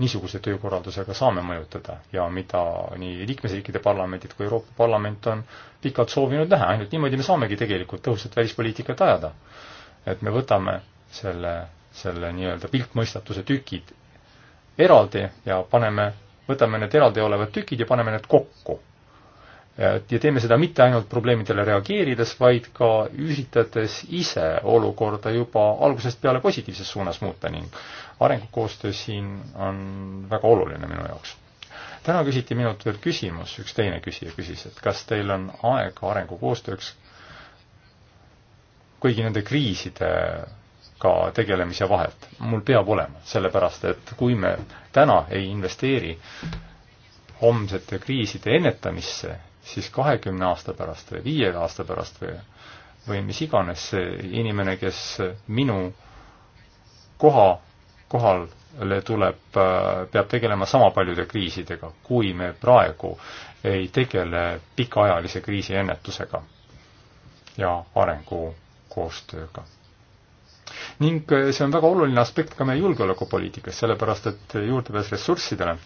niisuguse töökorraldusega saame mõjutada ja mida nii liikmesriikide parlamendid kui Euroopa Parlament on pikalt soovinud näha, ainult niimoodi me saamegi tegelikult tõhusat välispoliitikat ajada. et me võtame selle, selle nii-öelda piltmõistatuse tükid eraldi ja paneme, võtame need eraldiolevad tükid ja paneme need kokku. ja teeme seda mitte ainult probleemidele reageerides, vaid ka üritades ise olukorda juba algusest peale positiivses suunas muuta ning arengukoostöö siin on väga oluline minu jaoks. täna küsiti minult veel küsimus, üks teine küsija küsis, et kas teil on aega arengukoostööks kõigi nende kriisidega tegelemise vahelt. mul peab olema, sellepärast et kui me täna ei investeeri homsete kriiside ennetamisse, siis kahekümne aasta pärast või viie aasta pärast või, või mis iganes see inimene, kes minu koha kohale tuleb, äh, peab tegelema sama paljude kriisidega, kui me praegu ei tegele pikaajalise kriisi ennetusega ja arengukoostööga. ning äh, see on väga oluline aspekt ka meie julgeolekupoliitikas, sellepärast et juurdepääs ressurssidele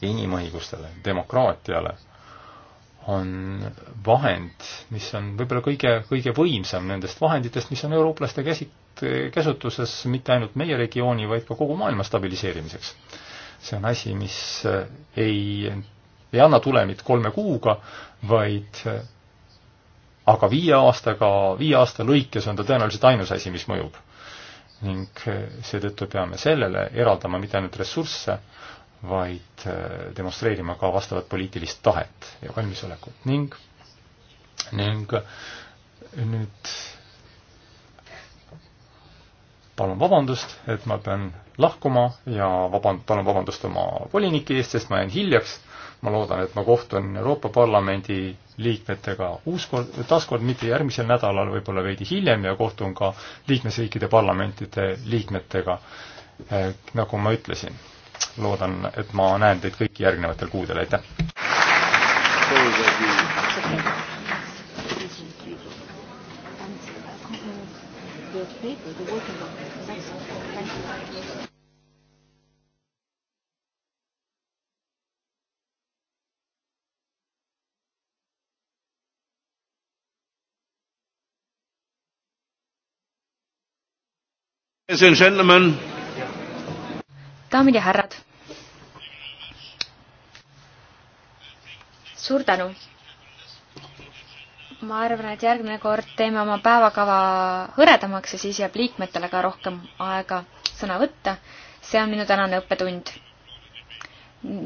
ja inimõigustele, demokraatiale on vahend, mis on võib-olla kõige, kõige võimsam nendest vahenditest, mis on eurooplaste käsi, käsutuses mitte ainult meie regiooni, vaid ka kogu maailma stabiliseerimiseks. see on asi, mis ei, ei anna tulemit kolme kuuga, vaid aga viie aastaga, viie aasta lõikes on ta tõenäoliselt ainus asi, mis mõjub. ning seetõttu peame sellele eraldama mitte ainult ressursse, vaid demonstreerima ka vastavat poliitilist tahet ja valmisolekut ning, ning nüüd palun vabandust, et ma pean lahkuma ja vaban-, palun vabandust oma volinike eest, sest ma jäin hiljaks. ma loodan, et ma kohtun Euroopa Parlamendi liikmetega uus kord, taaskord mitte järgmisel nädalal, võib-olla veidi hiljem ja kohtun ka liikmesriikide parlamentide liikmetega eh,, nagu ma ütlesin. loodan, et ma näen teid kõiki järgnevatel kuudel, aitäh! the paper, the working Ladies and gentlemen. daamid ja härrad. suur tänu. ma arvan, et järgmine kord teeme oma päevakava hõredamaks ja siis jääb liikmetele ka rohkem aega sõna võtta. see on minu tänane õppetund.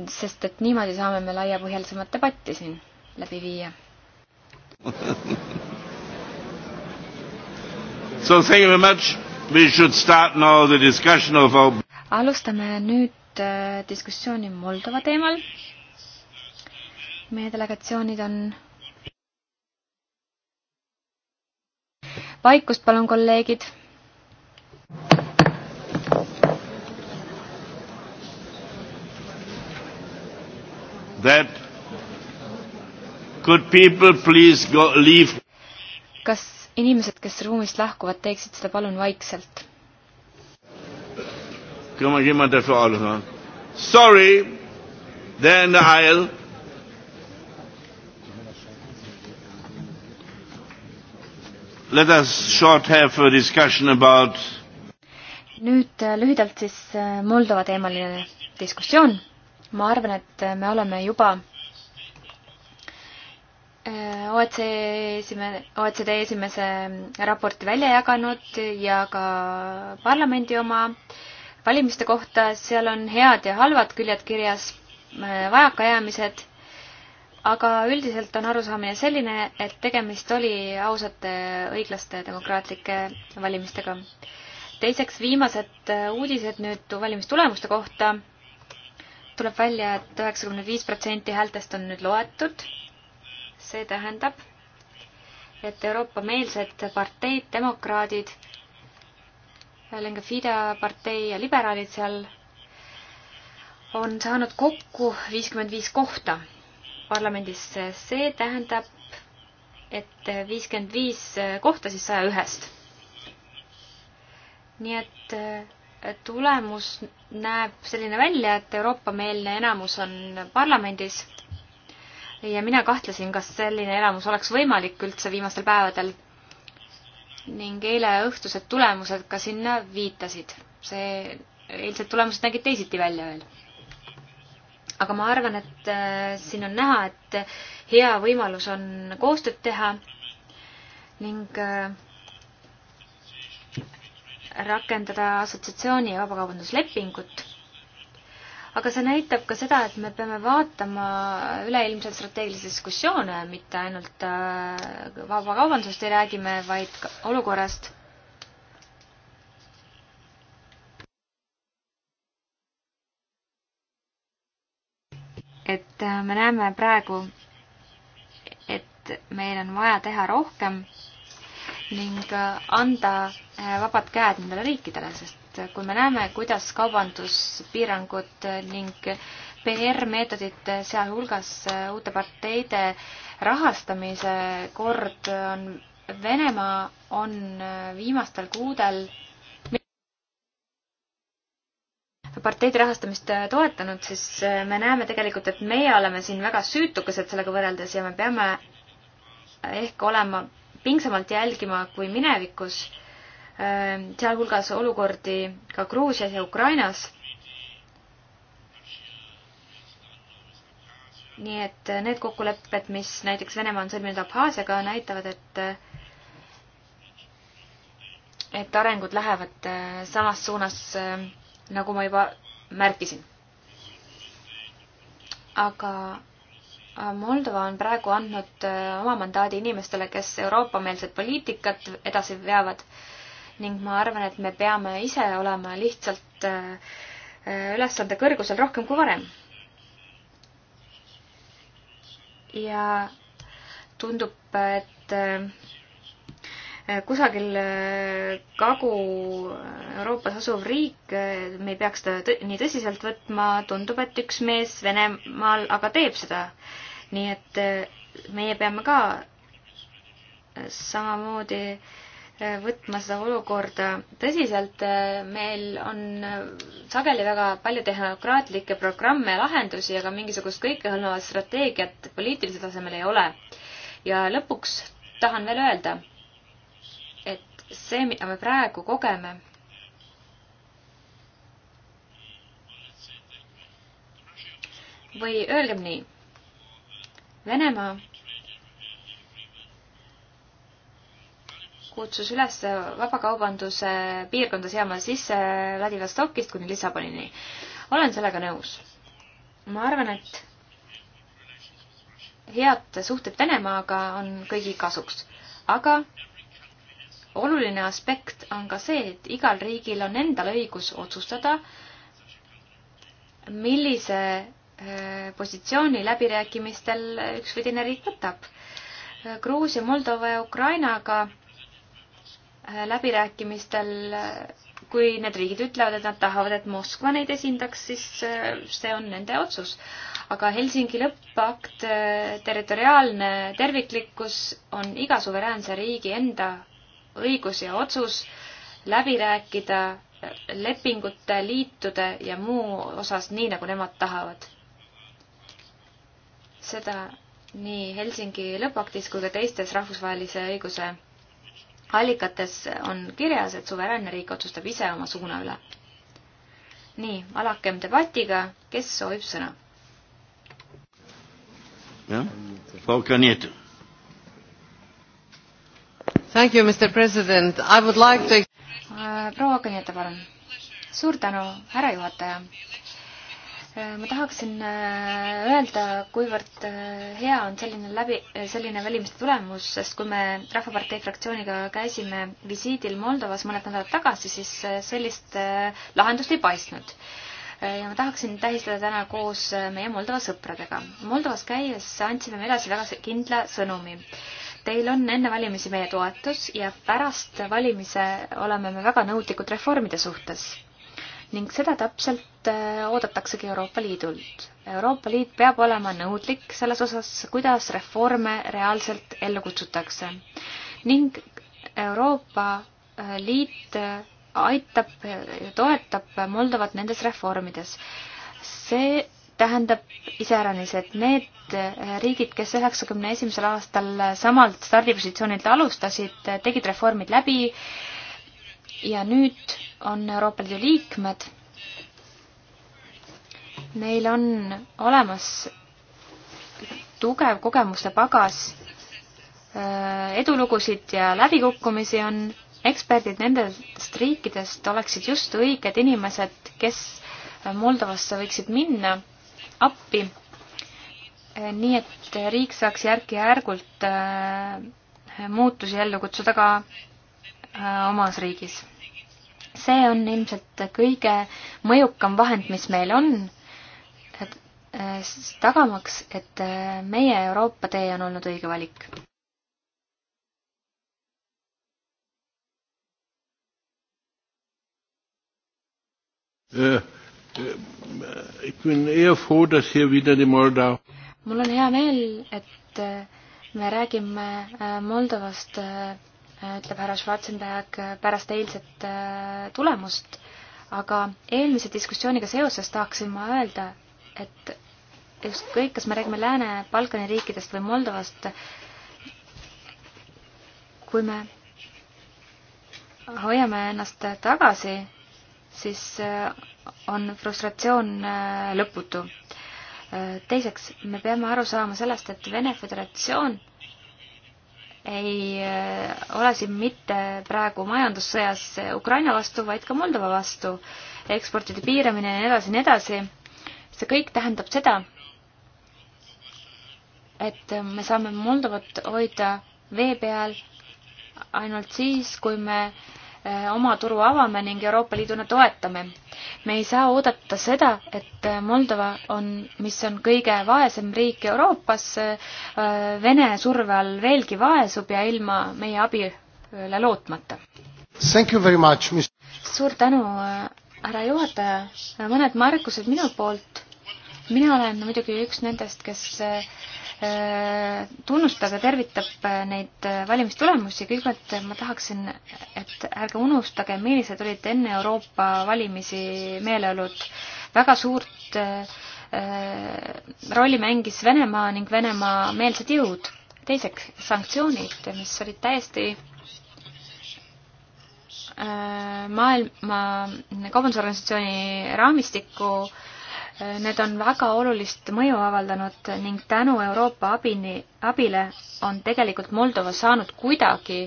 sest et niimoodi saame me laiapõhjalisemat debatti siin läbi viia So thank you very much. Our... alustame nüüd äh, diskussiooni Moldova teemal. meie delegatsioonid on. vaikust palun, kolleegid that could people please go leave kas inimesed, kes ruumist lahkuvad, teeksid seda palun vaikselt. Sorry, then I'll Let us short have a discussion about nüüd äh, lühidalt siis äh, Moldova teemaline diskussioon. ma arvan, et äh, me oleme juba Äh, OECD esimene, OECD esimese raporti välja jaganud ja ka parlamendi oma valimiste kohta, seal on head ja halvad küljed kirjas, äh, vajakajäämised, aga üldiselt on arusaamine selline, et tegemist oli ausate, õiglaste, demokraatlike valimistega. teiseks, viimased äh, uudised nüüd valimistulemuste kohta tuleb välja et, et üheksakümmend viis protsenti häältest on nüüd loetud see tähendab, et Euroopa-meelsed parteid, demokraadid, Lenga Fida partei ja liberaalid seal on saanud kokku viiskümmend viis kohta parlamendis. see tähendab, et viiskümmend viis kohta siis saja ühest. nii et äh, tulemus näeb selline välja, et Euroopa-meelne enamus on parlamendis ja mina kahtlesin, kas selline elamus oleks võimalik üldse viimastel päevadel. ning eile õhtused tulemused ka sinna viitasid. see, eilsed tulemused nägid teisiti välja veel. aga ma arvan, et äh, siin on näha, et hea võimalus on koostööd teha ning äh, rakendada assotsiatsiooni ja vabakaubanduslepingut aga see näitab ka seda, et me peame vaatama üleilmseid strateegilisi diskussioone, mitte ainult äh, vabakaubandusest ei räägi me, vaid olukorrast et äh, me näeme praegu, et meil on vaja teha rohkem ning äh, anda vabad käed nendele riikidele, sest et kui me näeme, kuidas kaubanduspiirangud ning PR-meetodid, sealhulgas uute parteide rahastamise kord on, Venemaa on viimastel kuudel parteide rahastamist toetanud, siis me näeme tegelikult, et meie oleme siin väga süütukesed sellega võrreldes ja me peame ehk olema pingsamalt jälgima kui minevikus äh, Ähm, sealhulgas olukordi ka Gruusias ja Ukrainas. nii et äh, need kokkulepped, mis näiteks Venemaa on sõlminud Abhaasiaga, näitavad, et äh, et arengud lähevad äh, samas suunas, nagu ma juba märkisin. aga Moldova on praegu andnud oma mandaadi inimestele, kes Euroopa-meelset poliitikat edasi veavad äh, ning ma arvan, et me peame ise olema lihtsalt äh, äh, ülesande kõrgusel rohkem kui varem. ja tundub, et äh, kusagil Kagu-Euroopas asuv riik, me ei peaks seda tõ nii tõsiselt võtma, tundub, et üks mees Venemaal aga teeb seda. nii et meie peame ka samamoodi äh, võtma seda olukorda tõsiselt. meil on sageli väga palju tehnokraatlikke programme ja lahendusi, aga mingisugust kõikehõlmavat strateegiat poliitilisel tasemel ei ole. ja lõpuks tahan veel öelda, et see, mida me praegu kogeme, või öelgem nii, Venemaa kutsus üles vabakaubanduse piirkonda seama sisse Vladivostokist kuni Lissabonini. olen sellega nõus. ma arvan, et head suhted Venemaaga on kõigi kasuks, aga oluline aspekt on ka see, et igal riigil on endal õigus otsustada, millise äh, positsiooni läbirääkimistel üks või teine riik võtab. Gruusia, Moldova ja Ukrainaga Äh, läbirääkimistel, äh, kui need riigid ütlevad, et nad tahavad, et Moskva neid esindaks, siis äh, see on nende otsus. aga Helsingi lõppakt, territoriaalne terviklikkus on iga suveräänse riigi enda õigus ja otsus läbi rääkida lepingute, liitude ja muu osas nii, nagu nemad tahavad. seda nii Helsingi lõppaktis kui ka teistes rahvusvahelise õiguse allikates on kirjas, et suveräänne riik otsustab ise oma suuna üle. nii, alakem debatiga, kes soovib sõna? jah, Frau Kanietu. Thank you, Mr President, I would like to äh, proua Kanietu, palun. suur tänu, härra juhataja. Äh, ma tahaksin äh, öelda, kuivõrd äh, hea on selline läbi, selline valimiste tulemus, sest kui me Rahvapartei fraktsiooniga käisime visiidil Moldovas mõned nädalad tagasi, siis sellist lahendust ei paistnud. ja ma tahaksin tähistada täna koos meie Moldova sõpradega. Moldovas käies andsime me edasi väga kindla sõnumi. Teil on enne valimisi meie toetus ja pärast valimise oleme me väga nõudlikud reformide suhtes ning seda täpselt äh, oodataksegi Euroopa Liidult. Euroopa Liit peab olema nõudlik selles osas, kuidas reforme reaalselt ellu kutsutakse ning Euroopa äh, Liit äh, aitab ja toetab Moldovat nendes reformides. see tähendab iseäranis, et need riigid, kes üheksakümne esimesel aastal samalt stardipositsioonilt alustasid, tegid reformid läbi ja nüüd on Euroopa Liidu liikmed. Neil on olemas tugev kogemuste pagas, äh, edulugusid ja läbikukkumisi on, eksperdid nendest riikidest oleksid just õiged inimesed, kes Moldovasse võiksid minna appi, äh, nii et riik saaks järk-järgult äh, muutusi ellu kutsuda ka Äh, omas riigis. see on ilmselt kõige mõjukam vahend, mis meil on, et äh, tagamaks, et äh, meie Euroopa tee on olnud õige valik. mul on hea meel, et me räägime Moldovast ütleb härra Schwarzenberg äh, pärast eilset äh, tulemust, aga eelmise diskussiooniga seoses tahaksin ma öelda, et ükskõik, kas me räägime Lääne-Balkani riikidest või Moldovast, kui me hoiame ennast tagasi, siis äh, on frustratsioon lõputu. teiseks, me peame aru saama sellest, et Vene Föderatsioon ei äh, ole siin mitte praegu majandussõjas Ukraina vastu, vaid ka Moldova vastu, eksportide piiramine ja nii edasi ja nii edasi. see kõik tähendab seda, et me saame Moldovat hoida vee peal ainult siis, kui me äh, Eh, oma turu avame ning Euroopa Liiduna toetame. me ei saa oodata seda, et Moldova on, mis on kõige vaesem riik Euroopas, eh, Vene surve all veelgi vaesub ja ilma meie abile lootmata. suur tänu, eh, härra juhataja, mõned märkused minu poolt. mina olen muidugi üks nendest, kes Äh, tunnustab ja tervitab äh, neid äh, valimistulemusi, kõigepealt ma tahaksin, et ärge unustage, millised olid enne Euroopa valimisi meeleolud. väga suurt rolli mängis Venemaa ning Venemaa meelsed jõud. teiseks, sanktsioonid, mis olid täiesti maailma Kaubandusorganisatsiooni raamistikku äh, Need on väga olulist mõju avaldanud ning tänu Euroopa abini, abile on tegelikult Moldova saanud kuidagi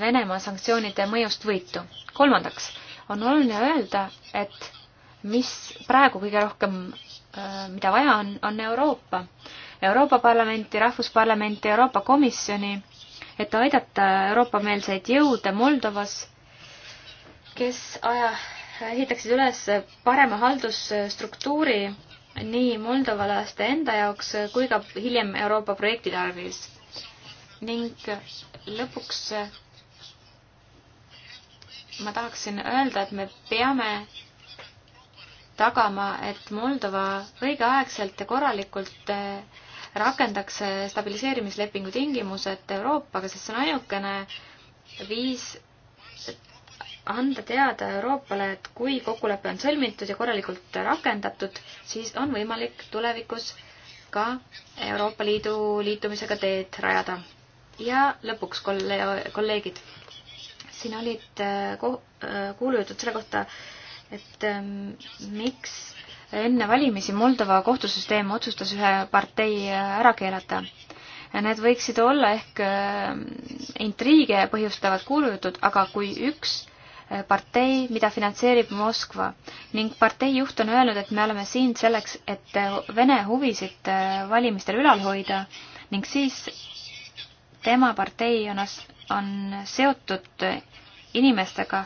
Venemaa sanktsioonide mõjust võitu. kolmandaks on oluline öelda, et mis praegu kõige rohkem, mida vaja on, on Euroopa. Euroopa Parlamenti, Rahvusparlamenti, Euroopa Komisjoni, et aidata Euroopa-meelseid jõude Moldovas, kes aja ehitaksid üles parema haldusstruktuuri nii moldovalaste enda jaoks kui ka hiljem Euroopa projekti tarvis. ning lõpuks ma tahaksin öelda, et me peame tagama, et Moldova õigeaegselt ja korralikult rakendaks stabiliseerimislepingu tingimused Euroopaga, sest see on ainukene viis anda teada Euroopale, et kui kokkulepe on sõlmitud ja korralikult rakendatud, siis on võimalik tulevikus ka Euroopa Liidu liitumisega teed rajada. ja lõpuks kolle-, kolleegid, siin olid äh, ko-, äh, kuulujutud selle kohta, et ähm, miks enne valimisi Moldova kohtusüsteem otsustas ühe partei äh, ära keelata ja need võiksid olla ehk intriige põhjustavad kuulujutud, aga kui üks Äh, partei, mida finantseerib Moskva ning partei juht on öelnud, et me oleme siin selleks, et äh, Vene huvisid äh, valimistel ülal hoida ning siis tema partei on, on seotud inimestega,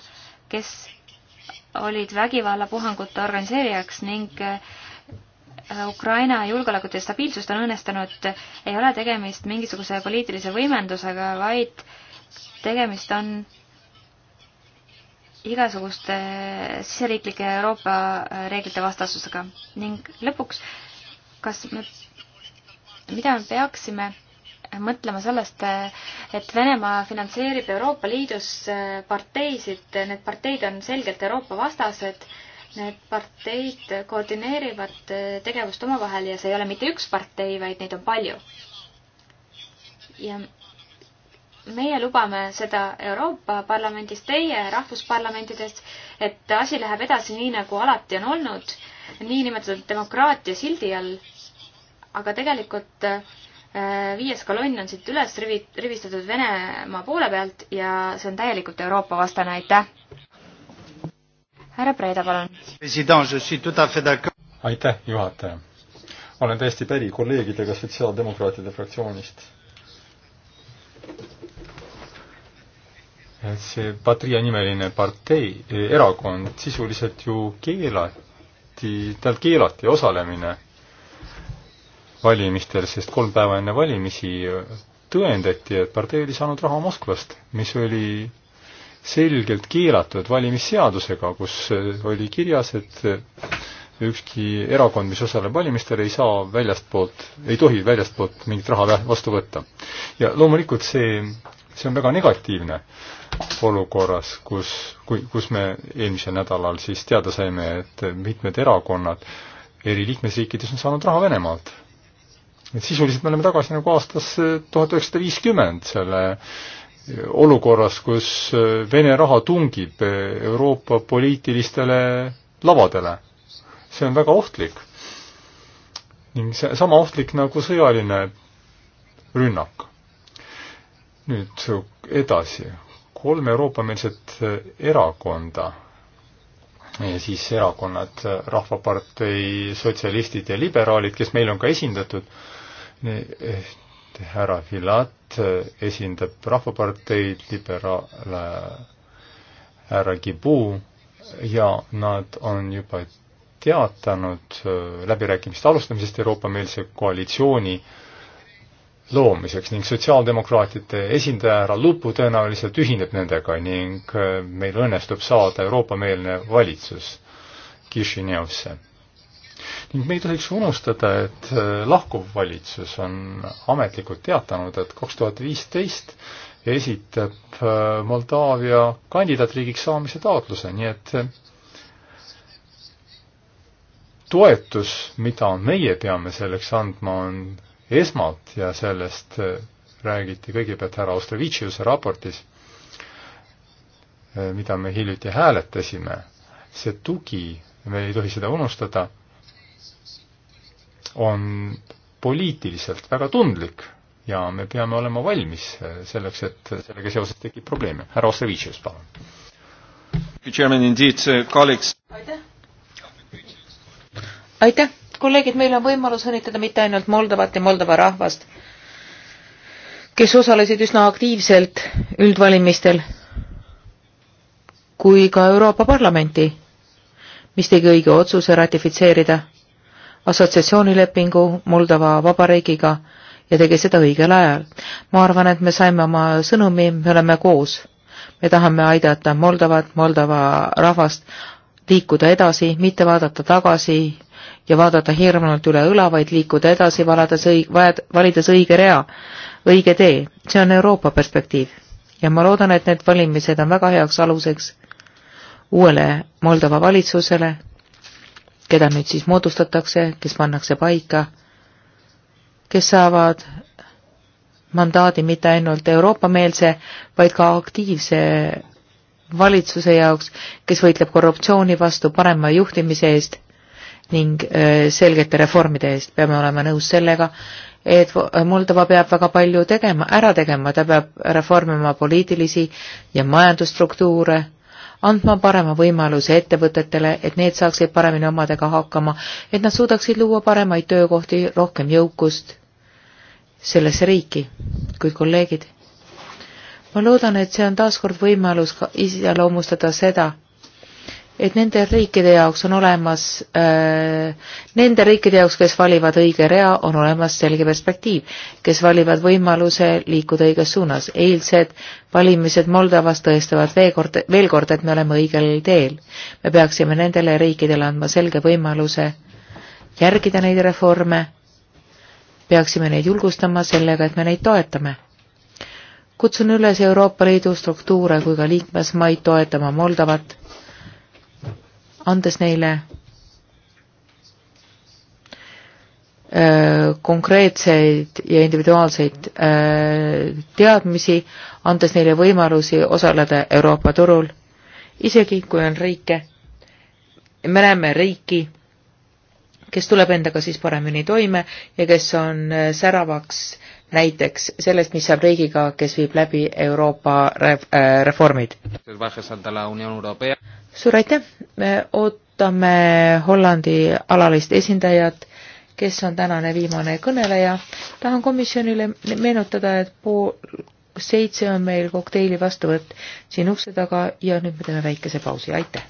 kes olid vägivallapuhangute organiseerijaks ning Ukraina julgeolekut ja stabiilsust on õnnestunud, ei ole tegemist mingisuguse poliitilise võimendusega, vaid tegemist on igasuguste siseriiklike Euroopa äh, reeglite vastasusega ning lõpuks, kas me, mida me peaksime mõtlema sellest, et Venemaa finantseerib Euroopa Liidus äh, parteisid, need parteid on selgelt Euroopa vastased, need parteid koordineerivad äh, tegevust omavahel ja see ei ole mitte üks partei, vaid neid on palju. ja meie lubame seda Euroopa Parlamendis, teie rahvusparlamentides, et asi läheb edasi nii, nagu alati on olnud, niinimetatud demokraatia sildi all. aga tegelikult äh, viies kolonn on siit üles rivi-, rivistatud Venemaa poole pealt ja see on täielikult Euroopa vastane, aitäh! härra Preeda, palun! aitäh, juhataja! olen täiesti päri kolleegidega Sotsiaaldemokraatide fraktsioonist et see Patria nimeline partei, e, erakond sisuliselt ju keelati, tal keelati osalemine valimistel, sest kolm päeva enne valimisi e, tõendati, et partei oli saanud raha Moskvast, mis oli selgelt keelatud valimisseadusega, kus e, oli kirjas, et ükski erakond, mis osaleb valimistel, ei saa väljastpoolt, ei tohi väljastpoolt mingit raha vastu võtta. ja loomulikult see see on väga negatiivne olukorras, kus, kui, kus me eelmisel nädalal siis teada saime, et mitmed erakonnad eri liikmesriikides on saanud raha Venemaalt. et sisuliselt me oleme tagasi nagu aastas eh, tuhat üheksasada viiskümmend selle eh, olukorras, kus eh, Vene raha tungib Euroopa poliitilistele lavadele. see on väga ohtlik. ning see sama ohtlik nagu sõjaline rünnak nüüd edasi, kolm Euroopa-meelset äh, erakonda ja siis erakonnad, äh, Rahvapartei, sotsialistid ja liberaalid, kes meil on ka esindatud, eh, härra Filat äh, esindab Rahvaparteid, liberaale härra Kibu ja nad on juba teatanud läbirääkimiste alustamisest Euroopa-meelse koalitsiooni äh, loomiseks ning sotsiaaldemokraatide esindaja härra Lupu tõenäoliselt ühineb nendega ning äh, meil õnnestub saada Euroopa-meelne valitsus Kišinevsse. ning me ei tohiks unustada, et äh, lahkuv valitsus on ametlikult teatanud, et kaks tuhat viisteist esitab äh, Moldaavia kandidaatriigiks saamise taotluse, nii et toetus, mida meie peame selleks andma, on esmalt ja sellest äh, räägiti kõigepealt härra Ostrovitšiuse raportis, äh, mida me hiljuti hääletasime, see tugi, me ei tohi seda unustada, on poliitiliselt väga tundlik ja me peame olema valmis äh, selleks, et sellega seoses tekib probleeme. härra Ostrovitšius, palun. Uh, aitäh. aitäh kolleegid, meil on võimalus õnnitleda mitte ainult Moldovat ja Moldova rahvast, kes osalesid üsna aktiivselt üldvalimistel, kui ka Euroopa Parlamenti, mis tegi õige otsuse ratifitseerida assotsiatsioonilepingu Moldova Vabariigiga ja tegi seda õigel ajal. ma arvan, et me saime oma sõnumi, me oleme koos. me tahame aidata Moldovat, Moldova rahvast liikuda edasi, mitte vaadata tagasi ja vaadata hirmunult üle õla, vaid liikuda edasi, valades õig-, valides õige rea, õige tee. see on Euroopa perspektiiv ja ma loodan, et need valimised on väga heaks aluseks uuele Moldova valitsusele, keda nüüd siis moodustatakse, kes pannakse paika, kes saavad mandaadi mitte ainult Euroopa-meelse, vaid ka aktiivse valitsuse jaoks, kes võitleb korruptsiooni vastu parema juhtimise eest ning äh, selgete reformide eest. peame olema nõus sellega, et Moldova peab väga palju tegema, ära tegema, ta peab reformima poliitilisi ja majandusstruktuure, andma parema võimaluse ettevõtetele, et need saaksid paremini omadega hakkama, et nad suudaksid luua paremaid töökohti, rohkem jõukust sellesse riiki. kuid kolleegid, ma loodan, et see on taaskord võimalus ka iseloomustada seda, et nende riikide jaoks on olemas, äh, nende riikide jaoks, kes valivad õige rea, on olemas selge perspektiiv, kes valivad võimaluse liikuda õiges suunas. eilsed valimised Moldovas tõestavad veel kord, veel kord, et me oleme õigel teel. me peaksime nendele riikidele andma selge võimaluse järgida neid reforme, peaksime neid julgustama sellega, et me neid toetame kutsun üles Euroopa Liidu struktuure kui ka liikmesmaid toetama Moldovat andes neile äh, konkreetseid ja individuaalseid äh, teadmisi, andes neile võimalusi osaleda Euroopa turul, isegi kui on riike, me näeme riiki, kes tuleb endaga siis paremini toime ja kes on äh, säravaks näiteks sellest, mis saab riigiga, kes viib läbi Euroopa reformid suur aitäh, me ootame Hollandi alalist esindajat, kes on tänane viimane kõneleja. tahan komisjonile meenutada, et pool seitse on meil kokteili vastuvõtt siin ukse taga ja nüüd me teeme väikese pausi, aitäh!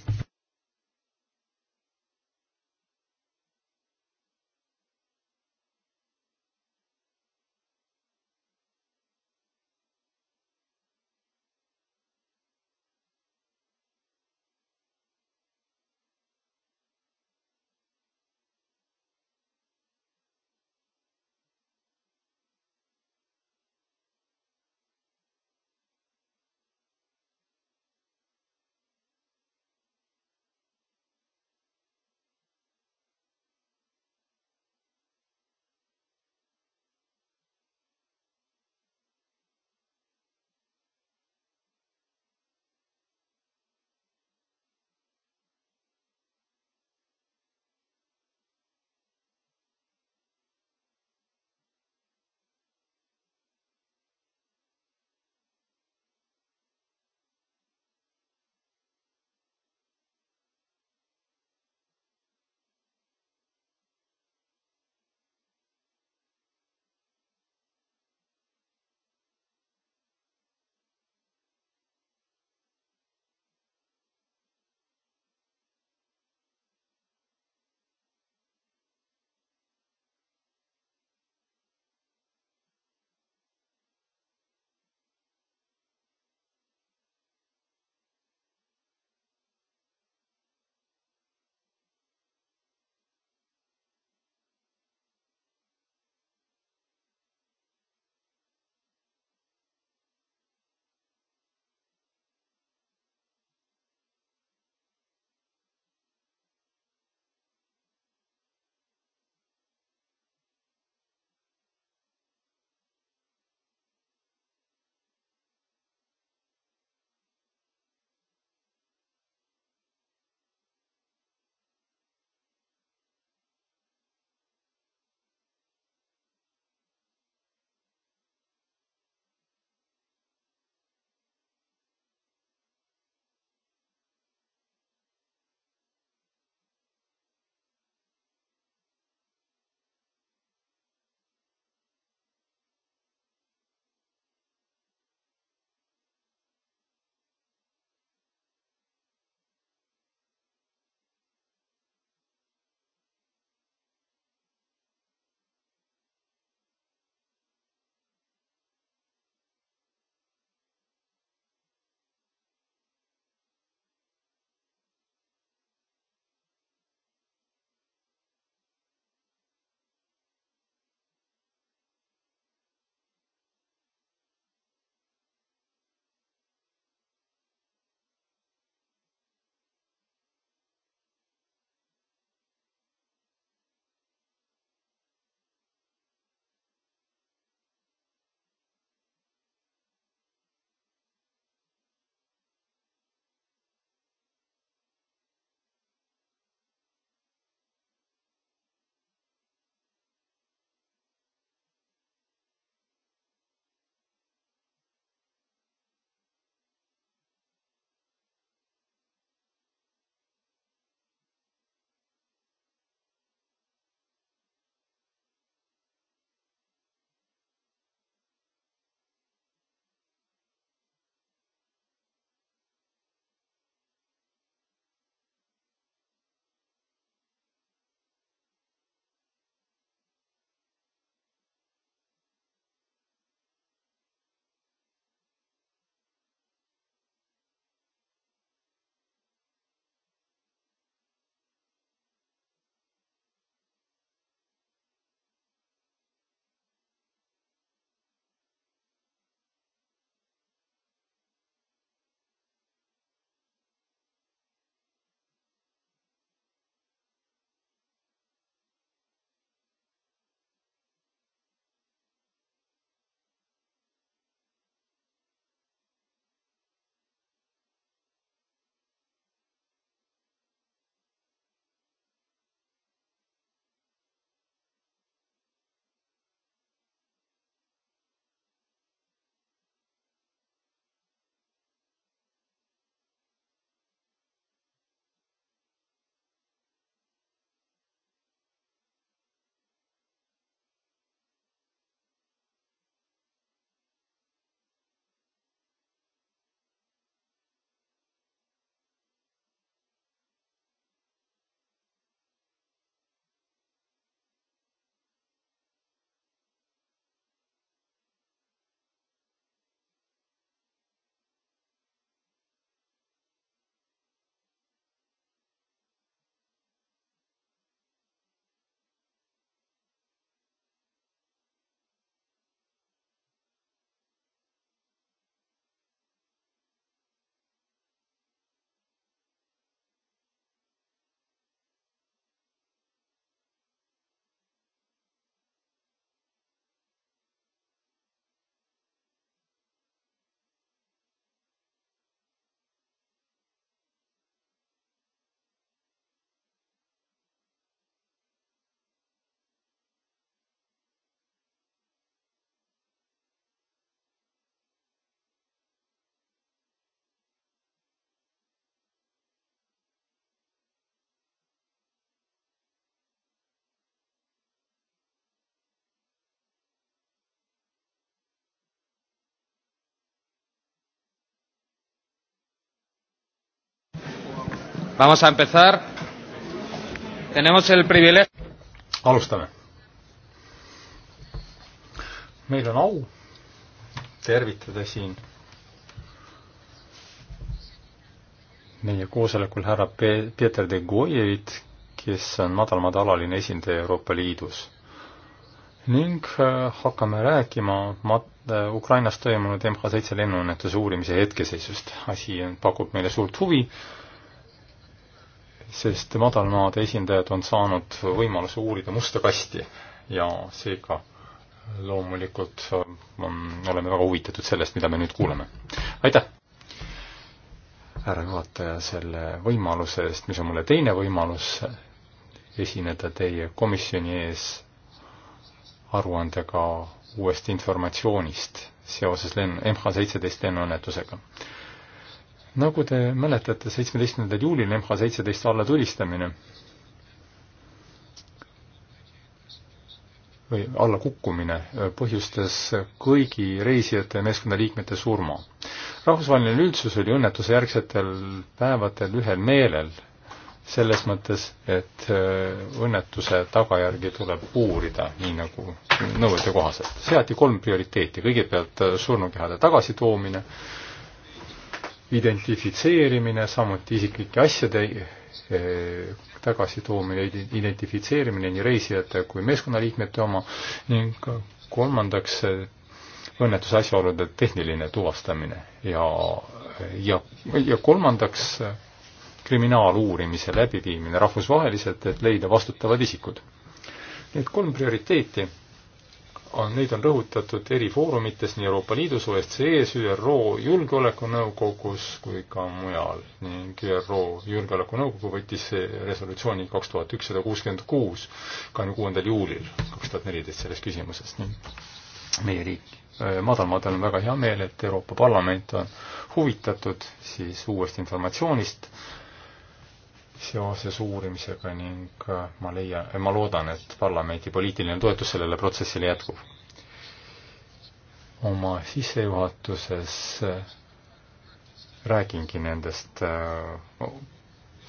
Vamos a empezar. Tenemos el privilegio. alustame. meil on au tervitada siin meie koosolekul härra Peeter de Gojevit, kes on madalmaade alaline esindaja Euroopa Liidus. ning äh, hakkame rääkima mat-, äh, Ukrainas toimunud MH7 lennuõnnetuse uurimise hetkeseisust. asi pakub meile suurt huvi sest madalmaade esindajad on saanud võimaluse uurida musta kasti ja seega loomulikult äh, on, oleme väga huvitatud sellest, mida me nüüd kuuleme. aitäh! härra juhataja, selle võimaluse eest, mis on mulle teine võimalus esineda teie komisjoni ees aruandega uuest informatsioonist seoses lenn-, MH17 lennuõnnetusega nagu te mäletate, seitsmeteistkümnendal juulil MH seitseteist allatulistamine või allakukkumine äh, põhjustas kõigi reisijate ja meeskonnaliikmete surma. rahvusvaheline üldsus oli õnnetuse järgsetel päevadel ühel meelel selles mõttes, et äh, õnnetuse tagajärgi tuleb uurida, nii nagu nõuete kohaselt. seati kolm prioriteeti, kõigepealt äh, surnukehade tagasitoomine, identifitseerimine, samuti isiklike asjade eh, tagasitoomine, identifitseerimine nii reisijate kui meeskonnaliikmete oma ning kolmandaks eh, õnnetuse asjaolude tehniline tuvastamine ja, ja, ja kolmandaks eh, kriminaaluurimise läbiviimine rahvusvaheliselt, et leida vastutavad isikud. Need kolm prioriteeti on, neid on rõhutatud eri foorumites nii Euroopa Liidus, OSCE-s, e ÜRO Julgeolekunõukogus kui ka mujal ning ÜRO Julgeolekunõukogu võttis resolutsiooni kaks tuhat ükssada kuuskümmend kuus, kahekümne kuuendal juulil kaks tuhat neliteist selles küsimuses ning meie riik, äh, madalmaadel on väga hea meel, et Euroopa Parlament on huvitatud siis uuest informatsioonist seoses uurimisega ning äh, ma leian, äh, ma loodan, et parlamendi poliitiline toetus sellele protsessile jätkub. oma sissejuhatuses äh, räägingi nendest,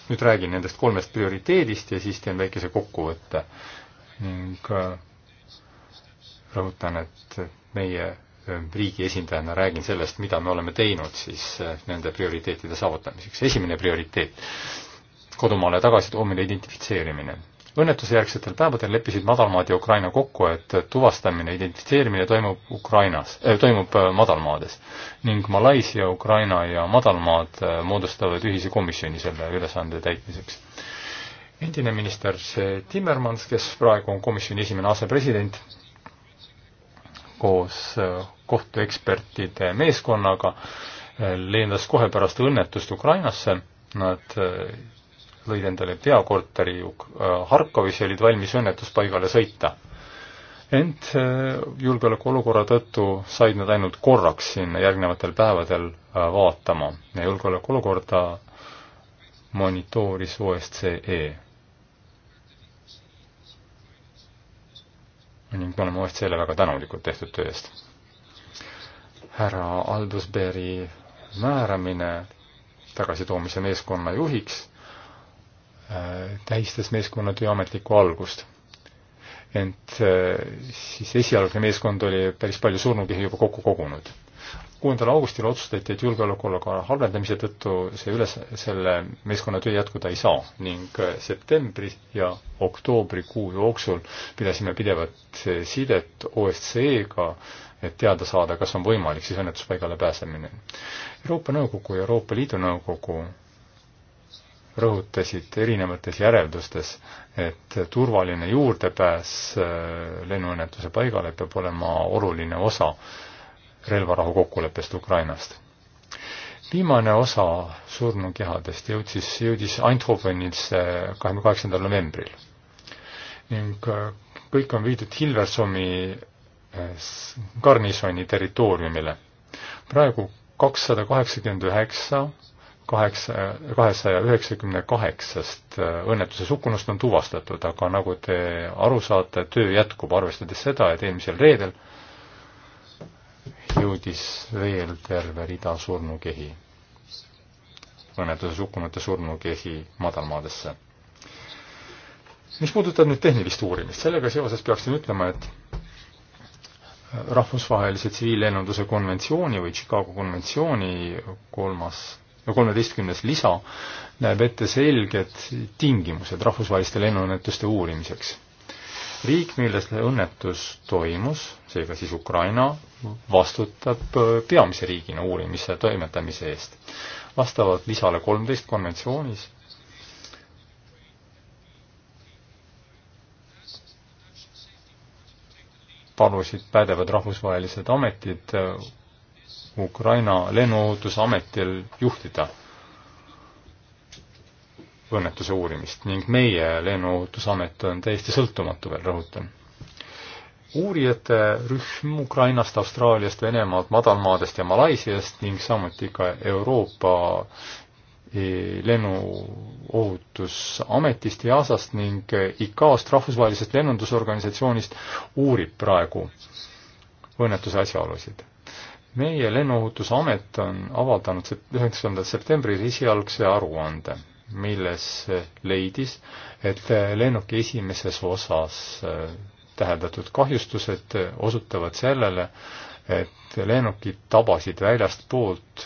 nüüd räägin nendest kolmest prioriteedist ja siis teen väikese kokkuvõtte ning rõhutan, et meie riigi esindajana räägin sellest, mida me oleme teinud siis nende prioriteetide saavutamiseks. esimene prioriteet kodumaale tagasitoomine, identifitseerimine. õnnetusejärgsetel päevadel leppisid madalmaad ja Ukraina kokku, et tuvastamine, identifitseerimine toimub Ukrainas äh,, toimub äh, madalmaades. ning Malaisia, Ukraina ja madalmaad äh, moodustavad ühise komisjoni selle ülesande täitmiseks. endine minister Timmermans, kes praegu on komisjoni esimene asepresident, koos äh, kohtuekspertide meeskonnaga, lendas kohe pärast õnnetust Ukrainasse, nad lõid endale peakorteri äh, Harkovis ja olid valmis õnnetuspaigale sõita. ent äh, julgeolekuolukorra tõttu said nad ainult korraks sinna järgnevatel päevadel äh, vaatama ja julgeolekuolukorda monitooris OSCE. ning me oleme OSCE-le väga tänulikud tehtud töö eest. härra Aldusberi määramine tagasitoomise meeskonna juhiks Äh, tähistas meeskonna tööametlikku algust. ent äh, siis esialgne meeskond oli päris palju surnukehi juba kokku kogunud. kuuendal augustil otsustati, et julgeolekuolukorra halvendamise tõttu see üles, selle meeskonna töö jätkuda ei saa ning äh, septembri ja oktoobrikuu jooksul pidasime pidevat sidet OSCE-ga, et teada saada, kas on võimalik siis õnnetuspaigale pääsemine. Euroopa Nõukogu ja Euroopa Liidu Nõukogu rõhutasid erinevates järeldustes, et turvaline juurdepääs äh, lennuõnnetuse paigale peab olema oluline osa relvarahu kokkuleppest Ukrainast. viimane osa surnukehadest jõudis, jõudis Eindhovenisse kahekümne kaheksandal novembril ning äh, kõik on viidud Hilversomi äh, garnisoni territooriumile. praegu kakssada kaheksakümmend üheksa kaheksa, kahesaja üheksakümne kaheksast äh, õnnetuses hukkunust on tuvastatud, aga nagu te aru saate, töö jätkub, arvestades seda, et eelmisel reedel jõudis veel terve rida surnukehi, õnnetuses hukkunute surnukehi madalmaadesse. mis puudutab nüüd tehnilist uurimist, sellega seoses peaksin ütlema, et äh, rahvusvahelise tsiviillennunduse konventsiooni või Chicago konventsiooni kolmas ja kolmeteistkümnes lisa näeb ette selged tingimused rahvusvaheliste lennuõnnetuste uurimiseks. riik, milles õnnetus toimus, seega siis Ukraina, vastutab äh, peamise riigina uurimise toimetamise eest. vastavalt lisale kolmteist konventsioonis palusid pädevad rahvusvahelised ametid äh, Ukraina lennuohutusametil juhtida õnnetuse uurimist ning meie lennuohutusamet on täiesti sõltumatu veel, rõhutan. uurijate rühm Ukrainast, Austraaliast, Venemaalt, Madalmaadest ja Malaisiast ning samuti ka Euroopa e, lennuohutusametist, EASA-st ning ICAO-st, rahvusvahelisest lennundusorganisatsioonist, uurib praegu õnnetuse asjaolusid meie Lennuohutusamet on avaldanud üheksandal septembril esialgse aruande, milles leidis, et lennuki esimeses osas äh, täheldatud kahjustused osutavad sellele, et lennukid tabasid väljastpoolt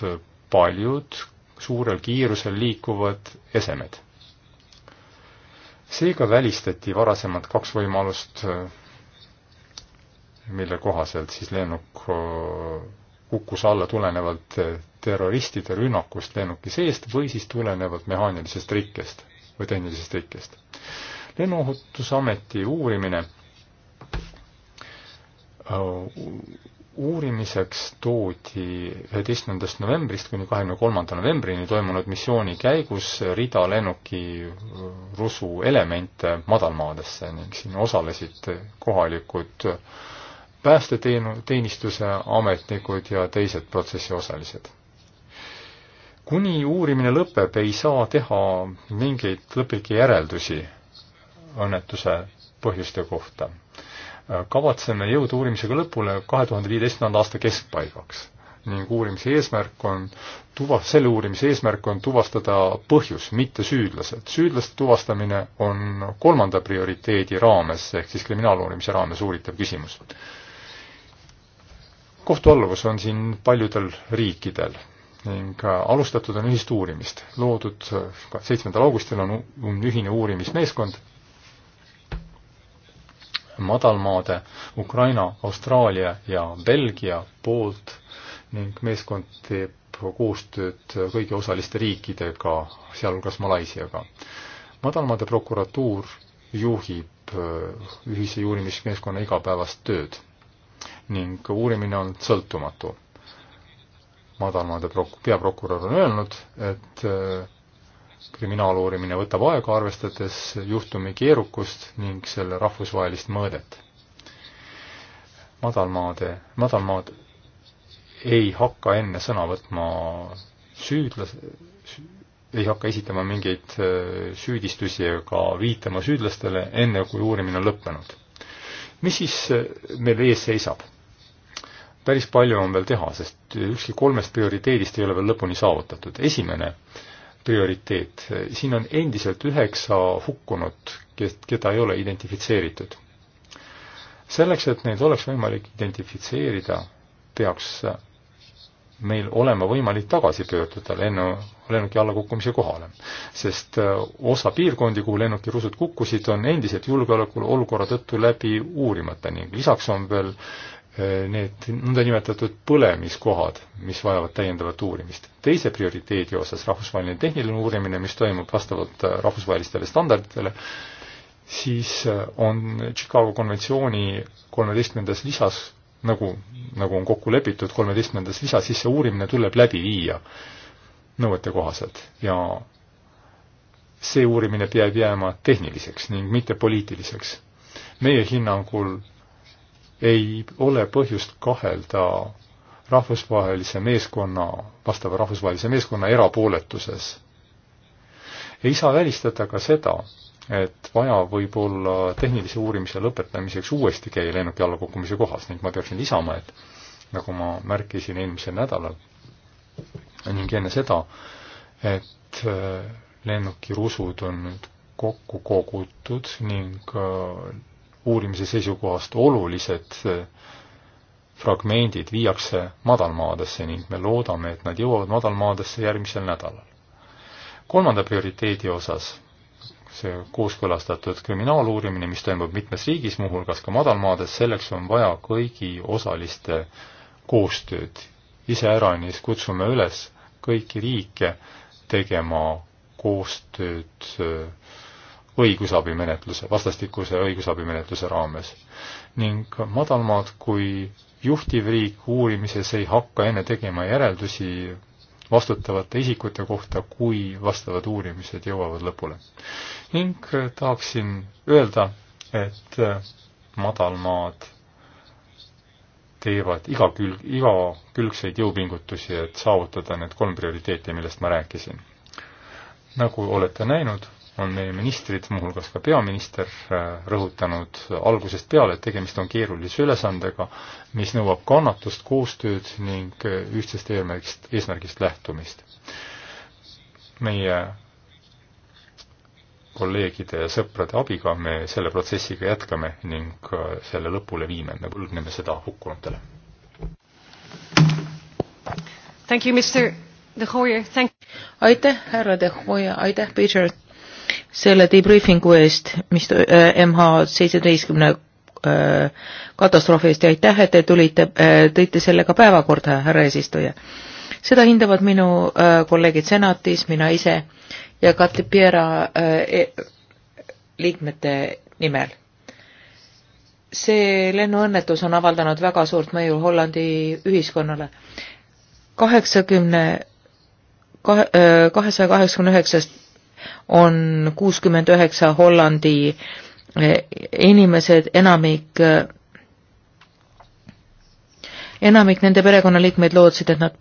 paljud suurel kiirusel liikuvad esemed. seega välistati varasemalt kaks võimalust, äh, mille kohaselt siis lennuk äh, kukkus alla tulenevalt eh, terroristide rünnakust lennuki seest või siis tulenevalt mehaanilisest rikkest või tehnilisest rikkest. lennuohutusameti uurimine äh, uurimiseks toodi üheteistkümnendast novembrist kuni kahekümne kolmanda novembrini toimunud missiooni käigus rida lennuki äh, rusuelemente madalmaadesse ning siin osalesid kohalikud äh, päästeteenistuse ametnikud ja teised protsessi osalised. kuni uurimine lõpeb, ei saa teha mingeid lõplikke järeldusi õnnetuse põhjuste kohta. kavatseme jõuda uurimisega lõpule kahe tuhande viieteistkümnenda aasta keskpaigaks ning uurimise eesmärk on tuva-, selle uurimise eesmärk on tuvastada põhjus, mitte süüdlased. süüdlaste tuvastamine on kolmanda prioriteedi raames ehk siis kriminaaluurimise raames uuritav küsimus kohtualluvus on siin paljudel riikidel ning alustatud on ühist uurimist. loodud seitsmendal augustil on, on ühine uurimismeeskond madalmaade Ukraina, Austraalia ja Belgia poolt ning meeskond teeb koostööd kõigi osaliste riikidega, sealhulgas Malaisiaga. madalmaade prokuratuur juhib äh, ühise uurimismeeskonna igapäevast tööd ning uurimine on sõltumatu. madalmaade prok-, peaprokurör on öelnud, et äh, kriminaaluurimine võtab aega, arvestades juhtumi keerukust ning selle rahvusvahelist mõõdet. madalmaade, madalmaad ei hakka enne sõna võtma süüdlase, ei hakka esitama mingeid äh, süüdistusi ega viitama süüdlastele, enne kui uurimine on lõppenud mis siis äh, meil ees seisab? päris palju on veel teha, sest ükski kolmest prioriteedist ei ole veel lõpuni saavutatud. esimene prioriteet, siin on endiselt üheksa hukkunut, kes, keda ei ole identifitseeritud. selleks, et neid oleks võimalik identifitseerida, peaks meil olema võimalik tagasi pöörduda lennu, lennuki allakukkumise kohale. sest äh, osa piirkondi, kuhu lennuki rusud kukkusid, on endiselt julgeolekuolukorra tõttu läbi uurimata ning lisaks on veel äh, need nõndanimetatud põlemiskohad, mis vajavad täiendavat uurimist. teise prioriteedi osas rahvusvaheline tehniline uurimine, mis toimub vastavalt äh, rahvusvahelistele standarditele, siis on Chicago konventsiooni kolmeteistkümnendas lisas, nagu, nagu on kokku lepitud, kolmeteistkümnendas lisas, siis see uurimine tuleb läbi viia nõuetekohased ja see uurimine peab jääma tehniliseks ning mitte poliitiliseks. meie hinnangul ei ole põhjust kahelda rahvusvahelise meeskonna, vastava rahvusvahelise meeskonna erapooletuses. ei saa välistada ka seda, et vaja võib olla tehnilise uurimise lõpetamiseks uuesti käia lennuki alla kukkumise kohas ning ma peaksin lisama, et nagu ma märkisin eelmisel nädalal, ning enne seda, et äh, lennukirusud on nüüd kokku kogutud ning äh, uurimise seisukohast olulised äh, fragmendid viiakse madalmaadesse ning me loodame, et nad jõuavad madalmaadesse järgmisel nädalal. kolmanda prioriteedi osas see kooskõlastatud kriminaaluurimine, mis toimub mitmes riigis, muuhulgas ka madalmaades, selleks on vaja kõigi osaliste koostööd. iseäranis kutsume üles kõiki riike tegema koostööd äh, õigusabimenetluse, vastastikuse õigusabimenetluse raames. ning madalmaad kui juhtiv riik uurimises ei hakka enne tegema järeldusi vastutavate isikute kohta, kui vastavad uurimised jõuavad lõpule. ning äh, tahaksin öelda, et äh, madalmaad teevad igakülg, igakülgseid jõupingutusi, et saavutada need kolm prioriteeti, millest ma rääkisin. nagu olete näinud, on meie ministrid, muuhulgas ka peaminister, rõhutanud algusest peale, et tegemist on keerulise ülesandega, mis nõuab kannatust, koostööd ning ühtsest eesmärgist, eesmärgist lähtumist. meie kolleegide ja sõprade abiga me selle protsessiga jätkame ning äh, selle lõpule viime, me võlgneme seda hukkunutele. aitäh, härra De Hoia, aitäh, Peter, selle debriefingu eest, mis äh, MH seitsmeteistkümne äh, katastroofi eest ja aitäh, et te tulite äh,, tõite selle ka päevakorda, härra eesistuja. seda hindavad minu äh, kolleegid senatis, mina ise äh, ja Katipiera äh, e, liikmete nimel. see lennuõnnetus on avaldanud väga suurt mõju Hollandi ühiskonnale. kaheksakümne, kahe, äh, kahesaja kaheksakümne üheksast on kuuskümmend üheksa Hollandi äh, inimesed, enamik enamik nende perekonnaliikmeid lootsid, et nad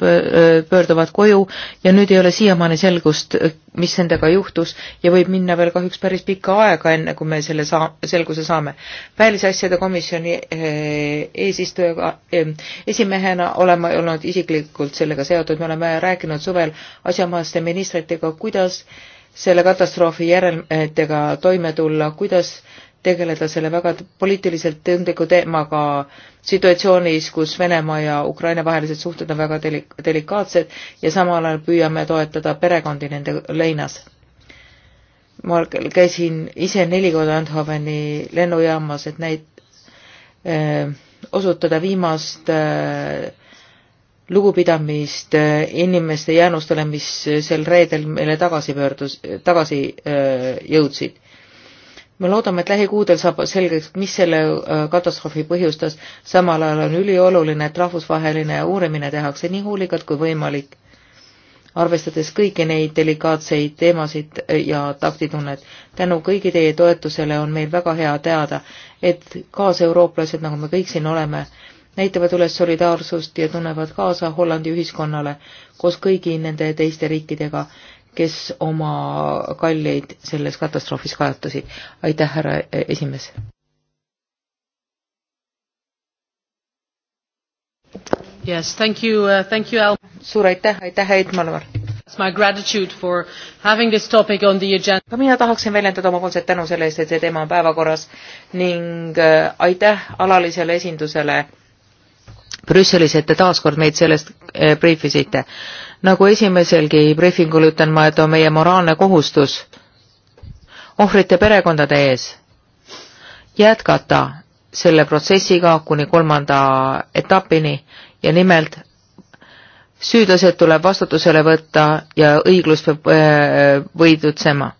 pöörduvad koju ja nüüd ei ole siiamaani selgust, mis nendega juhtus ja võib minna veel kahjuks päris pikka aega, enne kui me selle saa-, selguse saame. välisasjade komisjoni eh, eesistujaga, eh, esimehena oleme olnud isiklikult sellega seotud, me oleme rääkinud suvel asjaomaste ministritega, kuidas selle katastroofi järelmitega toime tulla, kuidas tegeleda selle väga poliitiliselt tundliku teemaga situatsioonis, kus Venemaa ja Ukraina vahelised suhted on väga delik-, delikaatsed ja samal ajal püüame toetada perekondi nende leinas. ma käisin ise neli korda Eindhoveni lennujaamas, et neid eh, öö, osutada viimast öö, eh, lugupidamist eh, inimeste jäänustele, mis sel reedel meile tagasi pöördus, tagasi öö, jõudsid me loodame, et lähikuudel saab selgeks, mis selle äh, katastroofi põhjustas. samal ajal on ülioluline, et rahvusvaheline uurimine tehakse nii hoolikalt kui võimalik, arvestades kõiki neid delikaatseid teemasid äh, ja taktitunnet. tänu kõigi teie toetusele on meil väga hea teada, et kaaseurooplased, nagu me kõik siin oleme, näitavad üles solidaarsust ja tunnevad kaasa Hollandi ühiskonnale koos kõigi nende teiste riikidega kes oma kalleid selles katastroofis kaotasid. aitäh, härra e, esimees! Yes, thank you, uh, thank you, Al. suur aitäh, aitäh, Heit Malvar! ka mina tahaksin väljendada omapoolset tänu selle eest, et see teema on päevakorras ning äh, aitäh alalisele esindusele Brüsselis, et te taas kord meid sellest äh, briifisite äh, nagu esimeselgi briifingul ütlen ma, et on meie moraalne kohustus ohvrite perekondade ees jätkata selle protsessiga kuni kolmanda etapini ja nimelt süüdlased tuleb vastutusele võtta ja õiglus peab äh, võidutsema.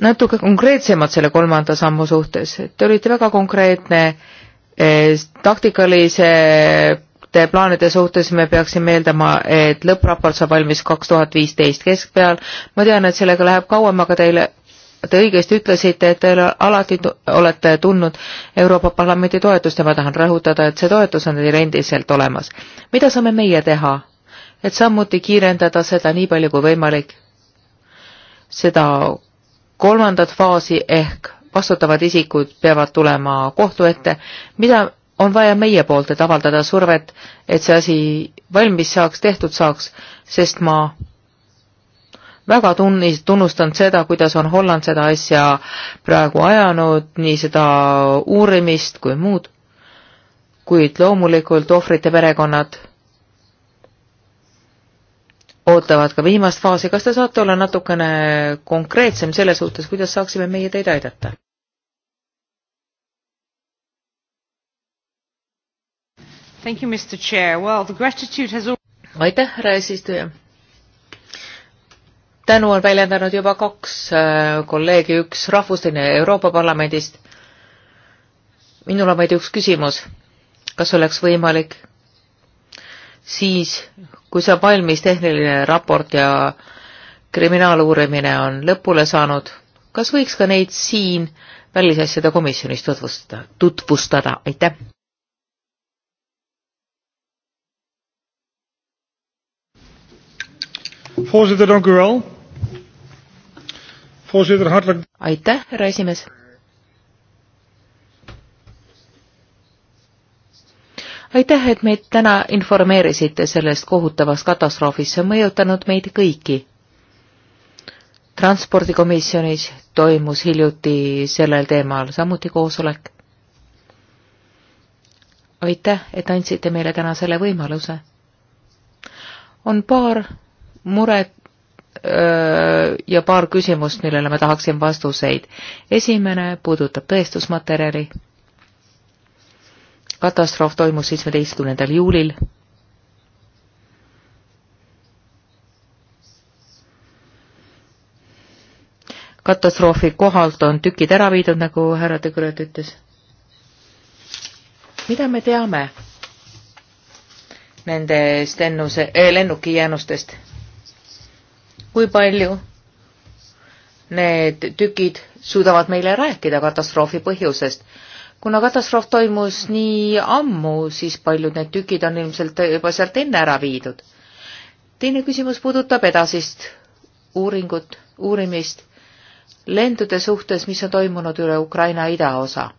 natuke konkreetsemalt selle kolmanda sammu suhtes, te olite väga konkreetne äh, taktikalise suurte plaanide suhtes me peaksime eeldama, et lõppraport saab valmis kaks tuhat viisteist keskpeal. ma tean, et sellega läheb kauem, aga teile, te õigesti ütlesite, et te alati olete tundnud Euroopa Parlamendi toetust ja ma tahan rõhutada, et see toetus on teil endiselt olemas. mida saame meie teha, et samuti kiirendada seda nii palju kui võimalik, seda kolmandat faasi ehk vastutavad isikud peavad tulema kohtu ette, mida on vaja meie poolt, et avaldada survet, et see asi valmis saaks, tehtud saaks, sest ma väga tunnis, tunnustan seda, kuidas on Holland seda asja praegu ajanud, nii seda uurimist kui muud, kuid loomulikult ohvrite perekonnad ootavad ka viimast faasi, kas te saate olla natukene konkreetsem selle suhtes, kuidas saaksime meie teid aidata? Thank you, Mr Chair. Well, the gratitude has aitäh, härra eesistuja! tänu on väljendanud juba kaks äh, kolleegi, üks rahvusline Euroopa Parlamendist. minul on vaid üks küsimus. kas oleks võimalik siis, kui saab valmis tehniline raport ja kriminaaluurimine on lõpule saanud, kas võiks ka neid siin välisasjade komisjonis tutvustada, tutvustada, aitäh! Voorzitter, dank u wel. Voorzitter, hartelijk. aitäh, härra esimees. aitäh, et meid täna informeerisite sellest kohutavast katastroofist, see on mõjutanud meid kõiki. transpordikomisjonis toimus hiljuti sellel teemal samuti koosolek. aitäh, et andsite meile täna selle võimaluse. on paar mured ja paar küsimust, millele ma tahaksin vastuseid. esimene puudutab tõestusmaterjali. katastroof toimus seitsmeteistkümnendal juulil. katastroofi kohalt on tükid ära viidud, nagu härra de Gröt ütles. mida me teame nendest lennuse eh,, lennuki jäänustest? kui palju need tükid suudavad meile rääkida katastroofi põhjusest. kuna katastroof toimus nii ammu, siis paljud need tükid on ilmselt juba sealt enne ära viidud. teine küsimus puudutab edasist uuringut, uurimist lendude suhtes, mis on toimunud üle Ukraina idaosa.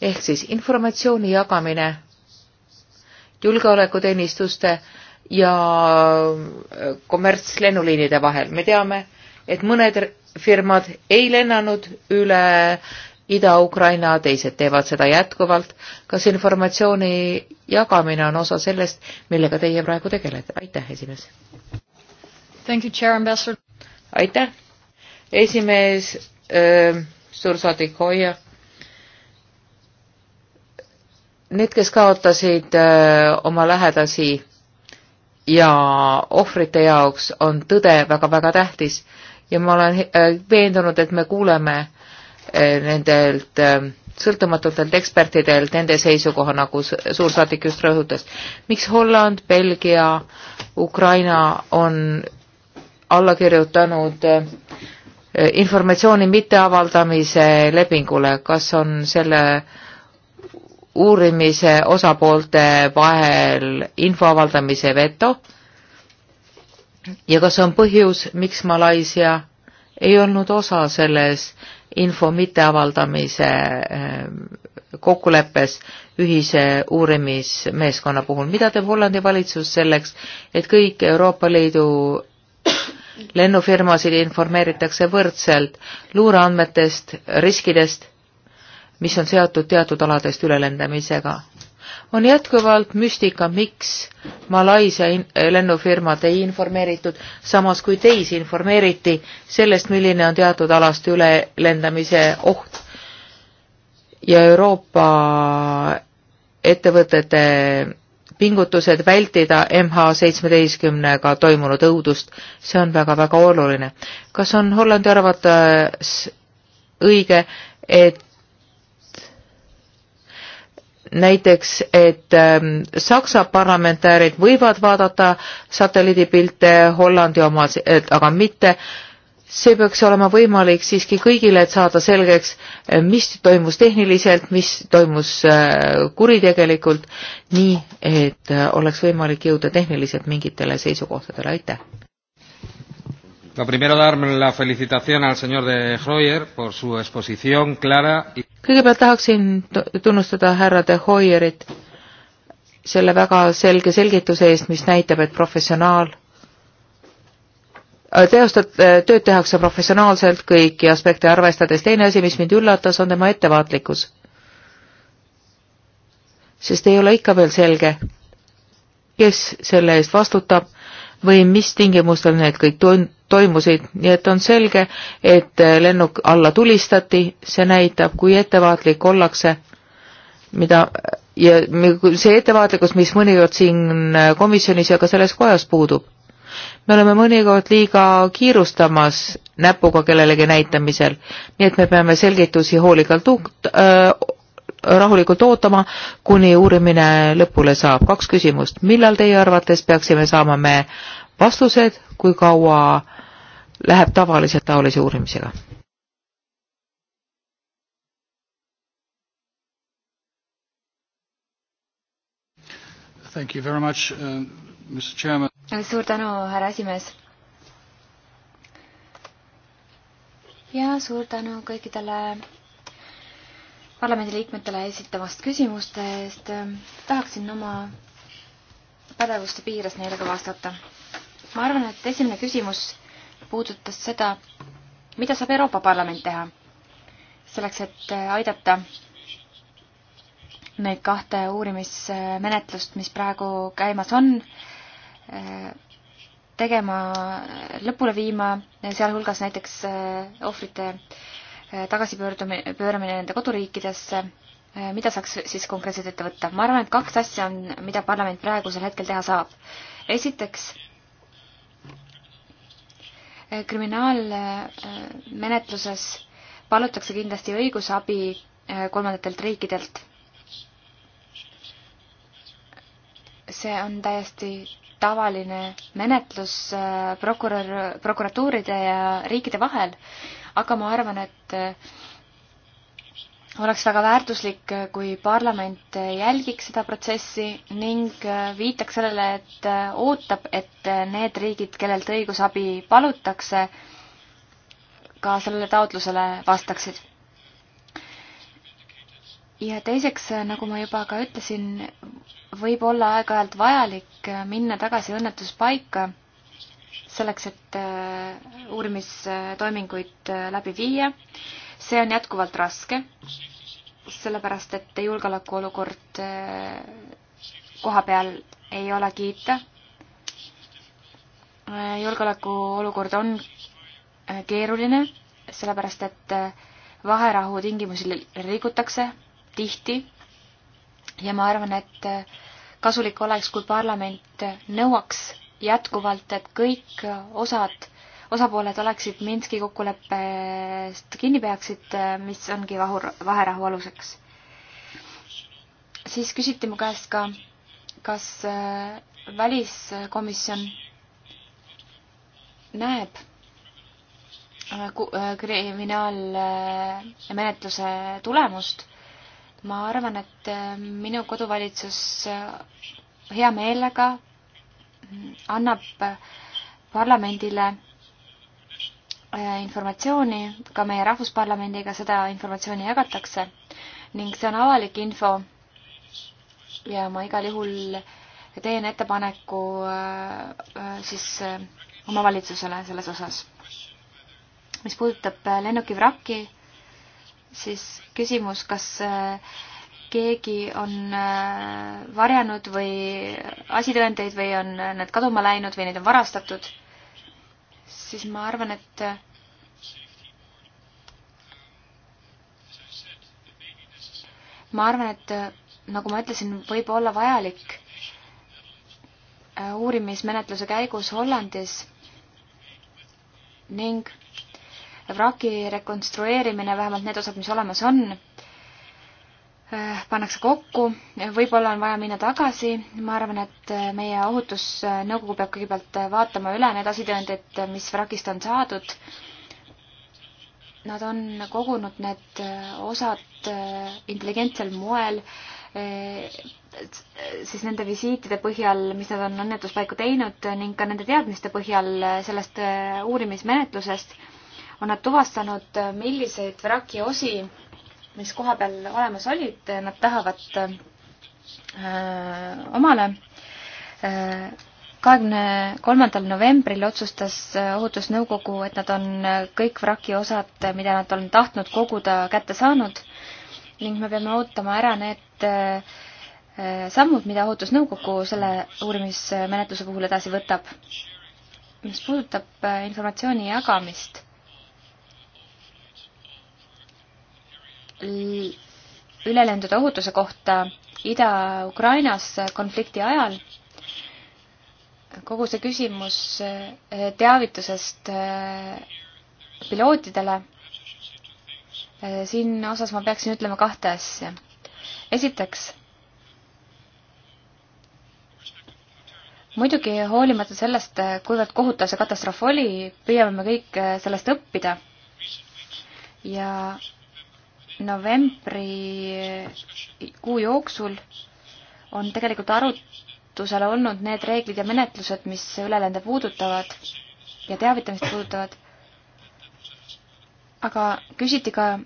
ehk siis informatsiooni jagamine julgeolekuteenistuste ja äh, kommertslennuliinide vahel. me teame, et mõned firmad ei lennanud üle Ida-Ukraina, teised teevad seda jätkuvalt. kas informatsiooni jagamine on osa sellest, millega teie praegu tegelete? aitäh, esimees! aitäh, esimees, äh, suursaadik Hoia need, kes kaotasid öö, äh, oma lähedasi ja ohvrite jaoks on tõde väga-väga tähtis ja ma olen äh, veendunud, et me kuuleme äh, nendelt äh, sõltumatutelt ekspertidelt nende seisukoha, nagu suursaadik just rõhutas. miks Holland, Belgia, Ukraina on alla kirjutanud informatsiooni mitteavaldamise lepingule, kas on selle äh, uurimise osapoolte vahel info avaldamise veto ja kas on põhjus, miks Malaisia ei olnud osa selles info mitteavaldamise eh, kokkuleppes ühise uurimismeeskonna puhul. mida teeb Hollandi valitsus selleks, et kõik Euroopa Liidu *coughs* lennufirmasid informeeritakse võrdselt luureandmetest, riskidest mis on seotud teatud aladest ülelendamisega. on jätkuvalt müstika, miks Malaisia eh, lennufirmad ei informeeritud, samas kui teisi informeeriti sellest, milline on teatud alast ülelendamise oht ja Euroopa ettevõtete pingutused vältida MH seitsmeteistkümnega toimunud õudust, see on väga-väga oluline. kas on Hollandi arvates õige, et näiteks, et ähm, Saksa parlamentäärid võivad vaadata satelliidipilte Hollandi oma, aga mitte. see peaks olema võimalik siiski kõigile, et saada selgeks, äh, mis toimus tehniliselt, mis toimus äh, kuritegelikult, nii et äh, oleks võimalik jõuda tehniliselt mingitele seisukohtadele, aitäh Lo primero dar la felicitación al señor de Hoyer por su exposición clara. kõigepealt tahaksin tunnustada härra de Hoyerit selle väga selge selgituse eest, mis näitab, et professionaal, äh, teostat-, äh, tööd tehakse professionaalselt kõiki aspekte arvestades. teine asi, mis mind üllatas, on tema ettevaatlikkus. sest ei ole ikka veel selge, kes selle eest vastutab või mis tingimustel need kõik tun-, toimusid, nii et on selge, et lennuk alla tulistati, see näitab, kui ettevaatlik ollakse, mida ja see ettevaatlikkus, mis mõnikord siin komisjonis ja ka selles kojas puudub. me oleme mõnikord liiga kiirustamas näpuga kellelegi näitamisel, nii et me peame selgitusi hoolikalt äh, rahulikult ootama, kuni uurimine lõpule saab. kaks küsimust, millal teie arvates peaksime saama me vastused, kui kaua läheb tavaliselt taolise uurimisega? Thank you very much, uh, Mr. Chairman. Suur tänu, härra esimees. ja suur tänu kõikidele parlamendiliikmetele esitamast küsimuste eest. tahaksin oma pädevuste piires neile ka vastata. ma arvan, et esimene küsimus puudutas seda, mida saab Euroopa Parlament teha selleks, et aidata neid kahte uurimismenetlust, mis praegu käimas on, tegema, lõpule viima, sealhulgas näiteks eh, ohvrite eh, tagasipöördumine, pööramine nende koduriikidesse, eh, mida saaks siis konkreetselt ette võtta? ma arvan, et kaks asja on, mida parlament praegusel hetkel teha saab. esiteks Eh, kriminaalmenetluses palutakse kindlasti õigusabi eh, kolmandatelt riikidelt. see on täiesti tavaline menetlus eh, prokurör, prokuratuuride ja riikide vahel, aga ma arvan, et oleks väga väärtuslik, kui parlament jälgiks seda protsessi ning viitaks sellele, et ootab, et need riigid, kellelt õigusabi palutakse, ka sellele taotlusele vastaksid. ja teiseks, nagu ma juba ka ütlesin, võib olla aeg-ajalt vajalik minna tagasi õnnetuspaika, selleks et uurimistoiminguid läbi viia see on jätkuvalt raske, sellepärast et julgeolekuolukord eh, koha peal ei ole kiita. Eh, julgeolekuolukord on eh, keeruline, sellepärast et vaherahu tingimusi rikutakse tihti ja ma arvan, et kasulik oleks, kui parlament nõuaks jätkuvalt, et kõik osad osapooled oleksid Minski kokkuleppest kinni peaksid, mis ongi vahur, vaherahu aluseks. siis küsiti mu käest ka, kas äh, väliskomisjon näeb äh, äh, kriminaalmenetluse tulemust. ma arvan, et minu koduvalitsus hea meelega mm, annab parlamendile Äh, informatsiooni, ka meie Rahvusparlamendiga seda informatsiooni jagatakse ning see on avalik info ja ma igal juhul teen ettepaneku äh, äh, siis omavalitsusele selles osas. mis puudutab lennukivrakki, siis küsimus, kas keegi on varjanud või asitõendeid või on need kaduma läinud või neid on varastatud siis ma arvan, et ma arvan, et nagu ma ütlesin, võib olla vajalik äh, uurimismenetluse käigus Hollandis ning vraki rekonstrueerimine, vähemalt need osad, mis olemas on Eh, pannakse kokku, võib-olla on vaja minna tagasi, ma arvan, et eh, meie ohutusnõukogu peab kõigepealt eh, vaatama üle need asitõendid, mis vrakist on saadud. Nad on kogunud need osad intelligentsel moel, siis nende visiitide põhjal, mis nad on õnnetuspaiku teinud ning ka nende teadmiste põhjal sellest uurimismenetlusest on nad tuvastanud, milliseid vraki osi mis kohapeal olemas olid, nad tahavad äh, omale äh, kahekümne kolmandal novembril otsustas äh, Ohutusnõukogu, et nad on äh, kõik vraki osad, mida nad on tahtnud koguda, kätte saanud ning me peame ootama ära need äh, sammud, mida Ohutusnõukogu selle uurimismenetluse puhul edasi võtab. mis puudutab informatsiooni jagamist, ülelendude ohutuse kohta Ida-Ukrainas konflikti ajal. kogu see küsimus eh, teavitusest eh, pilootidele, eh, siin osas ma peaksin ütlema kahte asja. esiteks, muidugi hoolimata sellest, kuivõrd kohutav see katastroof oli, püüame me kõik sellest õppida ja novembri kuu jooksul on tegelikult arutusel olnud need reeglid ja menetlused, mis ülelende puudutavad ja teavitamist puudutavad. aga küsiti ka,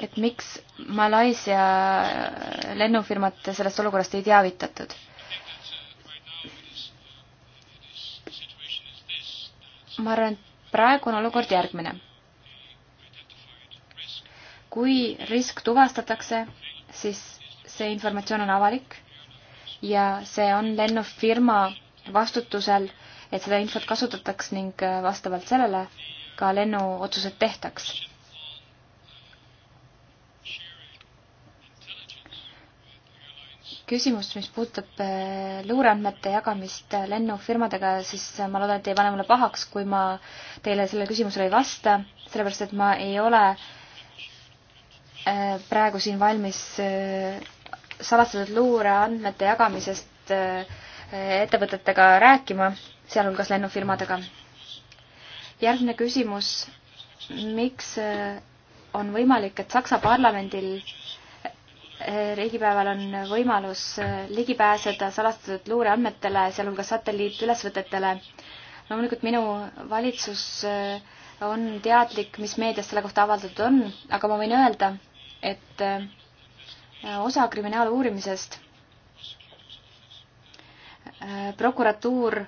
et miks Malaisia lennufirmat sellest olukorrast ei teavitatud ma arvan, et praegu on olukord järgmine kui risk tuvastatakse, siis see informatsioon on avalik ja see on lennufirma vastutusel, et seda infot kasutataks ning äh, vastavalt sellele ka lennuotsused tehtaks. küsimus, mis puudutab äh, luureandmete jagamist äh, lennufirmadega, siis ma loodan, et te ei pane mulle pahaks, kui ma teile sellele küsimusele ei vasta, sellepärast et ma ei ole äh, Äh, praegu siin valmis äh, salastatud luureandmete jagamisest äh, ettevõtetega rääkima, sealhulgas lennufirmadega. järgmine küsimus, miks on võimalik, et Saksa parlamendil riigipäeval on võimalus ligi pääseda salastatud luureandmetele, sealhulgas satelliitülesvõtetele. loomulikult minu valitsus on teadlik, mis meedias selle kohta avaldatud on, aga ma võin öelda, et äh, osa kriminaaluurimisest äh, prokuratuur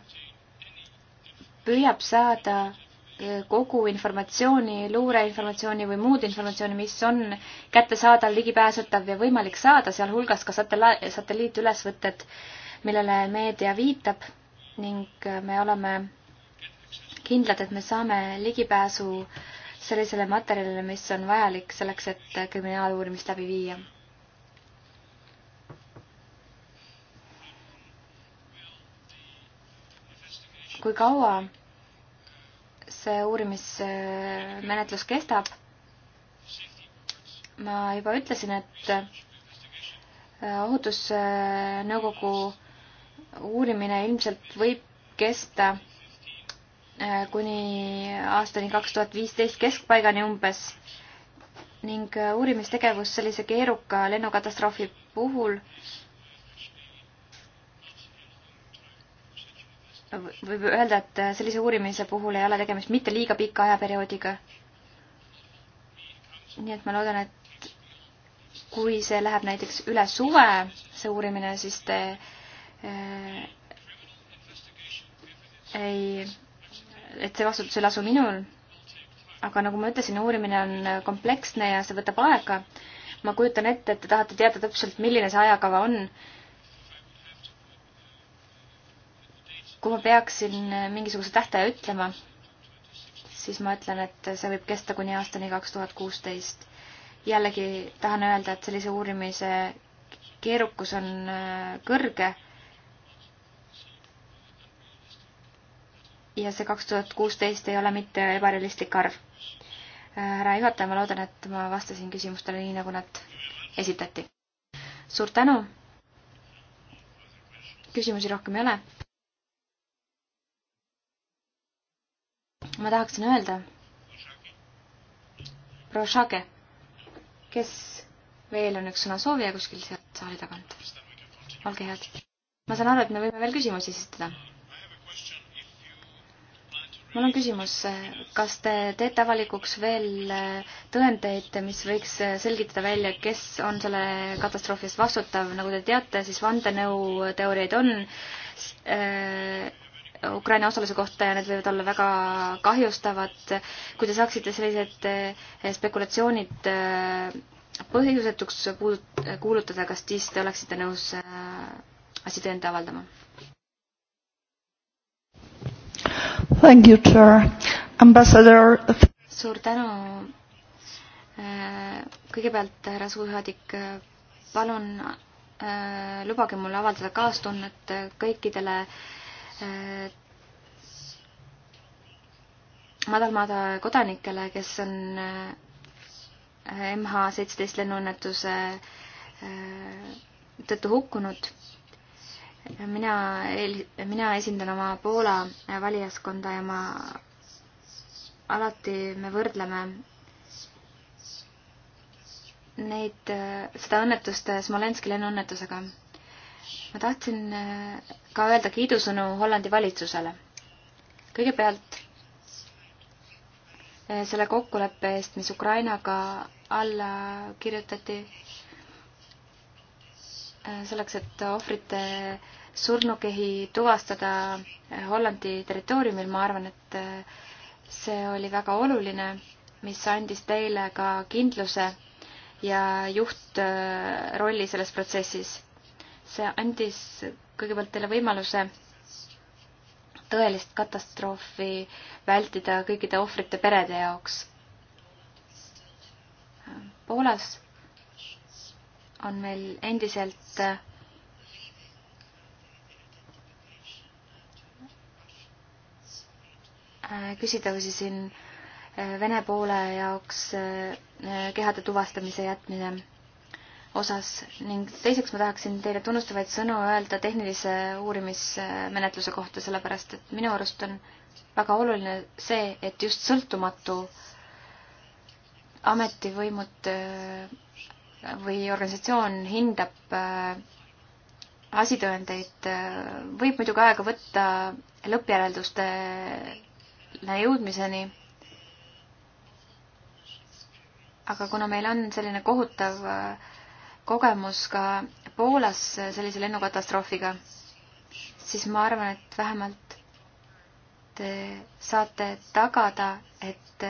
püüab saada äh, kogu informatsiooni, luureinformatsiooni või muud informatsiooni, mis on kättesaadav, ligipääsetav ja võimalik saada, sealhulgas ka satella-, satelliitülesvõtted, millele meedia viitab ning me oleme kindlad, et me saame ligipääsu äh, sellisele materjalile, mis on vajalik selleks, et kriminaaluurimist läbi viia. kui kaua see uurimismenetlus kestab? ma juba ütlesin, et ohutusnõukogu uurimine ilmselt võib kesta Äh, kuni aastani kaks tuhat viisteist keskpaigani umbes ning äh, uurimistegevus sellise keeruka lennukatastroofi puhul võib öelda, et äh, sellise uurimise puhul ei ole tegemist mitte liiga pika ajaperioodiga. nii et ma loodan, et kui see läheb näiteks üle suve, see uurimine, siis te äh, ei et see vastutus ei lasu minul. aga nagu ma ütlesin, uurimine on äh, kompleksne ja see võtab aega. ma kujutan ette, et te tahate teada täpselt, milline see ajakava on. kui ma peaksin äh, mingisuguse tähtaja ütlema, siis ma ütlen, et see võib kesta kuni aastani kaks tuhat kuusteist. jällegi tahan öelda, et sellise uurimise keerukus on äh, kõrge ja see kaks tuhat kuusteist ei ole mitte ebarealistlik arv. härra juhataja, ma loodan, et ma vastasin küsimustele nii, nagu nad esitati. suur tänu. küsimusi rohkem ei ole. ma tahaksin öelda. Prošage, kes veel on üks sõnasoovija kuskil sealt saali tagant? olge head. ma saan aru, et me võime veel küsimusi esitada mul on küsimus, kas te teete avalikuks veel tõendeid, mis võiks selgitada välja, kes on selle katastroofi eest vastutav, nagu te teate, siis vandenõuteooriaid on äh, Ukraina osaluse kohta ja need võivad olla väga kahjustavad. kui te saaksite sellised äh, spekulatsioonid äh, põhjusetuks puudut-, kuulutada, kas siis te oleksite nõus asitõende avaldama? Thank you, Chair. Ambassador. suur tänu. Äh, kõigepealt, härra suursaadik, äh, palun äh, lubage mul avaldada kaastunnet kõikidele madalmaade kodanikele, kes on MH seitseteist lennuõnnetuse tõttu hukkunud mina eel-, mina esindan oma Poola valijaskonda ja ma, alati me võrdleme neid, äh, seda õnnetust äh, Smolenski lennuõnnetusega. ma tahtsin äh, ka öelda kiidusõnu Hollandi valitsusele. kõigepealt selle kokkuleppe eest, mis Ukrainaga alla kirjutati Äh, selleks, et ohvrite surnukehi tuvastada äh, Hollandi territooriumil, ma arvan, et äh, see oli väga oluline, mis andis teile ka kindluse ja juhtrolli selles protsessis. see andis kõigepealt teile võimaluse tõelist katastroofi vältida kõikide ohvrite perede jaoks. Poolas on meil endiselt äh, küsitavusi siin äh, Vene poole jaoks äh, kehade tuvastamise jätmine osas ning teiseks ma tahaksin teile tunnustavaid sõnu öelda tehnilise uurimismenetluse kohta, sellepärast et minu arust on väga oluline see, et just sõltumatu ametivõimud või organisatsioon hindab äh, asitõendeid, äh, võib muidugi aega võtta lõppjäreldustele jõudmiseni. aga kuna meil on selline kohutav äh, kogemus ka Poolas sellise lennukatastroofiga, siis ma arvan, et vähemalt te saate tagada, et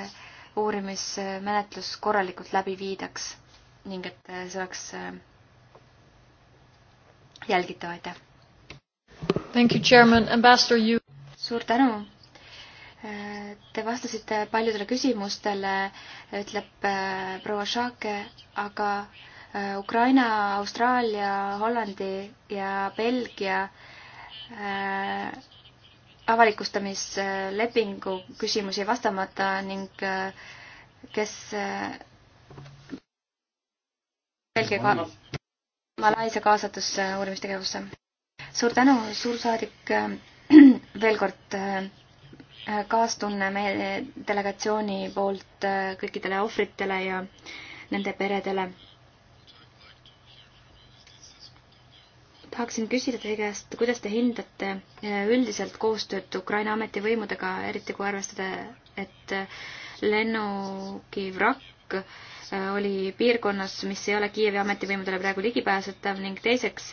uurimismenetlus korralikult läbi viidaks ning et äh, see oleks äh, jälgitav, aitäh. Thank you, chairman, ambassador you. suur tänu. Äh, te vastasite paljudele küsimustele, ütleb proua Šake, aga Ukraina, Austraalia, Hollandi ja Belgia avalikustamislepingu küsimusi vastamata ning kes veelgi ka Malaisia kaasatusse uurimistegevusse. suur tänu, suursaadik, äh, *clears throat* veel kord äh, kaastunne meie delegatsiooni poolt äh, kõikidele ohvritele ja nende peredele. tahaksin küsida teie käest, kuidas te hindate üldiselt koostööd Ukraina ametivõimudega, eriti kui arvestada, et lennuki vrakk Irak äh, oli piirkonnas, mis ei ole Kiievi ametivõimudele praegu ligipääsetav ning teiseks,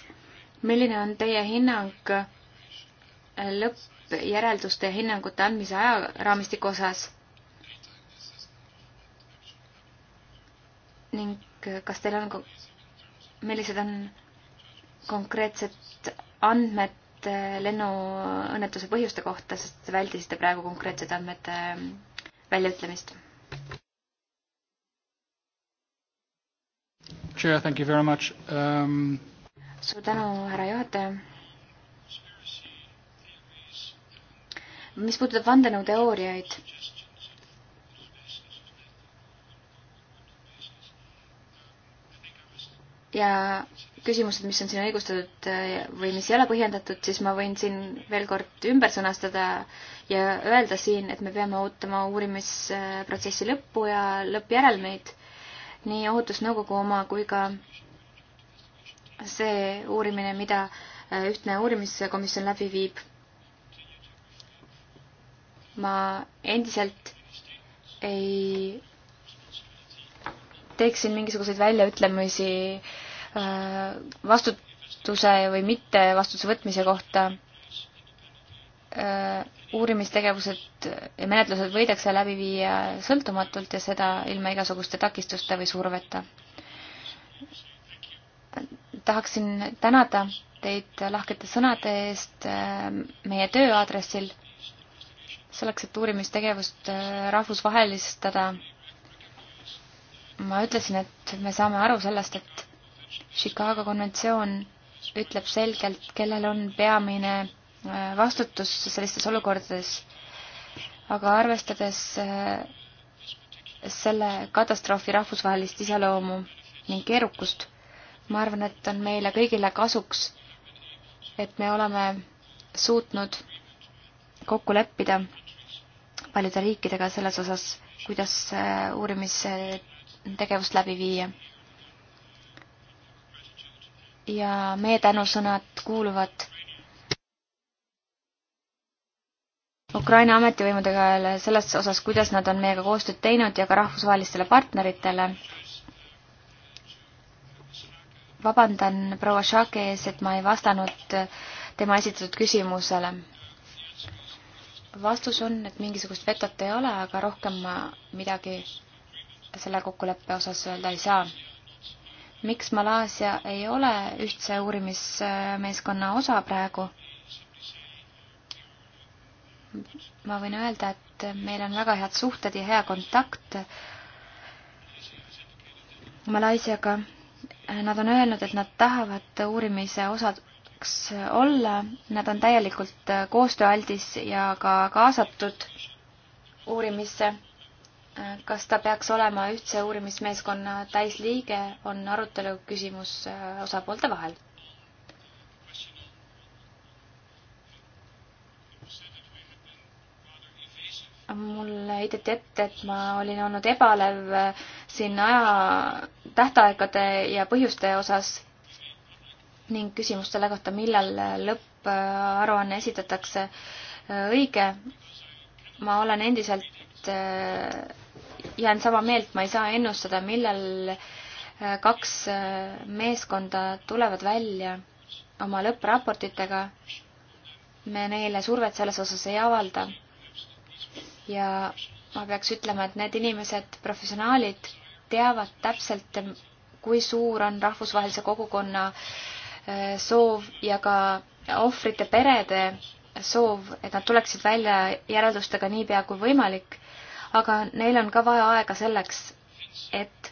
milline on teie hinnang äh, lõppjärelduste ja hinnangute andmise ajaraamistiku osas? ning äh, kas teil on, millised on konkreetsed andmed lennuõnnetuse põhjuste kohta, sest väldisite praegu konkreetsete andmete väljaütlemist? Chair, thank you very much um.... suur tänu, härra juhataja. mis puudutab vandenõuteooriaid, ja küsimused, mis on siin õigustatud äh, või mis ei ole põhjendatud, siis ma võin siin veel kord ümber sõnastada ja öelda siin, et me peame ootama uurimisprotsessi lõppu ja lõppjärelmeid nii ohutusnõukogu oma kui ka see uurimine, mida äh, ühtne uurimiskomisjon läbi viib. ma endiselt ei teeks siin mingisuguseid väljaütlemisi äh, vastutuse või mitte vastutuse võtmise kohta äh, uurimistegevused ja menetlused võidakse läbi viia sõltumatult ja seda ilma igasuguste takistuste või surveta. tahaksin tänada teid lahkete sõnade eest äh, meie töö aadressil, selleks, et uurimistegevust äh, rahvusvahelistada. ma ütlesin, et me saame aru sellest, et Chicago konventsioon ütleb selgelt, kellel on peamine vastutus sellistes olukordades. aga arvestades äh, selle katastroofi rahvusvahelist iseloomu ning keerukust, ma arvan, et on meile kõigile kasuks, et me oleme suutnud kokku leppida paljude riikidega selles osas, kuidas äh, uurimistegevust läbi viia. ja meie tänusõnad kuuluvad Ukraina ametivõimudega selles osas, kuidas nad on meiega koostööd teinud ja ka rahvusvahelistele partneritele. vabandan proua Šake ees, et ma ei vastanud tema esitatud küsimusele. vastus on, et mingisugust vetot ei ole, aga rohkem ma midagi selle kokkuleppe osas öelda ei saa. miks Malaasia ei ole ühtse uurimismeeskonna osa praegu? ma võin öelda, et meil on väga head suhted ja hea kontakt Malaisiaga. Nad on öelnud, et nad tahavad uurimise osaks olla, nad on täielikult koostööaldis ja ka kaasatud uurimisse. kas ta peaks olema ühtse uurimismeeskonna täisliige, on arutelu küsimus osapoolte vahel mulle heideti ette, et ma olin olnud ebalev äh, siin aja tähtaegade ja põhjuste osas ning küsimus selle kohta, millal äh, lõpparuanne äh, esitatakse õige. ma olen endiselt, jään sama meelt, ma ei saa ennustada, millal kaks meeskonda tulevad välja oma lõppraportitega. me neile survet selles osas ei avalda ja ma peaks ütlema, et need inimesed, professionaalid teavad täpselt, kui suur on rahvusvahelise kogukonna eh, soov ja ka ohvrite perede soov, et nad tuleksid välja järeldustega niipea kui võimalik, aga neil on ka vaja aega selleks, et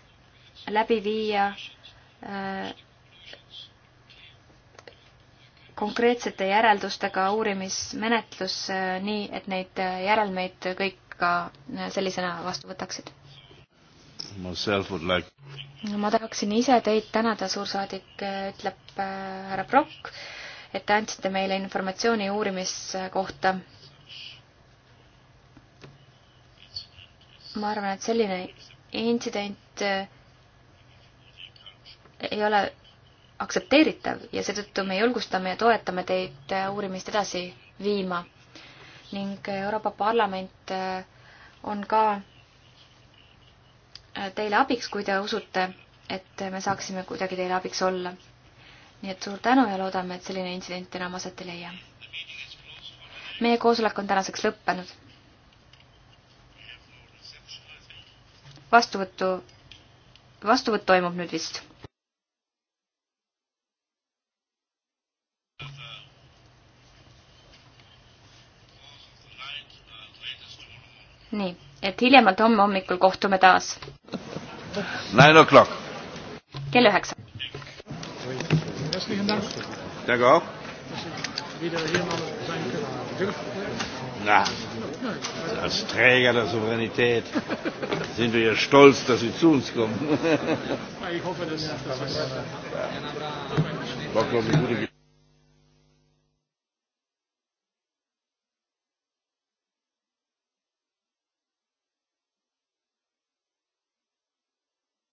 läbi viia eh, konkreetsete järeldustega uurimismenetlus äh, nii, et neid äh, järelmeid kõik ka äh, sellisena vastu võtaksid. Like... ma tahaksin ise teid tänada, suursaadik, ütleb härra Brock, et te andsite meile informatsiooni uurimiskohta. ma arvan, et selline intsident ei ole aktsepteeritav ja seetõttu me julgustame ja toetame teid äh, uurimist edasi viima. ning äh, Euroopa Parlament äh, on ka teile abiks, kui te usute, et me saaksime kuidagi teile abiks olla. nii et suur tänu ja loodame, et selline intsident enam aset ei leia. meie koosolek on tänaseks lõppenud. vastuvõttu, vastuvõtt toimub nüüd vist nii, et hiljemalt homme hommikul kohtume taas. Nine o'clock. kell üheksa. Danke auch. Wieder hier mal sein können. Na, als Träger der Souveränität sind wir ja stolz, dass Sie zu uns kommen. Ich hoffe, dass das ist. Ja. War, glaube ich, gute